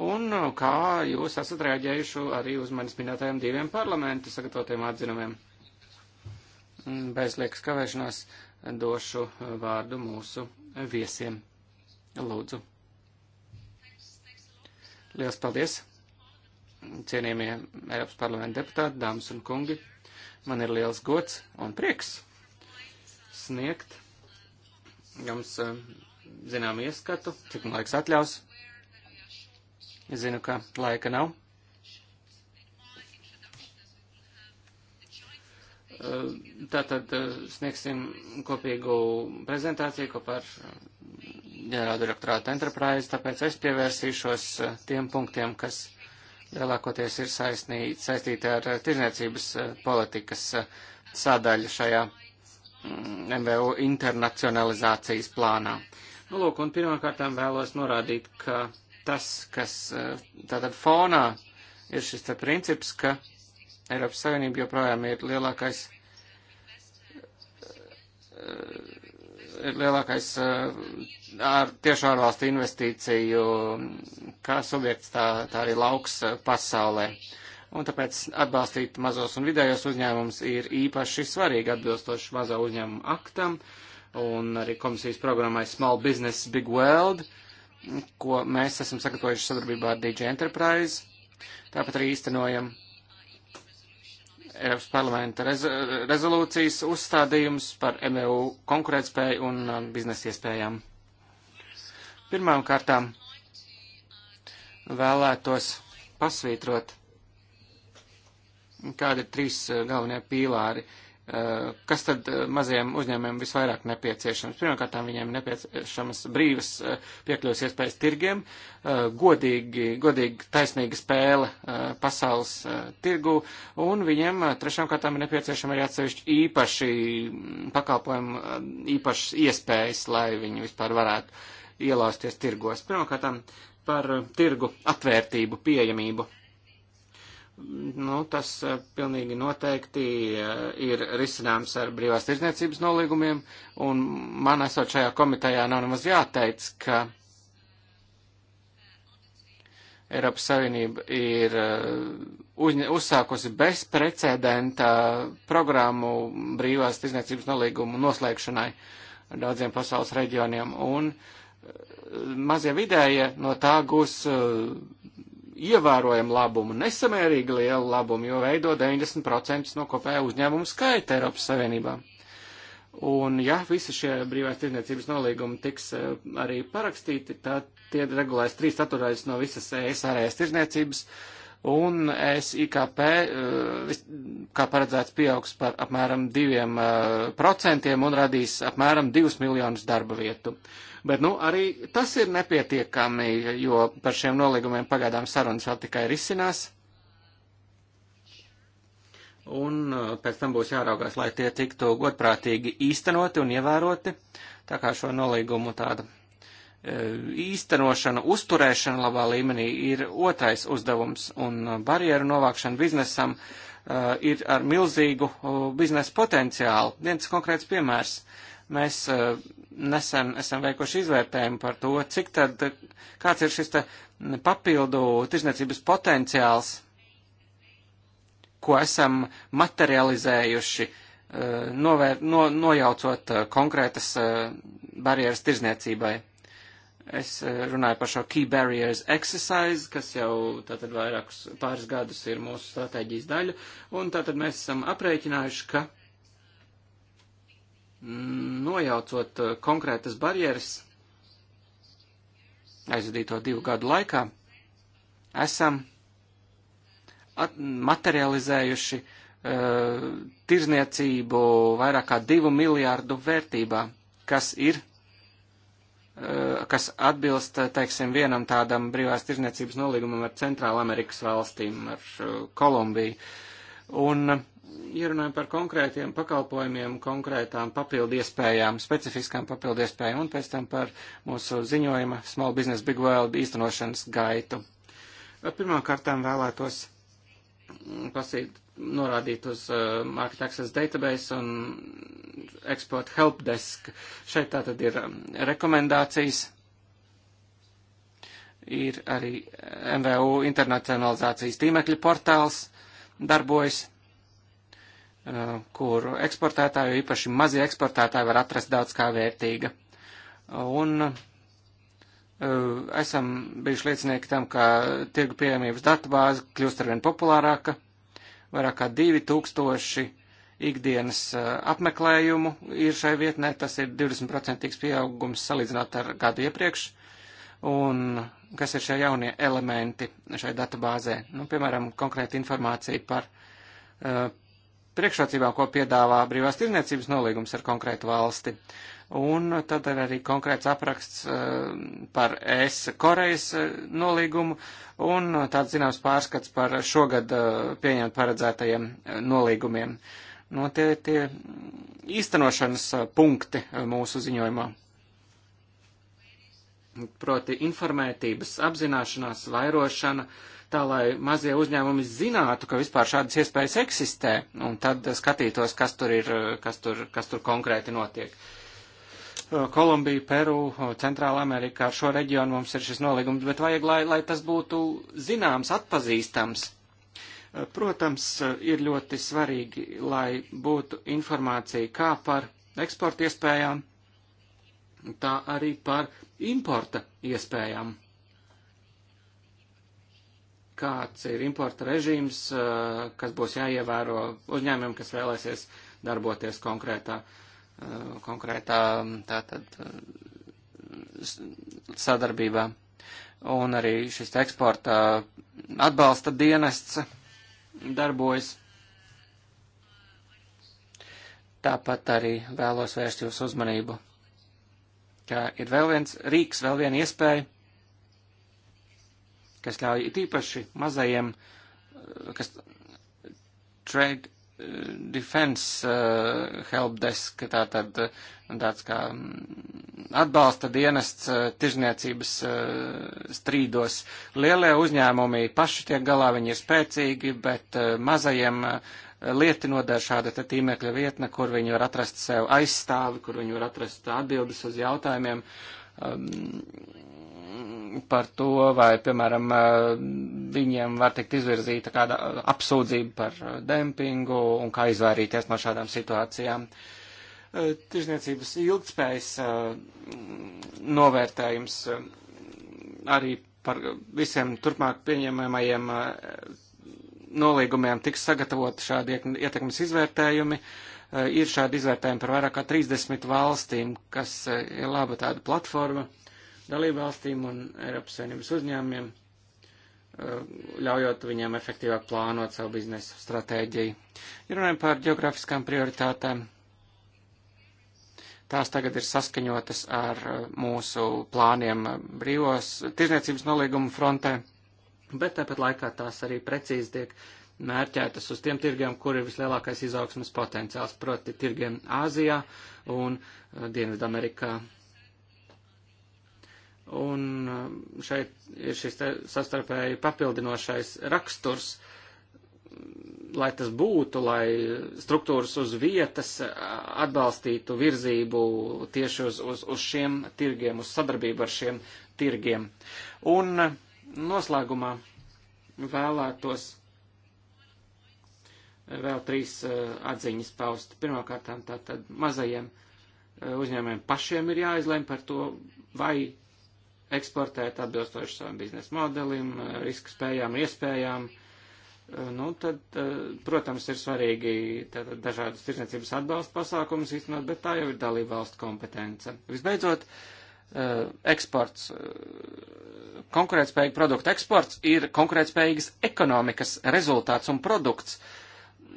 Un eh, kā jūs esat reaģējuši arī uz manis minētajiem diviem parlamentu sagatavotiem atzinumiem? Mm, bez liekas kavēšanās došu vārdu mūsu viesiem. Lūdzu. Lielas paldies, cienījamie Eiropas parlamenta deputāti, dāmas un kungi. Man ir liels gods un prieks sniegt jums eh, zinām ieskatu, cik man laiks atļaus. Es zinu, ka laika nav. Eh, tātad eh, sniegsim kopīgu prezentāciju kopā ar ģenerāldirektorātu Enterprise, tāpēc es pievērsīšos tiem punktiem, kas lielākoties ir saistī, saistīti ar tirzniecības politikas sādaļu šajā MVU mm, internacionalizācijas plānā. Nu, lūk, un pirmkārtām vēlos norādīt, ka tas, kas e, tātad fonā ir šis te princips, ka Eiropas Savienība joprojām ir lielākais, e, ir lielākais ar, e, tieši ārvalstu investīciju, kā subjekts tā, tā arī lauks pasaulē. Uh, un tāpēc atbalstīt mazos un vidējos uzņēmumus ir īpaši svarīgi atbilstoši mazā uzņēmuma aktam un arī komisijas programmai Small Business Big World, ko mēs esam sagatavojuši sadarbībā ar DJ Enterprise. Tāpat arī īstenojam Eiropas parlamenta rez rezolūcijas uzstādījumus par MEU konkurētspēju un um, biznesa iespējām. Pirmām kārtām vēlētos pasvītrot kādi ir trīs eh, galvenie pīlāri, eh, kas tad eh, mazajiem uzņēmumiem visvairāk nepieciešams. Pirmkārt, viņiem nepieciešamas brīvas piekļuves iespējas tirgiem, godīgi, godīgi taisnīga spēle pasaules tirgu, un viņiem trešām kārtām ir nepieciešama arī atsevišķi īpaši mm, pakalpojumi, īpašas iespējas, lai viņi vispār varētu ielāsties tirgos. Pirmkārt, par tirgu atvērtību, pieejamību nu, tas eh, pilnīgi noteikti eh, ir risināms ar brīvās tirzniecības nolīgumiem, un man esot šajā komitejā nav nemaz jāteic, ka Eiropas Savienība ir eh, uzņa, uzsākusi bezprecedenta programmu brīvās tirzniecības nolīgumu noslēgšanai daudziem pasaules reģioniem, un mazie vidēji no tā gūs ievērojama labuma, nesamērīgi liela labuma, jo veido 90% no kopējā uzņēmuma skaita Eiropas Savienībā. Un ja visi šie brīvās tirdzniecības nolīgumi tiks eh, arī parakstīti, tad tie regulēs 3 ceturdaļas no visas ES ārējās tirdzniecības, un ES IKP, eh, kā paredzēts, pieaugs par apmēram 2% eh, un radīs apmēram 2 miljonus darba vietu. Uh, Bet, nu, arī tas ir nepietiekami, jo par šiem nolīgumiem pagaidām sarunas vēl tikai risinās. Un uh, pēc tam būs jāraugās, lai tie tiktu godprātīgi īstenoti un ievēroti. Tā kā šo nolīgumu tāda uh, īstenošana, uzturēšana labā līmenī ir otrais uzdevums, un uh, barjeru novākšana biznesam uh, ir ar milzīgu biznesa potenciālu. Viens konkrēts piemērs. Mēs uh, nesen esam veikuši izvērtējumu par to, cik tad, kāds ir šis papildu tirzniecības potenciāls, ko esam materializējuši, eh, novēr, no, nojaucot eh, konkrētas eh, barjeras tirzniecībai. Es runāju par šo Key Barriers Exercise, kas jau tātad vairākus pāris gadus ir mūsu stratēģijas daļa, un tātad mēs esam aprēķinājuši, ka nojaucot eh, konkrētas barjeras aizvadīto divu gadu laikā, esam materializējuši uh, tirzniecību vairāk kā divu miljārdu vērtībā, kas ir, uh, kas atbilst, teiksim, vienam tādam brīvās tirzniecības nolīgumam ar Centrāla Amerikas valstīm, ar uh, Kolumbiju. Un uh, ja runājam par konkrētiem pakalpojumiem, konkrētām papildu iespējām, specifiskām papildu iespējām un pēc tam par mūsu ziņojuma Small Business Big World īstenošanas gaitu. Pirmkārt, vēlētos pasīt, norādīt uz uh, Market Access Database un Export Help Desk. Šeit tātad ir um, rekomendācijas. Ir arī MVU internacionalizācijas tīmekļa portāls darbojas. Eh, kur eksportētāji, īpaši mazie eksportētāji, var atrast daudz kā vērtīga. Un eh, esam bijuši liecinieki tam, ka tirgu pieejamības datubāze kļūst arvien populārāka, vairāk kā 2000 ikdienas eh, apmeklējumu ir šai vietnē, tas ir 20% pieaugums salīdzinot ar gadu iepriekš. Un kas ir šie jaunie elementi šai datubāzē? Nu, piemēram, konkrēta informācija par uh, priekšrocībām, ko piedāvā brīvās tirniecības nolīgums ar konkrētu valsti. Un tad ir arī konkrēts apraksts eh, par ES Korejas eh, nolīgumu un tāds zināms pārskats par šogad eh, pieņemt paredzētajiem nolīgumiem. No nu, tie, tie īstenošanas punkti mūsu ziņojumā. Proti informētības apzināšanās, vairošana, uh, tā lai mazie uzņēmumi zinātu, ka vispār šādas iespējas eksistē, un tad skatītos, kas tur ir, kas tur, kas tur konkrēti notiek. Kolumbija, Peru, Centrāla Amerika, ar šo reģionu mums ir šis nolīgums, bet vajag, lai, lai tas būtu zināms, atpazīstams. Protams, ir ļoti svarīgi, lai būtu informācija kā par eksporta iespējām, tā arī par importa iespējām kāds ir importa režīms, kas būs jāievēro uzņēmumiem, kas vēlēsies darboties konkrētā, konkrētā tātad, sadarbībā. Un arī šis eksporta atbalsta dienests darbojas. Tāpat arī vēlos vērst jūsu uzmanību, ka ir vēl viens rīks, vēl viena iespēja kas ļauj it īpaši mazajiem, eh, kas trade eh, defense uh, eh, helpdesk, tā tad tāds kā mm, atbalsta dienests uh, tirzniecības uh, strīdos. Lielie uzņēmumi paši tiek galā, viņi ir spēcīgi, bet uh, mazajiem uh, lieti nodara šāda te tīmekļa vietne, kur viņi var atrast sev aizstāvi, kur viņi var atrast atbildes uz jautājumiem. Um, par to, vai, piemēram, eh, viņiem var tikt izvirzīta kāda eh, apsūdzība par eh, dempingu un kā izvairīties no šādām situācijām. Tirzniecības ilgspējas novērtējums arī par visiem turpmāk pieņemamajiem nolīgumiem tiks sagatavot šādi ietekmes izvērtējumi. Ir šādi izvērtējumi par vairāk kā 30 valstīm, kas ir laba tāda platforma. Uh, dalībvalstīm un Eiropas Savienības uzņēmumiem, eh, ļaujot viņiem efektīvāk plānot savu biznesu stratēģiju. Ja runājam par geografiskām prioritātēm, tās tagad ir saskaņotas ar eh, mūsu plāniem brīvos tirzniecības nolīgumu frontē, bet tāpat laikā tās arī precīzi tiek mērķētas uz tiem tirgiem, kur ir vislielākais izaugsmas potenciāls, proti tirgiem Āzijā un eh, Dienvidamerikā. Amerikā Un um, šeit ir šis sastarpēji papildinošais raksturs, lai tas būtu, lai struktūras uz vietas atbalstītu virzību tieši uz, uz, uz šiem tirgiem, uz sadarbību ar šiem tirgiem. Un um, noslēgumā vēlētos vēl trīs uh, atziņas paust. Pirmkārt, tātad mazajiem uh, uzņēmējiem pašiem ir jāizlem par to, vai eksportēt atbilstoši savam biznesa modelim, riska spējām, iespējām. Eh, nu, tad, eh, protams, ir svarīgi tātad, dažādas tirdzniecības atbalsta pasākumus īstenot, bet tā jau ir dalība valstu kompetence. Visbeidzot, eh, eksports, konkurētspējīga produkta eksports ir konkurētspējīgas ekonomikas rezultāts un produkts,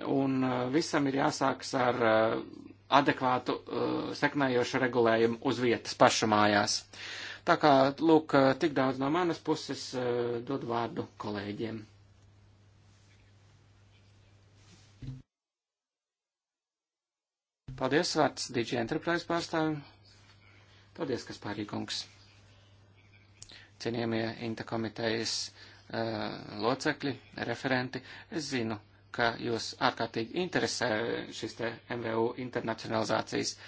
un visam ir jāsāks ar adekvātu sekmējošu regulējumu uz vietas pašu mājās. Uh, Tā kā, lūk, tik daudz no manas puses eh, dod vārdu kolēģiem. Paldies, vārds DJ Enterprise pārstāvim. Paldies, kas pārīgums. Cienījamie Inta komitejas uh, locekļi, referenti, es zinu, ka jūs ārkārtīgi interesē šis te MVU internacionalizācijas uh,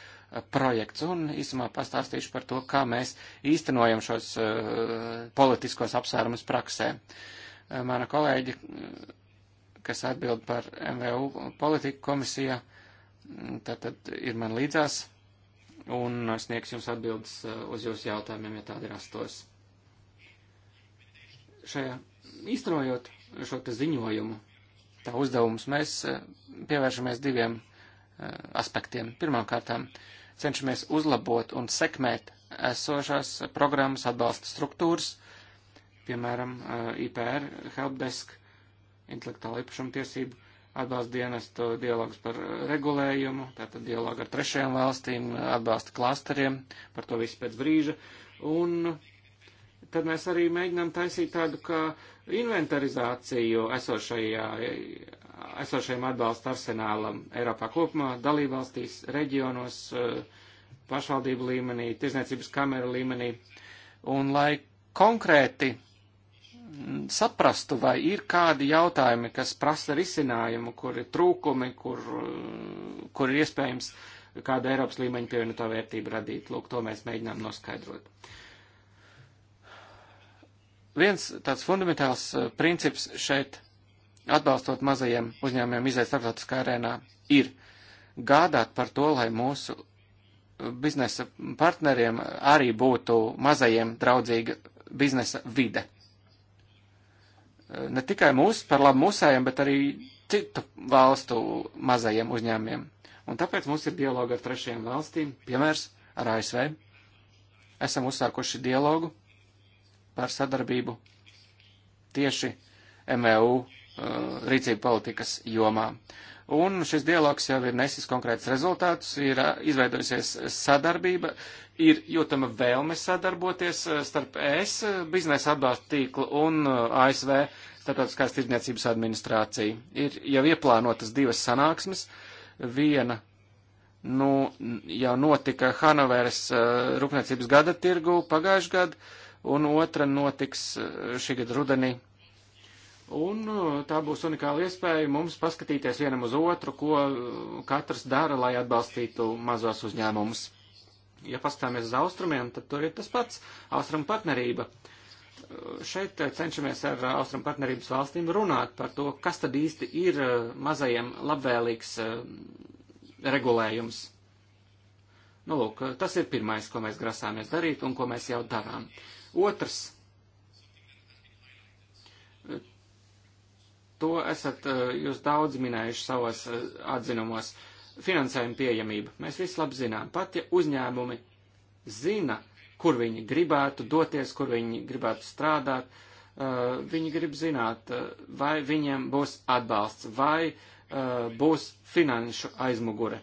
projekts un īsumā pastāstīšu par to, kā mēs īstenojam šos eh, politiskos apsvērumus praksē. Eh, mana kolēģi, eh, kas atbild par MVU politiku komisijā, tātad mm, ir man līdzās un sniegs jums atbildes uz jūsu jautājumiem, ja tādi rastos. Šajā īstenojot šo te ziņojumu, tā uzdevumus, mēs pievēršamies diviem aspektiem. Pirmkārtām, uh, cenšamies uzlabot un sekmēt esošās programmas atbalsta struktūras, piemēram, eh, IPR, helpdesk, intelektuāla īpašuma tiesību atbalsta dienestu dialogs par regulējumu, tātad dialogu ar trešajām valstīm, atbalsta klasteriem, par to visu pēc brīža. Un tad mēs arī mēģinām taisīt tādu kā inventarizāciju esošajā esošajam atbalsta arsenālam Eiropā kopumā, dalībvalstīs, reģionos, eh, pašvaldību līmenī, tirzniecības kamera līmenī. Un lai konkrēti saprastu, vai ir kādi jautājumi, kas prasa risinājumu, kur ir trūkumi, kur, eh, kur ir iespējams kāda Eiropas līmeņa pievienotā vērtība radīt. Lūk, to mēs mēģinām noskaidrot. Viens tāds fundamentāls eh, princips šeit atbalstot mazajiem uzņēmumiem izēst starptautiskā arēnā, ir gādāt par to, lai mūsu biznesa partneriem arī būtu mazajiem draudzīga biznesa vide. Ne tikai mūsu, par labu mūsējiem, bet arī citu valstu mazajiem uzņēmumiem. Un tāpēc mums ir dialoga ar trešajām valstīm, piemērs ar ASV. Esam uzsākuši dialogu par sadarbību tieši MEU Uh, rīcību politikas jomā. Un šis dialogs jau ir nesis konkrēts rezultātus, ir uh, izveidojusies sadarbība, ir jūtama vēlme sadarboties uh, starp ES biznesa atbalsta tīklu un ASV Startautiskās tirdzniecības administrāciju. Ir jau ieplānotas divas sanāksmes. Viena nu, jau notika Hanoveras rūpniecības gada tirgu pagājušajā gadā, un otra notiks šī gada rudenī Un uh, tā būs unikāla iespēja mums paskatīties vienam uz otru, ko uh, katrs dara, lai atbalstītu mazos uzņēmumus. Ja pastāmies uz austrumiem, tad tur ir tas pats - austrumu partnerība. Uh, šeit cenšamies ar austrumu partnerības valstīm runāt par to, kas tad īsti ir mazajiem labvēlīgs regulējums. Nu, lūk, tas ir pirmais, ko mēs grasāmies darīt un ko mēs jau darām. Otrs to esat eh, jūs daudz minējuši savos eh, atzinumos. Finansējuma pieejamība. Mēs visi labi zinām. Pat ja uzņēmumi zina, kur viņi gribētu doties, kur viņi gribētu strādāt, eh, viņi grib zināt, vai viņiem būs atbalsts, vai būs finanšu aizmugure.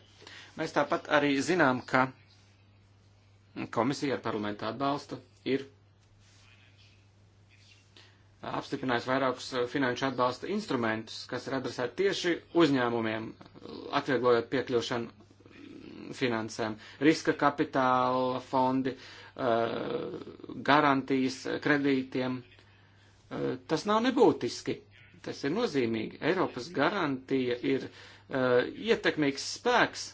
Mēs tāpat arī zinām, ka komisija ar parlamentu atbalstu ir apstiprinājis vairākus eh, finanšu atbalsta instrumentus, kas ir adresēti tieši uzņēmumiem, atvieglojot piekļūšanu mm, finansēm. Riska kapitāla fondi, eh, garantijas kredītiem. Eh, tas nav nebūtiski. Tas ir nozīmīgi. Eiropas garantija ir ietekmīgs spēks,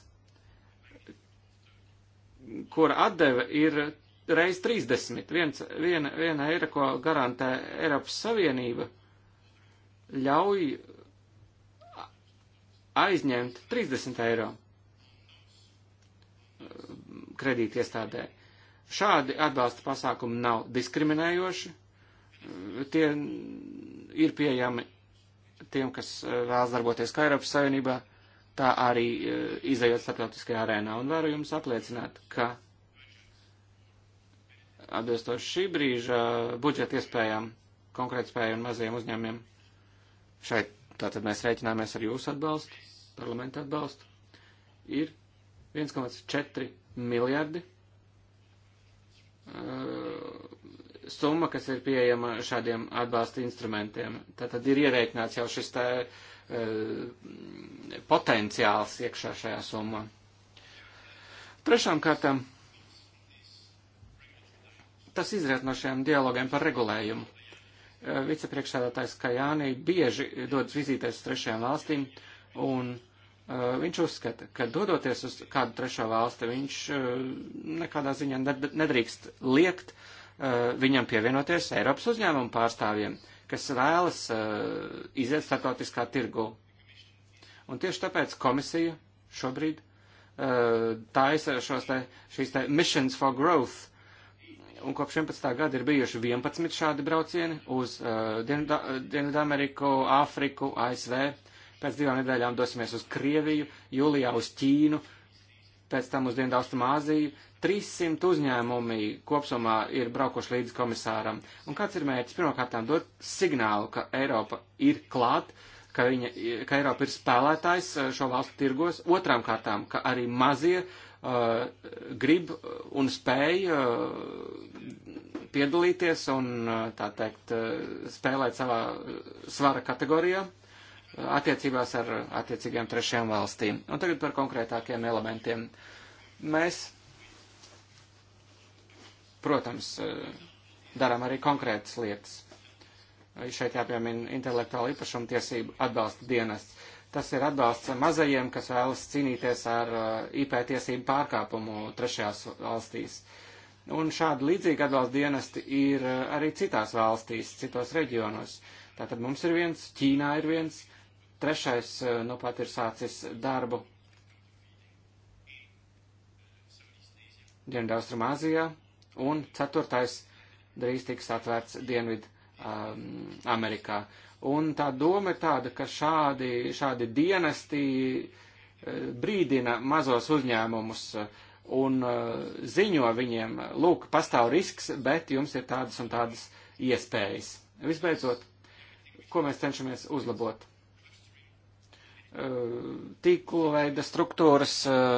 kura atdeve ir reiz 30, viens, viena, viena eira, ko garantē Eiropas Savienība, ļauj aizņemt 30 eiro kredītiestādē. Šādi atbalsta pasākumi nav diskriminējoši, tie ir pieejami tiem, kas eh, vēlas darboties kā Eiropas Savienībā, tā arī eh, izējot starptautiskajā arēnā. Un varu jums apliecināt, ka atbilstoši šī brīža budžeta iespējām, konkrētspēju un maziem uzņēmiem. Šeit tātad mēs rēķināmies ar jūsu atbalstu, parlamenta atbalstu. Ir 1,4 miljardi uh, summa, kas ir pieejama šādiem atbalsta instrumentiem. Tātad ir ierēķināts jau šis tā, uh, potenciāls iekšā šajā summā. Trešām kārtām tas izriet no šiem dialogiem par regulējumu. E, vicepriekšsēdētājs Kajānī bieži dodas vizītēs uz trešajām valstīm, un e, viņš uzskata, ka dodoties uz kādu trešo valsti, viņš e, nekādā ziņā nedrīkst liekt viņam pievienoties Eiropas uzņēmumu pārstāvjiem, kas vēlas iziet startautiskā tirgu. Un tieši tāpēc komisija šobrīd taisa šos te, šīs te missions for growth un kopš 11. gada ir bijuši 11 šādi braucieni uz uh, uh Dienvidameriku, Āfriku, ASV. Pēc divām nedēļām dosimies uz Krieviju, jūlijā uz Ķīnu, pēc tam uz Dienvidaustrumāziju. 300 uzņēmumi kopsumā ir braukuši līdz komisāram. Un kāds ir mērķis? Pirmkārt, dot signālu, ka Eiropa ir klāt, ka, viņa, ka Eiropa ir spēlētājs uh, šo valstu tirgos. Otrām kārtām, ka arī mazie uh, Uh, grib un spēj uh, piedalīties un, uh, tā teikt, spēlēt savā svara kategorijā attiecībās ar attiecīgiem trešajām valstīm. Un tagad par konkrētākiem elementiem. Mēs, protams, darām arī konkrētas lietas. Šeit jāpiemina intelektuāla īpašuma tiesību atbalsta dienests Tas ir atbalsts mazajiem, kas vēlas cīnīties ar uh, IP tiesību pārkāpumu trešajās valstīs. Un šādi līdzīgi atbalsta dienesti ir uh, arī citās valstīs, citos reģionos. Tātad mums ir viens, Ķīnā ir viens, trešais uh, nu pat ir sācis darbu Dienvidaustrumāzijā, un ceturtais drīz tiks atvērts Dienvid um, Amerikā. Uh, Un tā doma ir tāda, ka šādi, šādi dienesti eh, brīdina mazos uzņēmumus eh, un eh, ziņo viņiem, lūk, pastāv risks, bet jums ir tādas un tādas iespējas. Visbeidzot, ko mēs cenšamies uzlabot? Tīklu veida struktūras,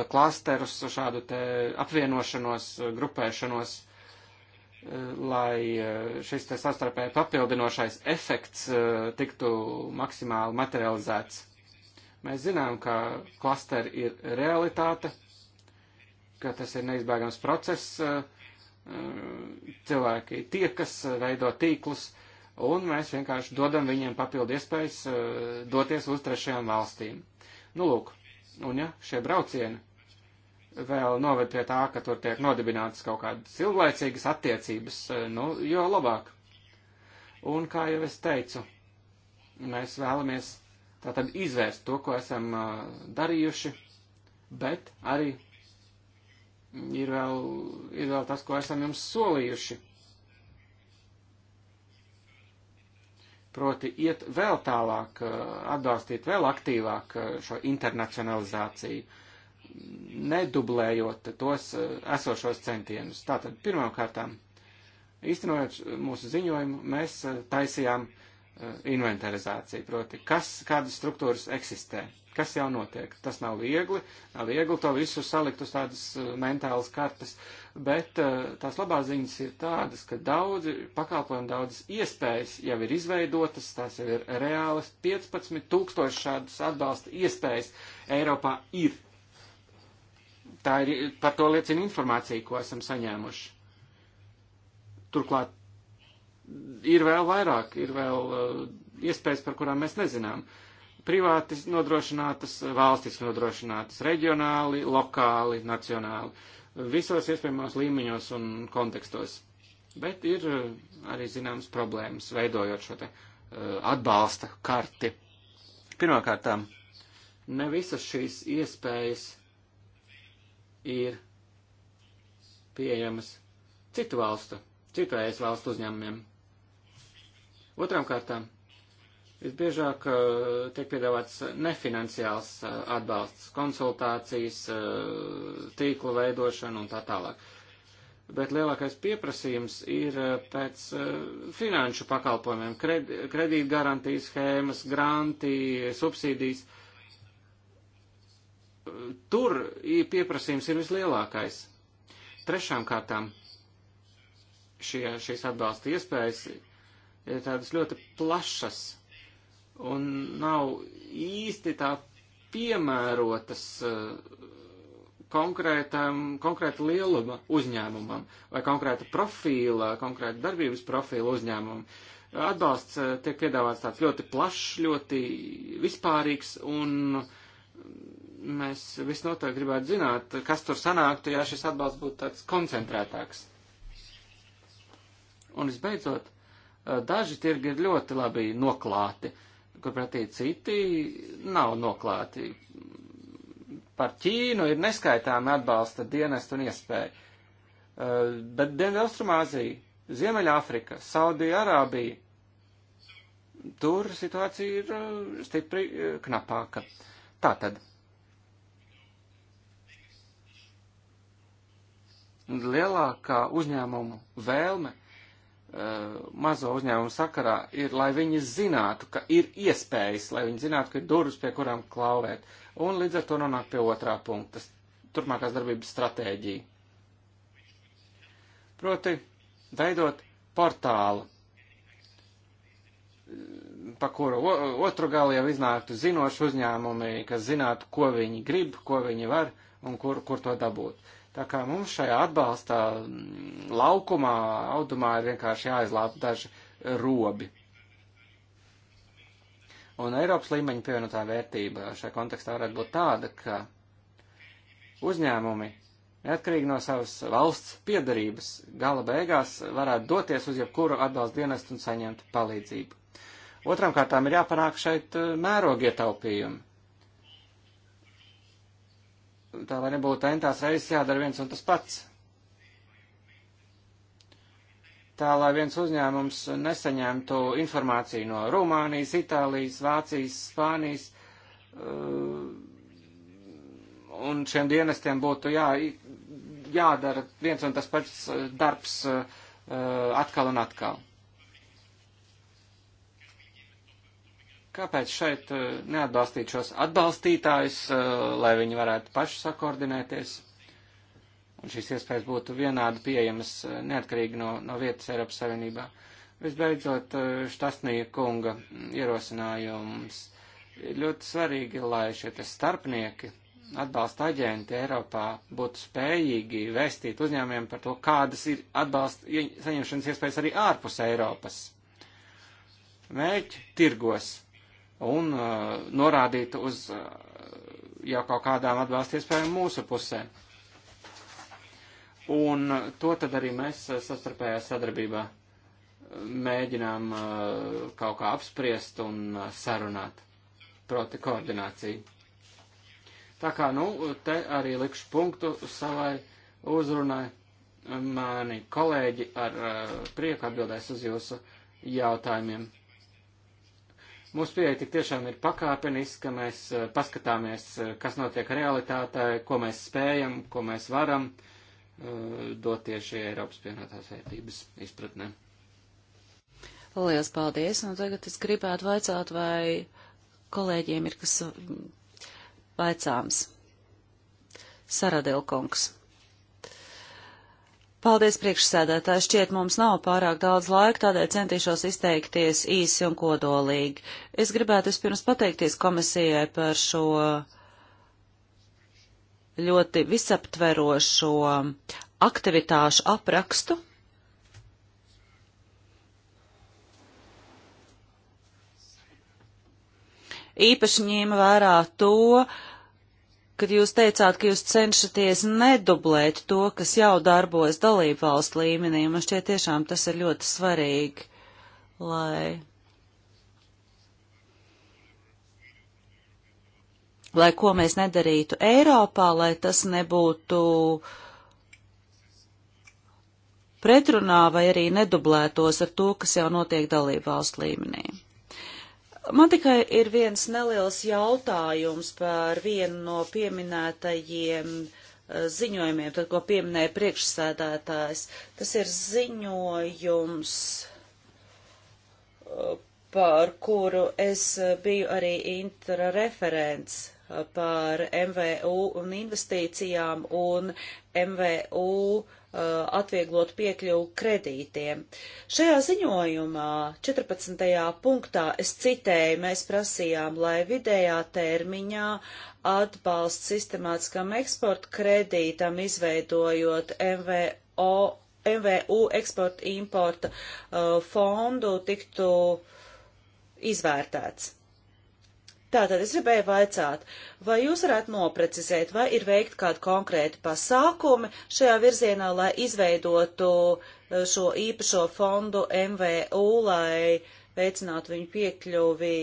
klasterus, šādu te apvienošanos, grupēšanos lai eh, šis te sastarpēji papildinošais efekts eh, tiktu maksimāli materializēts. Mēs zinām, ka klasteri ir realitāte, ka tas ir neizbēgams process, eh, cilvēki tiekas, veido tīklus, un mēs vienkārši dodam viņiem papildu iespējas doties uz trešajām valstīm. Nu, lūk, un ja šie braucieni vēl noved pie tā, ka tur tiek nodibinātas kaut kādas ilglaicīgas attiecības, eh, nu, jo labāk. Un, kā jau es teicu, mēs vēlamies tātad izvērst to, ko esam eh, darījuši, bet arī ir vēl, ir vēl tas, ko esam jums solījuši. Proti iet vēl tālāk, eh, atbalstīt vēl aktīvāk šo internacionalizāciju nedublējot tos eh, esošos centienus. Tātad, pirmkārtām, īstenojot mūsu ziņojumu, mēs eh, taisījām eh, inventarizāciju, proti, kas, kādas struktūras eksistē, kas jau notiek. Tas nav viegli, nav viegli to visu salikt uz tādas mentālas kartas, bet tās labās ziņas ir tādas, ka daudzi pakalpojumi, daudzas iespējas jau ir izveidotas, tās jau ir reālas, 15 tūkstoši šādas atbalsta iespējas Eiropā ir tā ir, par to liecina informācija, ko esam saņēmuši. Turklāt ir vēl vairāk, ir vēl uh, iespējas, par kurām mēs nezinām. Privāti nodrošinātas, valstiski nodrošinātas, reģionāli, lokāli, nacionāli, visos iespējamos līmeņos un kontekstos. Bet ir uh, arī zināmas problēmas, veidojot šo te uh, atbalsta karti. Pirmkārtām, ne visas šīs iespējas ir pieejamas citu valstu, citu ES valstu uzņēmumiem. Otram kārtām visbiežāk uh, tiek piedāvāts nefinanciāls uh, atbalsts, konsultācijas, uh, tīklu veidošana un tā tālāk. Bet lielākais pieprasījums ir pēc finanšu pakalpojumiem, kredīt garantijas schēmas, granti, subsīdijas tur pieprasījums ir vislielākais. Trešām kārtām šie, šīs atbalsta iespējas ir tādas ļoti plašas un nav īsti tā piemērotas eh, konkrētam, konkrēta lieluma uzņēmumam vai konkrēta profila, konkrēta darbības profila uzņēmumam. Atbalsts eh, tiek piedāvāts tāds ļoti plašs, ļoti vispārīgs un mēs visnotaļ gribētu zināt, kas tur sanāktu, ja šis atbalsts būtu tāds koncentrētāks. Un visbeidzot, daži tirgi ir ļoti labi noklāti, kur pretī citi nav noklāti. Par Ķīnu ir neskaitāmi atbalsta dienestu un iespēju. Bet Dienvidaustrumāzija, Ziemeļāfrika, Saudija, Arābija, tur situācija ir stipri knapāka. Tātad lielākā uzņēmumu vēlme eh, mazo uzņēmumu sakarā ir, lai viņi zinātu, ka ir iespējas, lai viņi zinātu, ka ir durvis, pie kurām klauvēt. Un līdz ar to nonāk pie otrā punkta - turpmākās darbības stratēģija. Proti, veidot portālu, eh, pa kuru otru galu jau iznāktu zinoši uzņēmumi, kas zinātu, ko viņi grib, ko viņi var un kur, kur to dabūt. Uh, Tā kā mums šajā atbalsta mm, laukumā, audumā ir vienkārši jāizlāp daži robi. Un Eiropas līmeņa pievienotā vērtība šajā kontekstā varētu būt tāda, ka uzņēmumi, neatkarīgi no savas valsts piedarības, gala beigās varētu doties uz jebkuru atbalstu dienestu un saņemt palīdzību. Otram kārtām ir jāpanāk šeit eh, mērogi ietaupījumi tā lai nebūtu entās reizes jādara viens un tas pats. Tā lai viens uzņēmums nesaņemtu informāciju no Rumānijas, Itālijas, Vācijas, Spānijas, uh, un šiem dienestiem būtu jā, jādara viens un tas pats darbs uh, atkal un atkal. Kāpēc šeit eh, neatbalstīt šos atbalstītājus, eh, lai viņi varētu paši sakoordinēties? Un šīs iespējas būtu vienādi pieejamas eh, neatkarīgi no, no vietas Eiropas Savienībā. Visbeidzot, Štasnija kunga ierosinājums ir ļoti svarīgi, lai šie starpnieki, atbalsta aģenti Eiropā būtu spējīgi vēstīt uzņēmumiem par to, kādas ir atbalsta saņemšanas iespējas arī ārpus Eiropas. Mērķi tirgos un uh, norādīt uz uh, jau kaut kādām atbalsta iespējām mūsu pusē. Un uh, to tad arī mēs uh, sastarpējā sadarbībā uh, mēģinām uh, kaut kā apspriest un sarunāt, proti koordināciju. Tā kā, nu, te arī likšu punktu savai uzrunai. Mani kolēģi ar prieku atbildēs uz jūsu jautājumiem. Mūsu pieeja tik tiešām ir pakāpeniska, mēs eh, paskatāmies, eh, kas notiek realitātē, ko mēs spējam, ko mēs varam eh, dot tieši Eiropas pienotās vērtības izpratnē. Lielas paldies, un tagad es gribētu vaicāt, vai kolēģiem ir kas mm, vaicāms. Saradilkungs. Paldies, priekšsēdētāji. Šķiet, mums nav pārāk daudz laika, tādēļ centīšos izteikties īsi un kodolīgi. Es gribētu vispirms pateikties komisijai par šo ļoti visaptverošo aktivitāšu aprakstu. Īpaši ņēma vērā to, uh, kad jūs teicāt, ka jūs cenšaties nedublēt to, kas jau darbojas dalību valstu līmenī. Man šķiet tiešām tas ir ļoti svarīgi, lai. Lai ko mēs nedarītu Eiropā, lai tas nebūtu pretrunā vai arī nedublētos ar to, kas jau notiek dalību valstu līmenī. Man tikai ir viens neliels jautājums par vienu no pieminētajiem eh, ziņojumiem, tad, ko pieminēja priekšsēdētājs. Tas ir ziņojums, eh, par kuru es biju arī intra referents par MVU un investīcijām un MVU uh, atvieglot piekļuvu kredītiem. Šajā ziņojumā 14. punktā es citēju, mēs prasījām, lai vidējā termiņā atbalsts sistemātiskam eksporta kredītam izveidojot MVO, MVU eksporta importa uh, fondu tiktu izvērtēts. Tātad es gribēju vaicāt, vai jūs varētu noprecizēt, vai ir veikt kādu konkrētu pasākumu šajā virzienā, lai izveidotu eh, šo īpašo fondu MVU, lai veicinātu viņu piekļuvi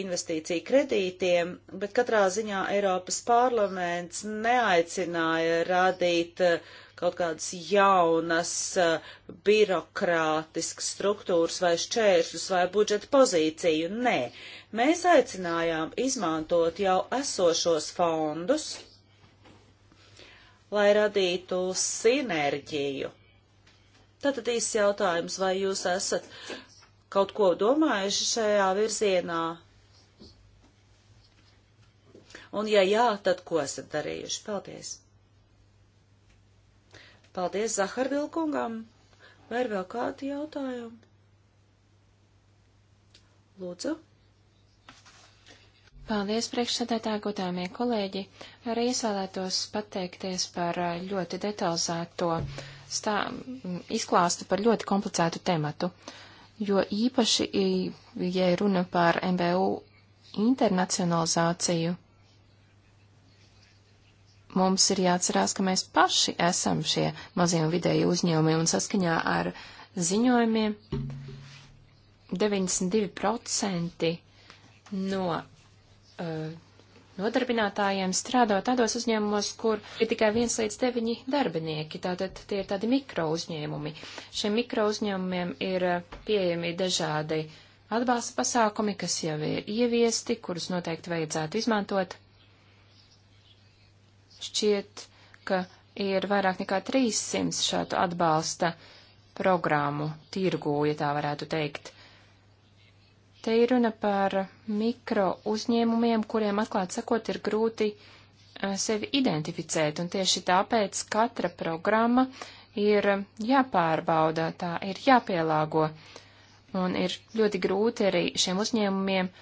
investīciju kredītiem, bet katrā ziņā Eiropas parlaments neaicināja radīt uh, kaut kādas jaunas eh, birokrātiskas struktūras vai šķēršļus vai budžeta pozīciju. Nē, mēs aicinājām izmantot jau esošos fondus, lai radītu sinerģiju. Tātad īsts jautājums, vai jūs esat kaut ko domājuši šajā virzienā? Un ja jā, tad ko esat darījuši? Paldies! Paldies Zaharvilkungam! Vai ir vēl kādi jautājumi? Lūdzu! Paldies, priekšsēdētā godāmie kolēģi. Arī es vēlētos pateikties par ļoti detalizēto stā, izklāstu par ļoti komplicētu tematu, jo īpaši, ja runa par MBU internacionalizāciju, mums ir jāatcerās, ka mēs paši esam šie mazie un vidēji uzņēmumi un saskaņā ar ziņojumiem 92% no uh, nodarbinātājiem strādā tādos uzņēmumos, kur ir tikai viens līdz deviņi darbinieki, tātad tie ir tādi mikro uzņēmumi. Šiem mikro uzņēmumiem ir eh, pieejami dažādi atbalsta pasākumi, kas jau ir ieviesti, kurus noteikti vajadzētu izmantot Šķiet, ka ir vairāk nekā 300 šādu atbalsta programmu tirgū, ja tā varētu teikt. Te ir runa par mikro uzņēmumiem, kuriem atklāt sakot ir grūti sevi identificēt, un tieši tāpēc katra programma ir jāpārbauda, tā ir jāpielāgo, un ir ļoti grūti arī šiem uzņēmumiem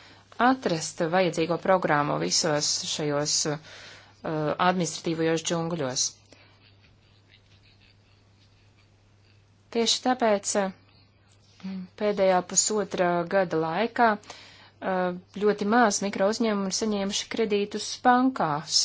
atrast vajadzīgo programmu visos šajos uh, Uh, administratīvajos džungļos. Tieši tāpēc uh, pēdējā pusotra gada laikā uh, ļoti maz mikro uzņēmumi saņēmuši kredītus bankās.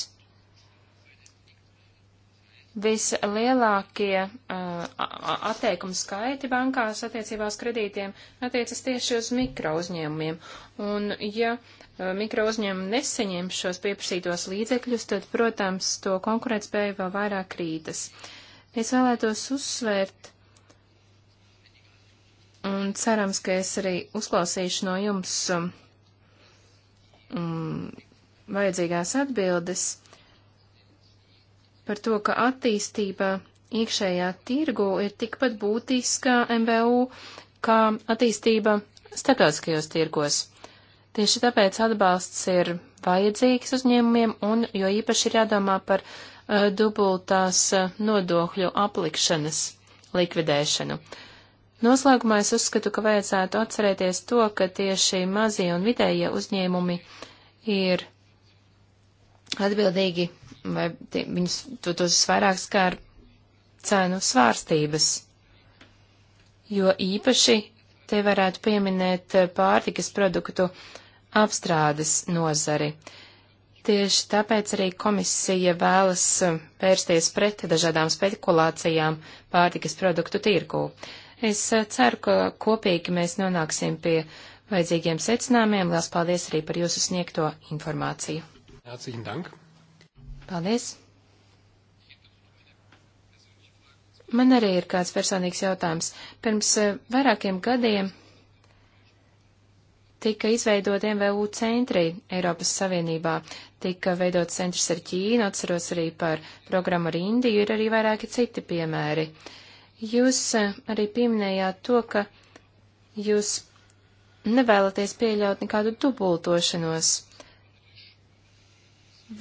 Vislielākie uh, atteikumu skaiti bankās attiecībā uz kredītiem attiecas tieši uz mikro uzņēmumiem. Un ja uh, mikro uzņēmumi neseņem šos pieprasītos līdzekļus, tad, protams, to konkurētspēja vēl vairāk krītas. Es vēlētos uzsvērt, un cerams, ka es arī uzklausīšu no jums um, vajadzīgās atbildes par to, ka attīstība iekšējā tirgu ir tikpat būtiska MBU kā attīstība starptautiskajos tirgos. Tieši tāpēc atbalsts ir vajadzīgs uzņēmumiem un jo īpaši ir jādomā par uh, dubultās uh, nodokļu aplikšanas likvidēšanu. Noslēgumā es uzskatu, ka vajadzētu atcerēties to, ka tieši mazie un vidējie uzņēmumi ir atbildīgi vai tie, viņus to tos vairāk skār cēnu svārstības. Jo īpaši te varētu pieminēt eh, pārtikas produktu apstrādes nozari. Tieši tāpēc arī komisija vēlas eh, vērsties pret dažādām spekulācijām pārtikas produktu tirgū. Es eh, ceru, ka kopīgi mēs nonāksim pie vajadzīgiem secinājumiem. Lielas paldies arī par jūsu sniegto informāciju. Herzlichen Dank. Paldies! Man arī ir kāds personīgs jautājums. Pirms eh, vairākiem gadiem tika izveidot MVU centri Eiropas Savienībā. Tika veidot centrs ar Ķīnu, atceros arī par programmu ar Indiju, ir arī vairāki citi piemēri. Jūs eh, arī pieminējāt to, ka jūs nevēlaties pieļaut nekādu dubultošanos.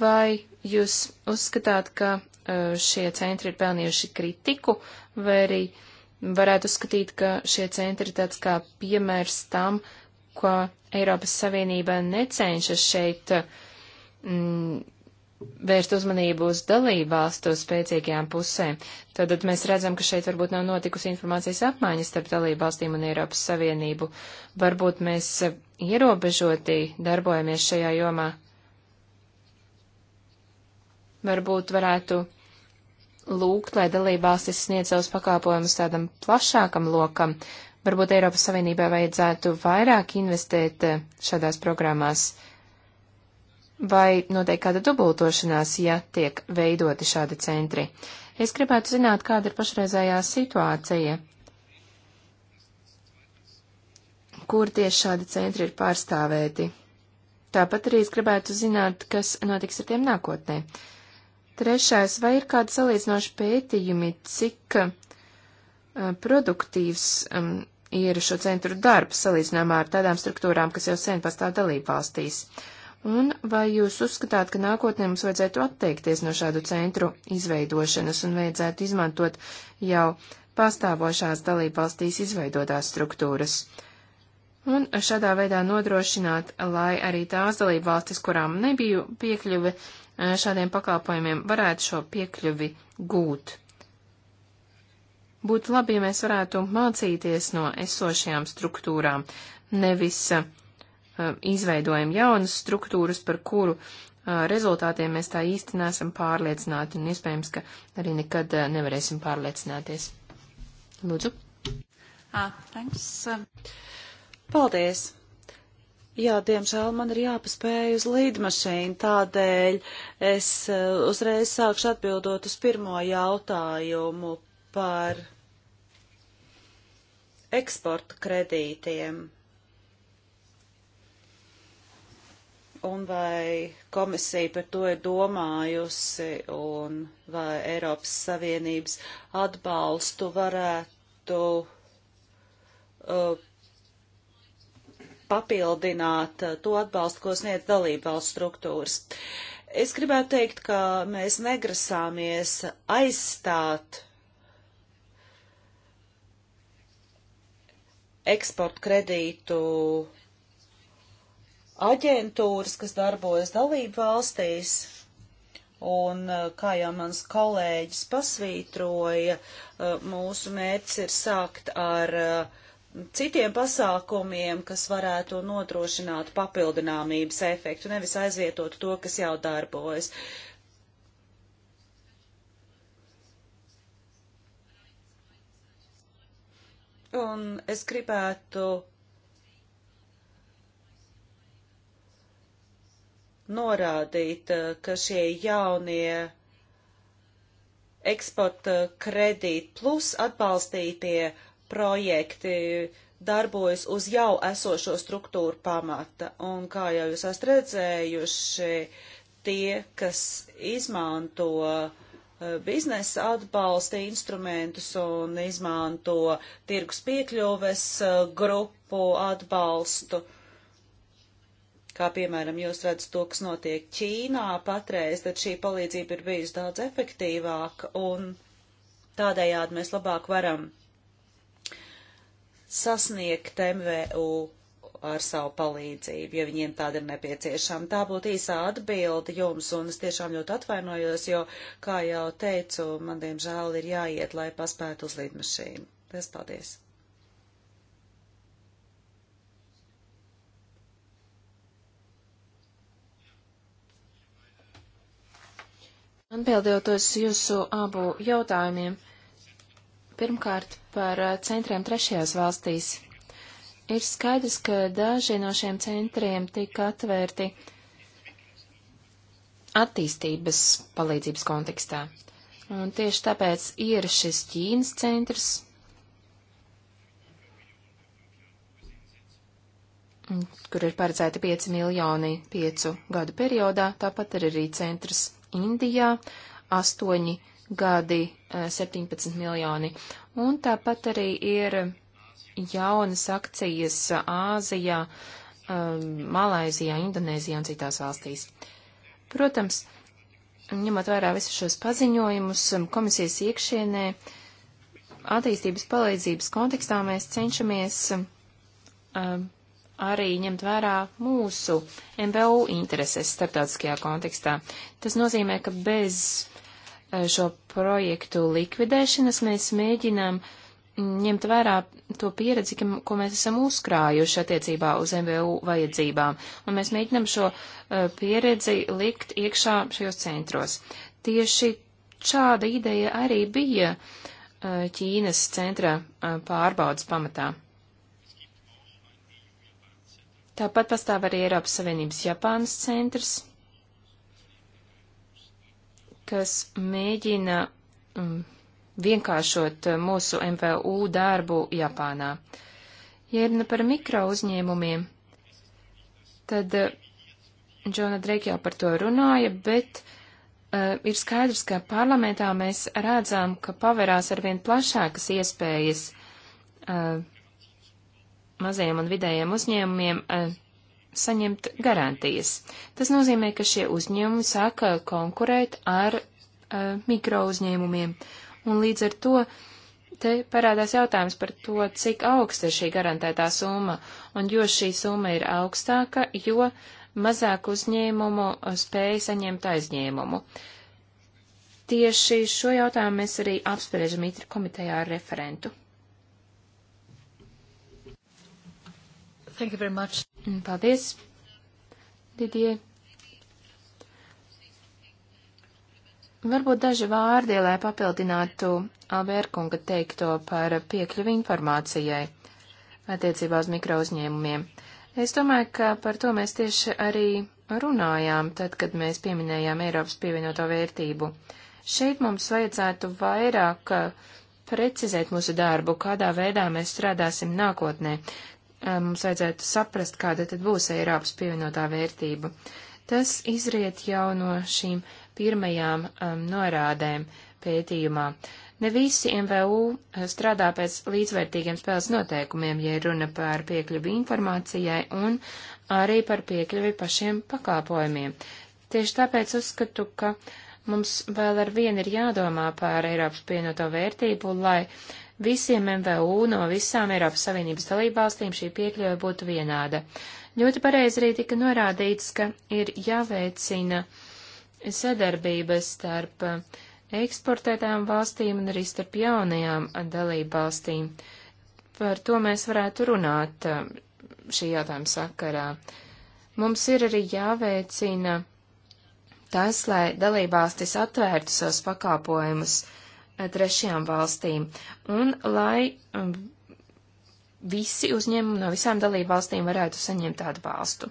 Vai Jūs uzskatāt, ka e, šie centri ir pelnījuši kritiku, vai arī varētu uzskatīt, ka šie centri ir tāds kā piemērs tam, ko Eiropas Savienība necenšas šeit e, mm, vērst uzmanību uz dalībvalstu spēcīgajām pusēm. Tad mēs redzam, ka šeit varbūt nav notikusi informācijas apmaiņas starp dalībvalstīm un Eiropas Savienību. Varbūt mēs e, ierobežoti darbojamies šajā jomā. Varbūt varētu lūgt, lai dalībvalstis sniedz savus pakāpojumus tādam plašākam lokam. Varbūt Eiropas Savienībai vajadzētu vairāk investēt eh, šādās programmās. Vai notiek kāda dubultošanās, ja tiek veidoti šādi centri? Es gribētu zināt, kāda ir pašreizējā situācija. Kur tieši šādi centri ir pārstāvēti? Tāpat arī es gribētu zināt, kas notiks ar tiem nākotnē. Uh, Trešais, vai ir kādi salīdzinoši pētījumi, cik uh, produktīvs um, ir šo centru darbs salīdzinājumā ar tādām struktūrām, kas jau sen pastāv dalību valstīs? Un vai jūs uzskatāt, ka nākotnē mums vajadzētu atteikties no šādu centru izveidošanas un vajadzētu izmantot jau pastāvošās dalību valstīs izveidotās struktūras? un šādā veidā nodrošināt, lai arī tās dalībvalstis, kurām nebija piekļuve Eh, šādiem pakalpojumiem varētu šo piekļuvi gūt. Būtu labi, ja mēs varētu mācīties no esošajām struktūrām, nevis uh, izveidojam jaunas struktūras, par kuru uh, rezultātiem mēs tā īsti nesam pārliecināti, un iespējams, ka arī nekad uh, nevarēsim pārliecināties. Lūdzu. Ah, thanks. Paldies. Jā, diemžēl man ir jāpaspēj uz līdmašīnu, tādēļ es eh, uzreiz sākšu atbildot uz pirmo jautājumu par eksporta kredītiem. Un vai komisija par to ir domājusi un vai Eiropas Savienības atbalstu varētu uh, papildināt uh, to atbalstu, ko sniedz dalībvalsts struktūras. Es gribētu teikt, ka mēs negrasāmies aizstāt eksporta kredītu aģentūras, kas darbojas dalību valstīs. Un, uh, kā jau mans kolēģis pasvītroja, uh, mūsu mērķis ir sākt ar uh, citiem pasākumiem, kas varētu nodrošināt papildināmības efektu, nevis aizvietot to, kas jau darbojas. Un es gribētu norādīt, ka šie jaunie eksporta kredīti plus atbalstītie projekti darbojas uz jau esošo struktūru pamata, un kā jau jūs esat redzējuši, tie, kas izmanto eh, biznesa atbalsta instrumentus un izmanto tirgus piekļuves eh, grupu atbalstu, kā piemēram jūs redzat to, kas notiek Ķīnā patreiz, tad šī palīdzība ir bijusi daudz efektīvāka un tādējādi mēs labāk varam sasniegt MVU ar savu palīdzību, ja viņiem tāda ir nepieciešama. Tā būtu īsā atbilde jums, un es tiešām ļoti atvainojos, jo, kā jau teicu, man diemžēl ir jāiet, lai paspētu uz lidmašīnu. Lies paldies! Atbildot uz jūsu abu jautājumiem, Pirmkārt, par eh, centriem trešajās valstīs. Ir skaidrs, ka daži no šiem centriem tika atvērti attīstības palīdzības kontekstā. Un tieši tāpēc ir šis Ķīnas centrs, kur ir paredzēti 5 miljoni piecu gadu periodā, tāpat ir arī centrs Indijā, 8 miljoni gadi 17 eh, miljoni. Un tāpat arī ir jaunas akcijas Āzijā, eh, Malaizijā, Indonēzijā un citās valstīs. Protams, ņemot vērā visus šos paziņojumus eh, komisijas iekšienē, attīstības palīdzības kontekstā mēs cenšamies arī ņemt vērā mūsu MBU intereses starptautiskajā kontekstā. Tas nozīmē, ka bez Eh, šo projektu likvidēšanas mēs mēģinām ņemt vērā to pieredzi, ko mēs esam uzkrājuši attiecībā uz MVU vajadzībām, un mēs mēģinam šo eh, pieredzi likt iekšā šajos centros. Tieši šāda ideja arī bija eh, Ķīnas centra pārbaudas pamatā. Tāpat pastāv arī Eiropas Savienības Japānas centrs kas mēģina mm, vienkāršot mūsu MVU darbu Japānā. Ja runa par mikro uzņēmumiem, tad eh, Džona Dreik jau par to runāja, bet uh, ir skaidrs, ka parlamentā mēs redzam, ka paverās arvien plašākas iespējas uh, mazajiem un vidējiem uzņēmumiem uh, saņemt garantijas. Tas nozīmē, ka šie uzņēmumi sāk uh, konkurēt ar uh, mikro uzņēmumiem, un līdz ar to te parādās jautājums par to, cik augsta ir šī garantētā summa, un jo šī summa ir augstāka, jo mazāk uzņēmumu uh, spēja saņemt aizņēmumu. Tieši šo jautājumu mēs arī apspriežam itri komitejā ar referentu. Thank you very much. Paldies, Didie. Varbūt daži vārdi, lai papildinātu Alvērkunga teikto par piekļuvi informācijai attiecībā uz mikrouzņēmumiem. Es domāju, ka par to mēs tieši arī runājām, tad, kad mēs pieminējām Eiropas pievienoto vērtību. Šeit mums vajadzētu vairāk precizēt mūsu darbu, kādā veidā mēs strādāsim nākotnē. Eh, mums vajadzētu saprast, kāda tad būs Eiropas pievienotā vērtība. Tas izriet jau no šīm pirmajām um, norādēm pētījumā. Ne visi MVU eh, strādā pēc līdzvērtīgiem spēles noteikumiem, ja runa par piekļuvi informācijai un arī par piekļuvi pašiem pakāpojumiem. Tieši tāpēc uzskatu, ka mums vēl ar vienu ir jādomā par Eiropas pienoto vērtību, lai uh, Visiem MVU no visām Eiropas Savienības dalībvalstīm šī piekļuve būtu vienāda. Ļoti pareizi arī tika norādīts, ka ir jāveicina sadarbības starp eksportētām valstīm un arī starp jaunajām dalībvalstīm. Par to mēs varētu runāt um, šī jautājuma sakarā. Mums ir arī jāveicina tas, lai dalībvalstis atvērtu savus pakāpojumus trešajām valstīm, un lai um, visi uzņēmumi no visām dalībvalstīm varētu saņemt atbalstu.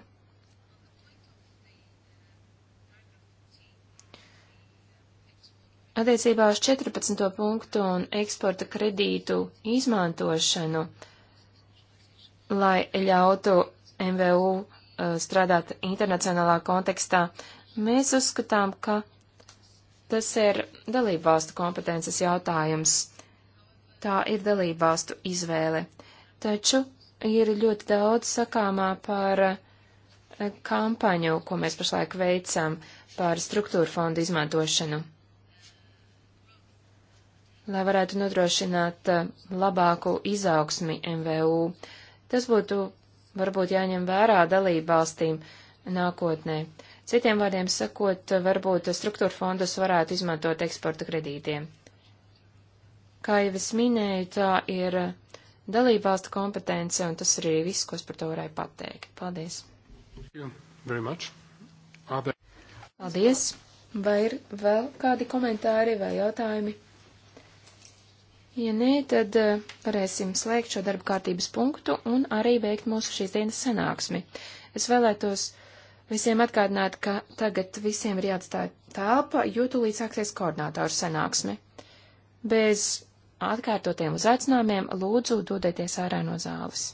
Attiecībā uz 14. punktu un eksporta kredītu izmantošanu, lai ļautu MVU uh, strādāt internacionālā kontekstā, mēs uzskatām, ka Tas ir dalībvalstu kompetences jautājums. Tā ir dalībvalstu izvēle. Taču ir ļoti daudz sakāmā par eh, kampaņu, ko mēs pašlaik veicam par struktūra fondu izmantošanu. Lai varētu nodrošināt eh, labāku izaugsmi MVU, tas būtu varbūt jāņem vērā dalību valstīm nākotnē. Uh, Citiem vārdiem sakot, varbūt struktūra fondus varētu izmantot eksporta kredītiem. Kā jau es minēju, tā ir dalībvalstu kompetence, un tas arī viss, ko es par to varēju pateikt. Paldies! There... Paldies! Vai ir vēl kādi komentāri vai jautājumi? Ja nē, tad eh, varēsim slēgt šo darba kārtības punktu un arī veikt mūsu šīs dienas sanāksmi. Es vēlētos visiem atgādināt, ka tagad visiem ir jāatstāj telpa, jo tūlīt sāksies koordinātoru sanāksme. Bez atkārtotiem uzaicinājumiem lūdzu dodieties ārā no zāles.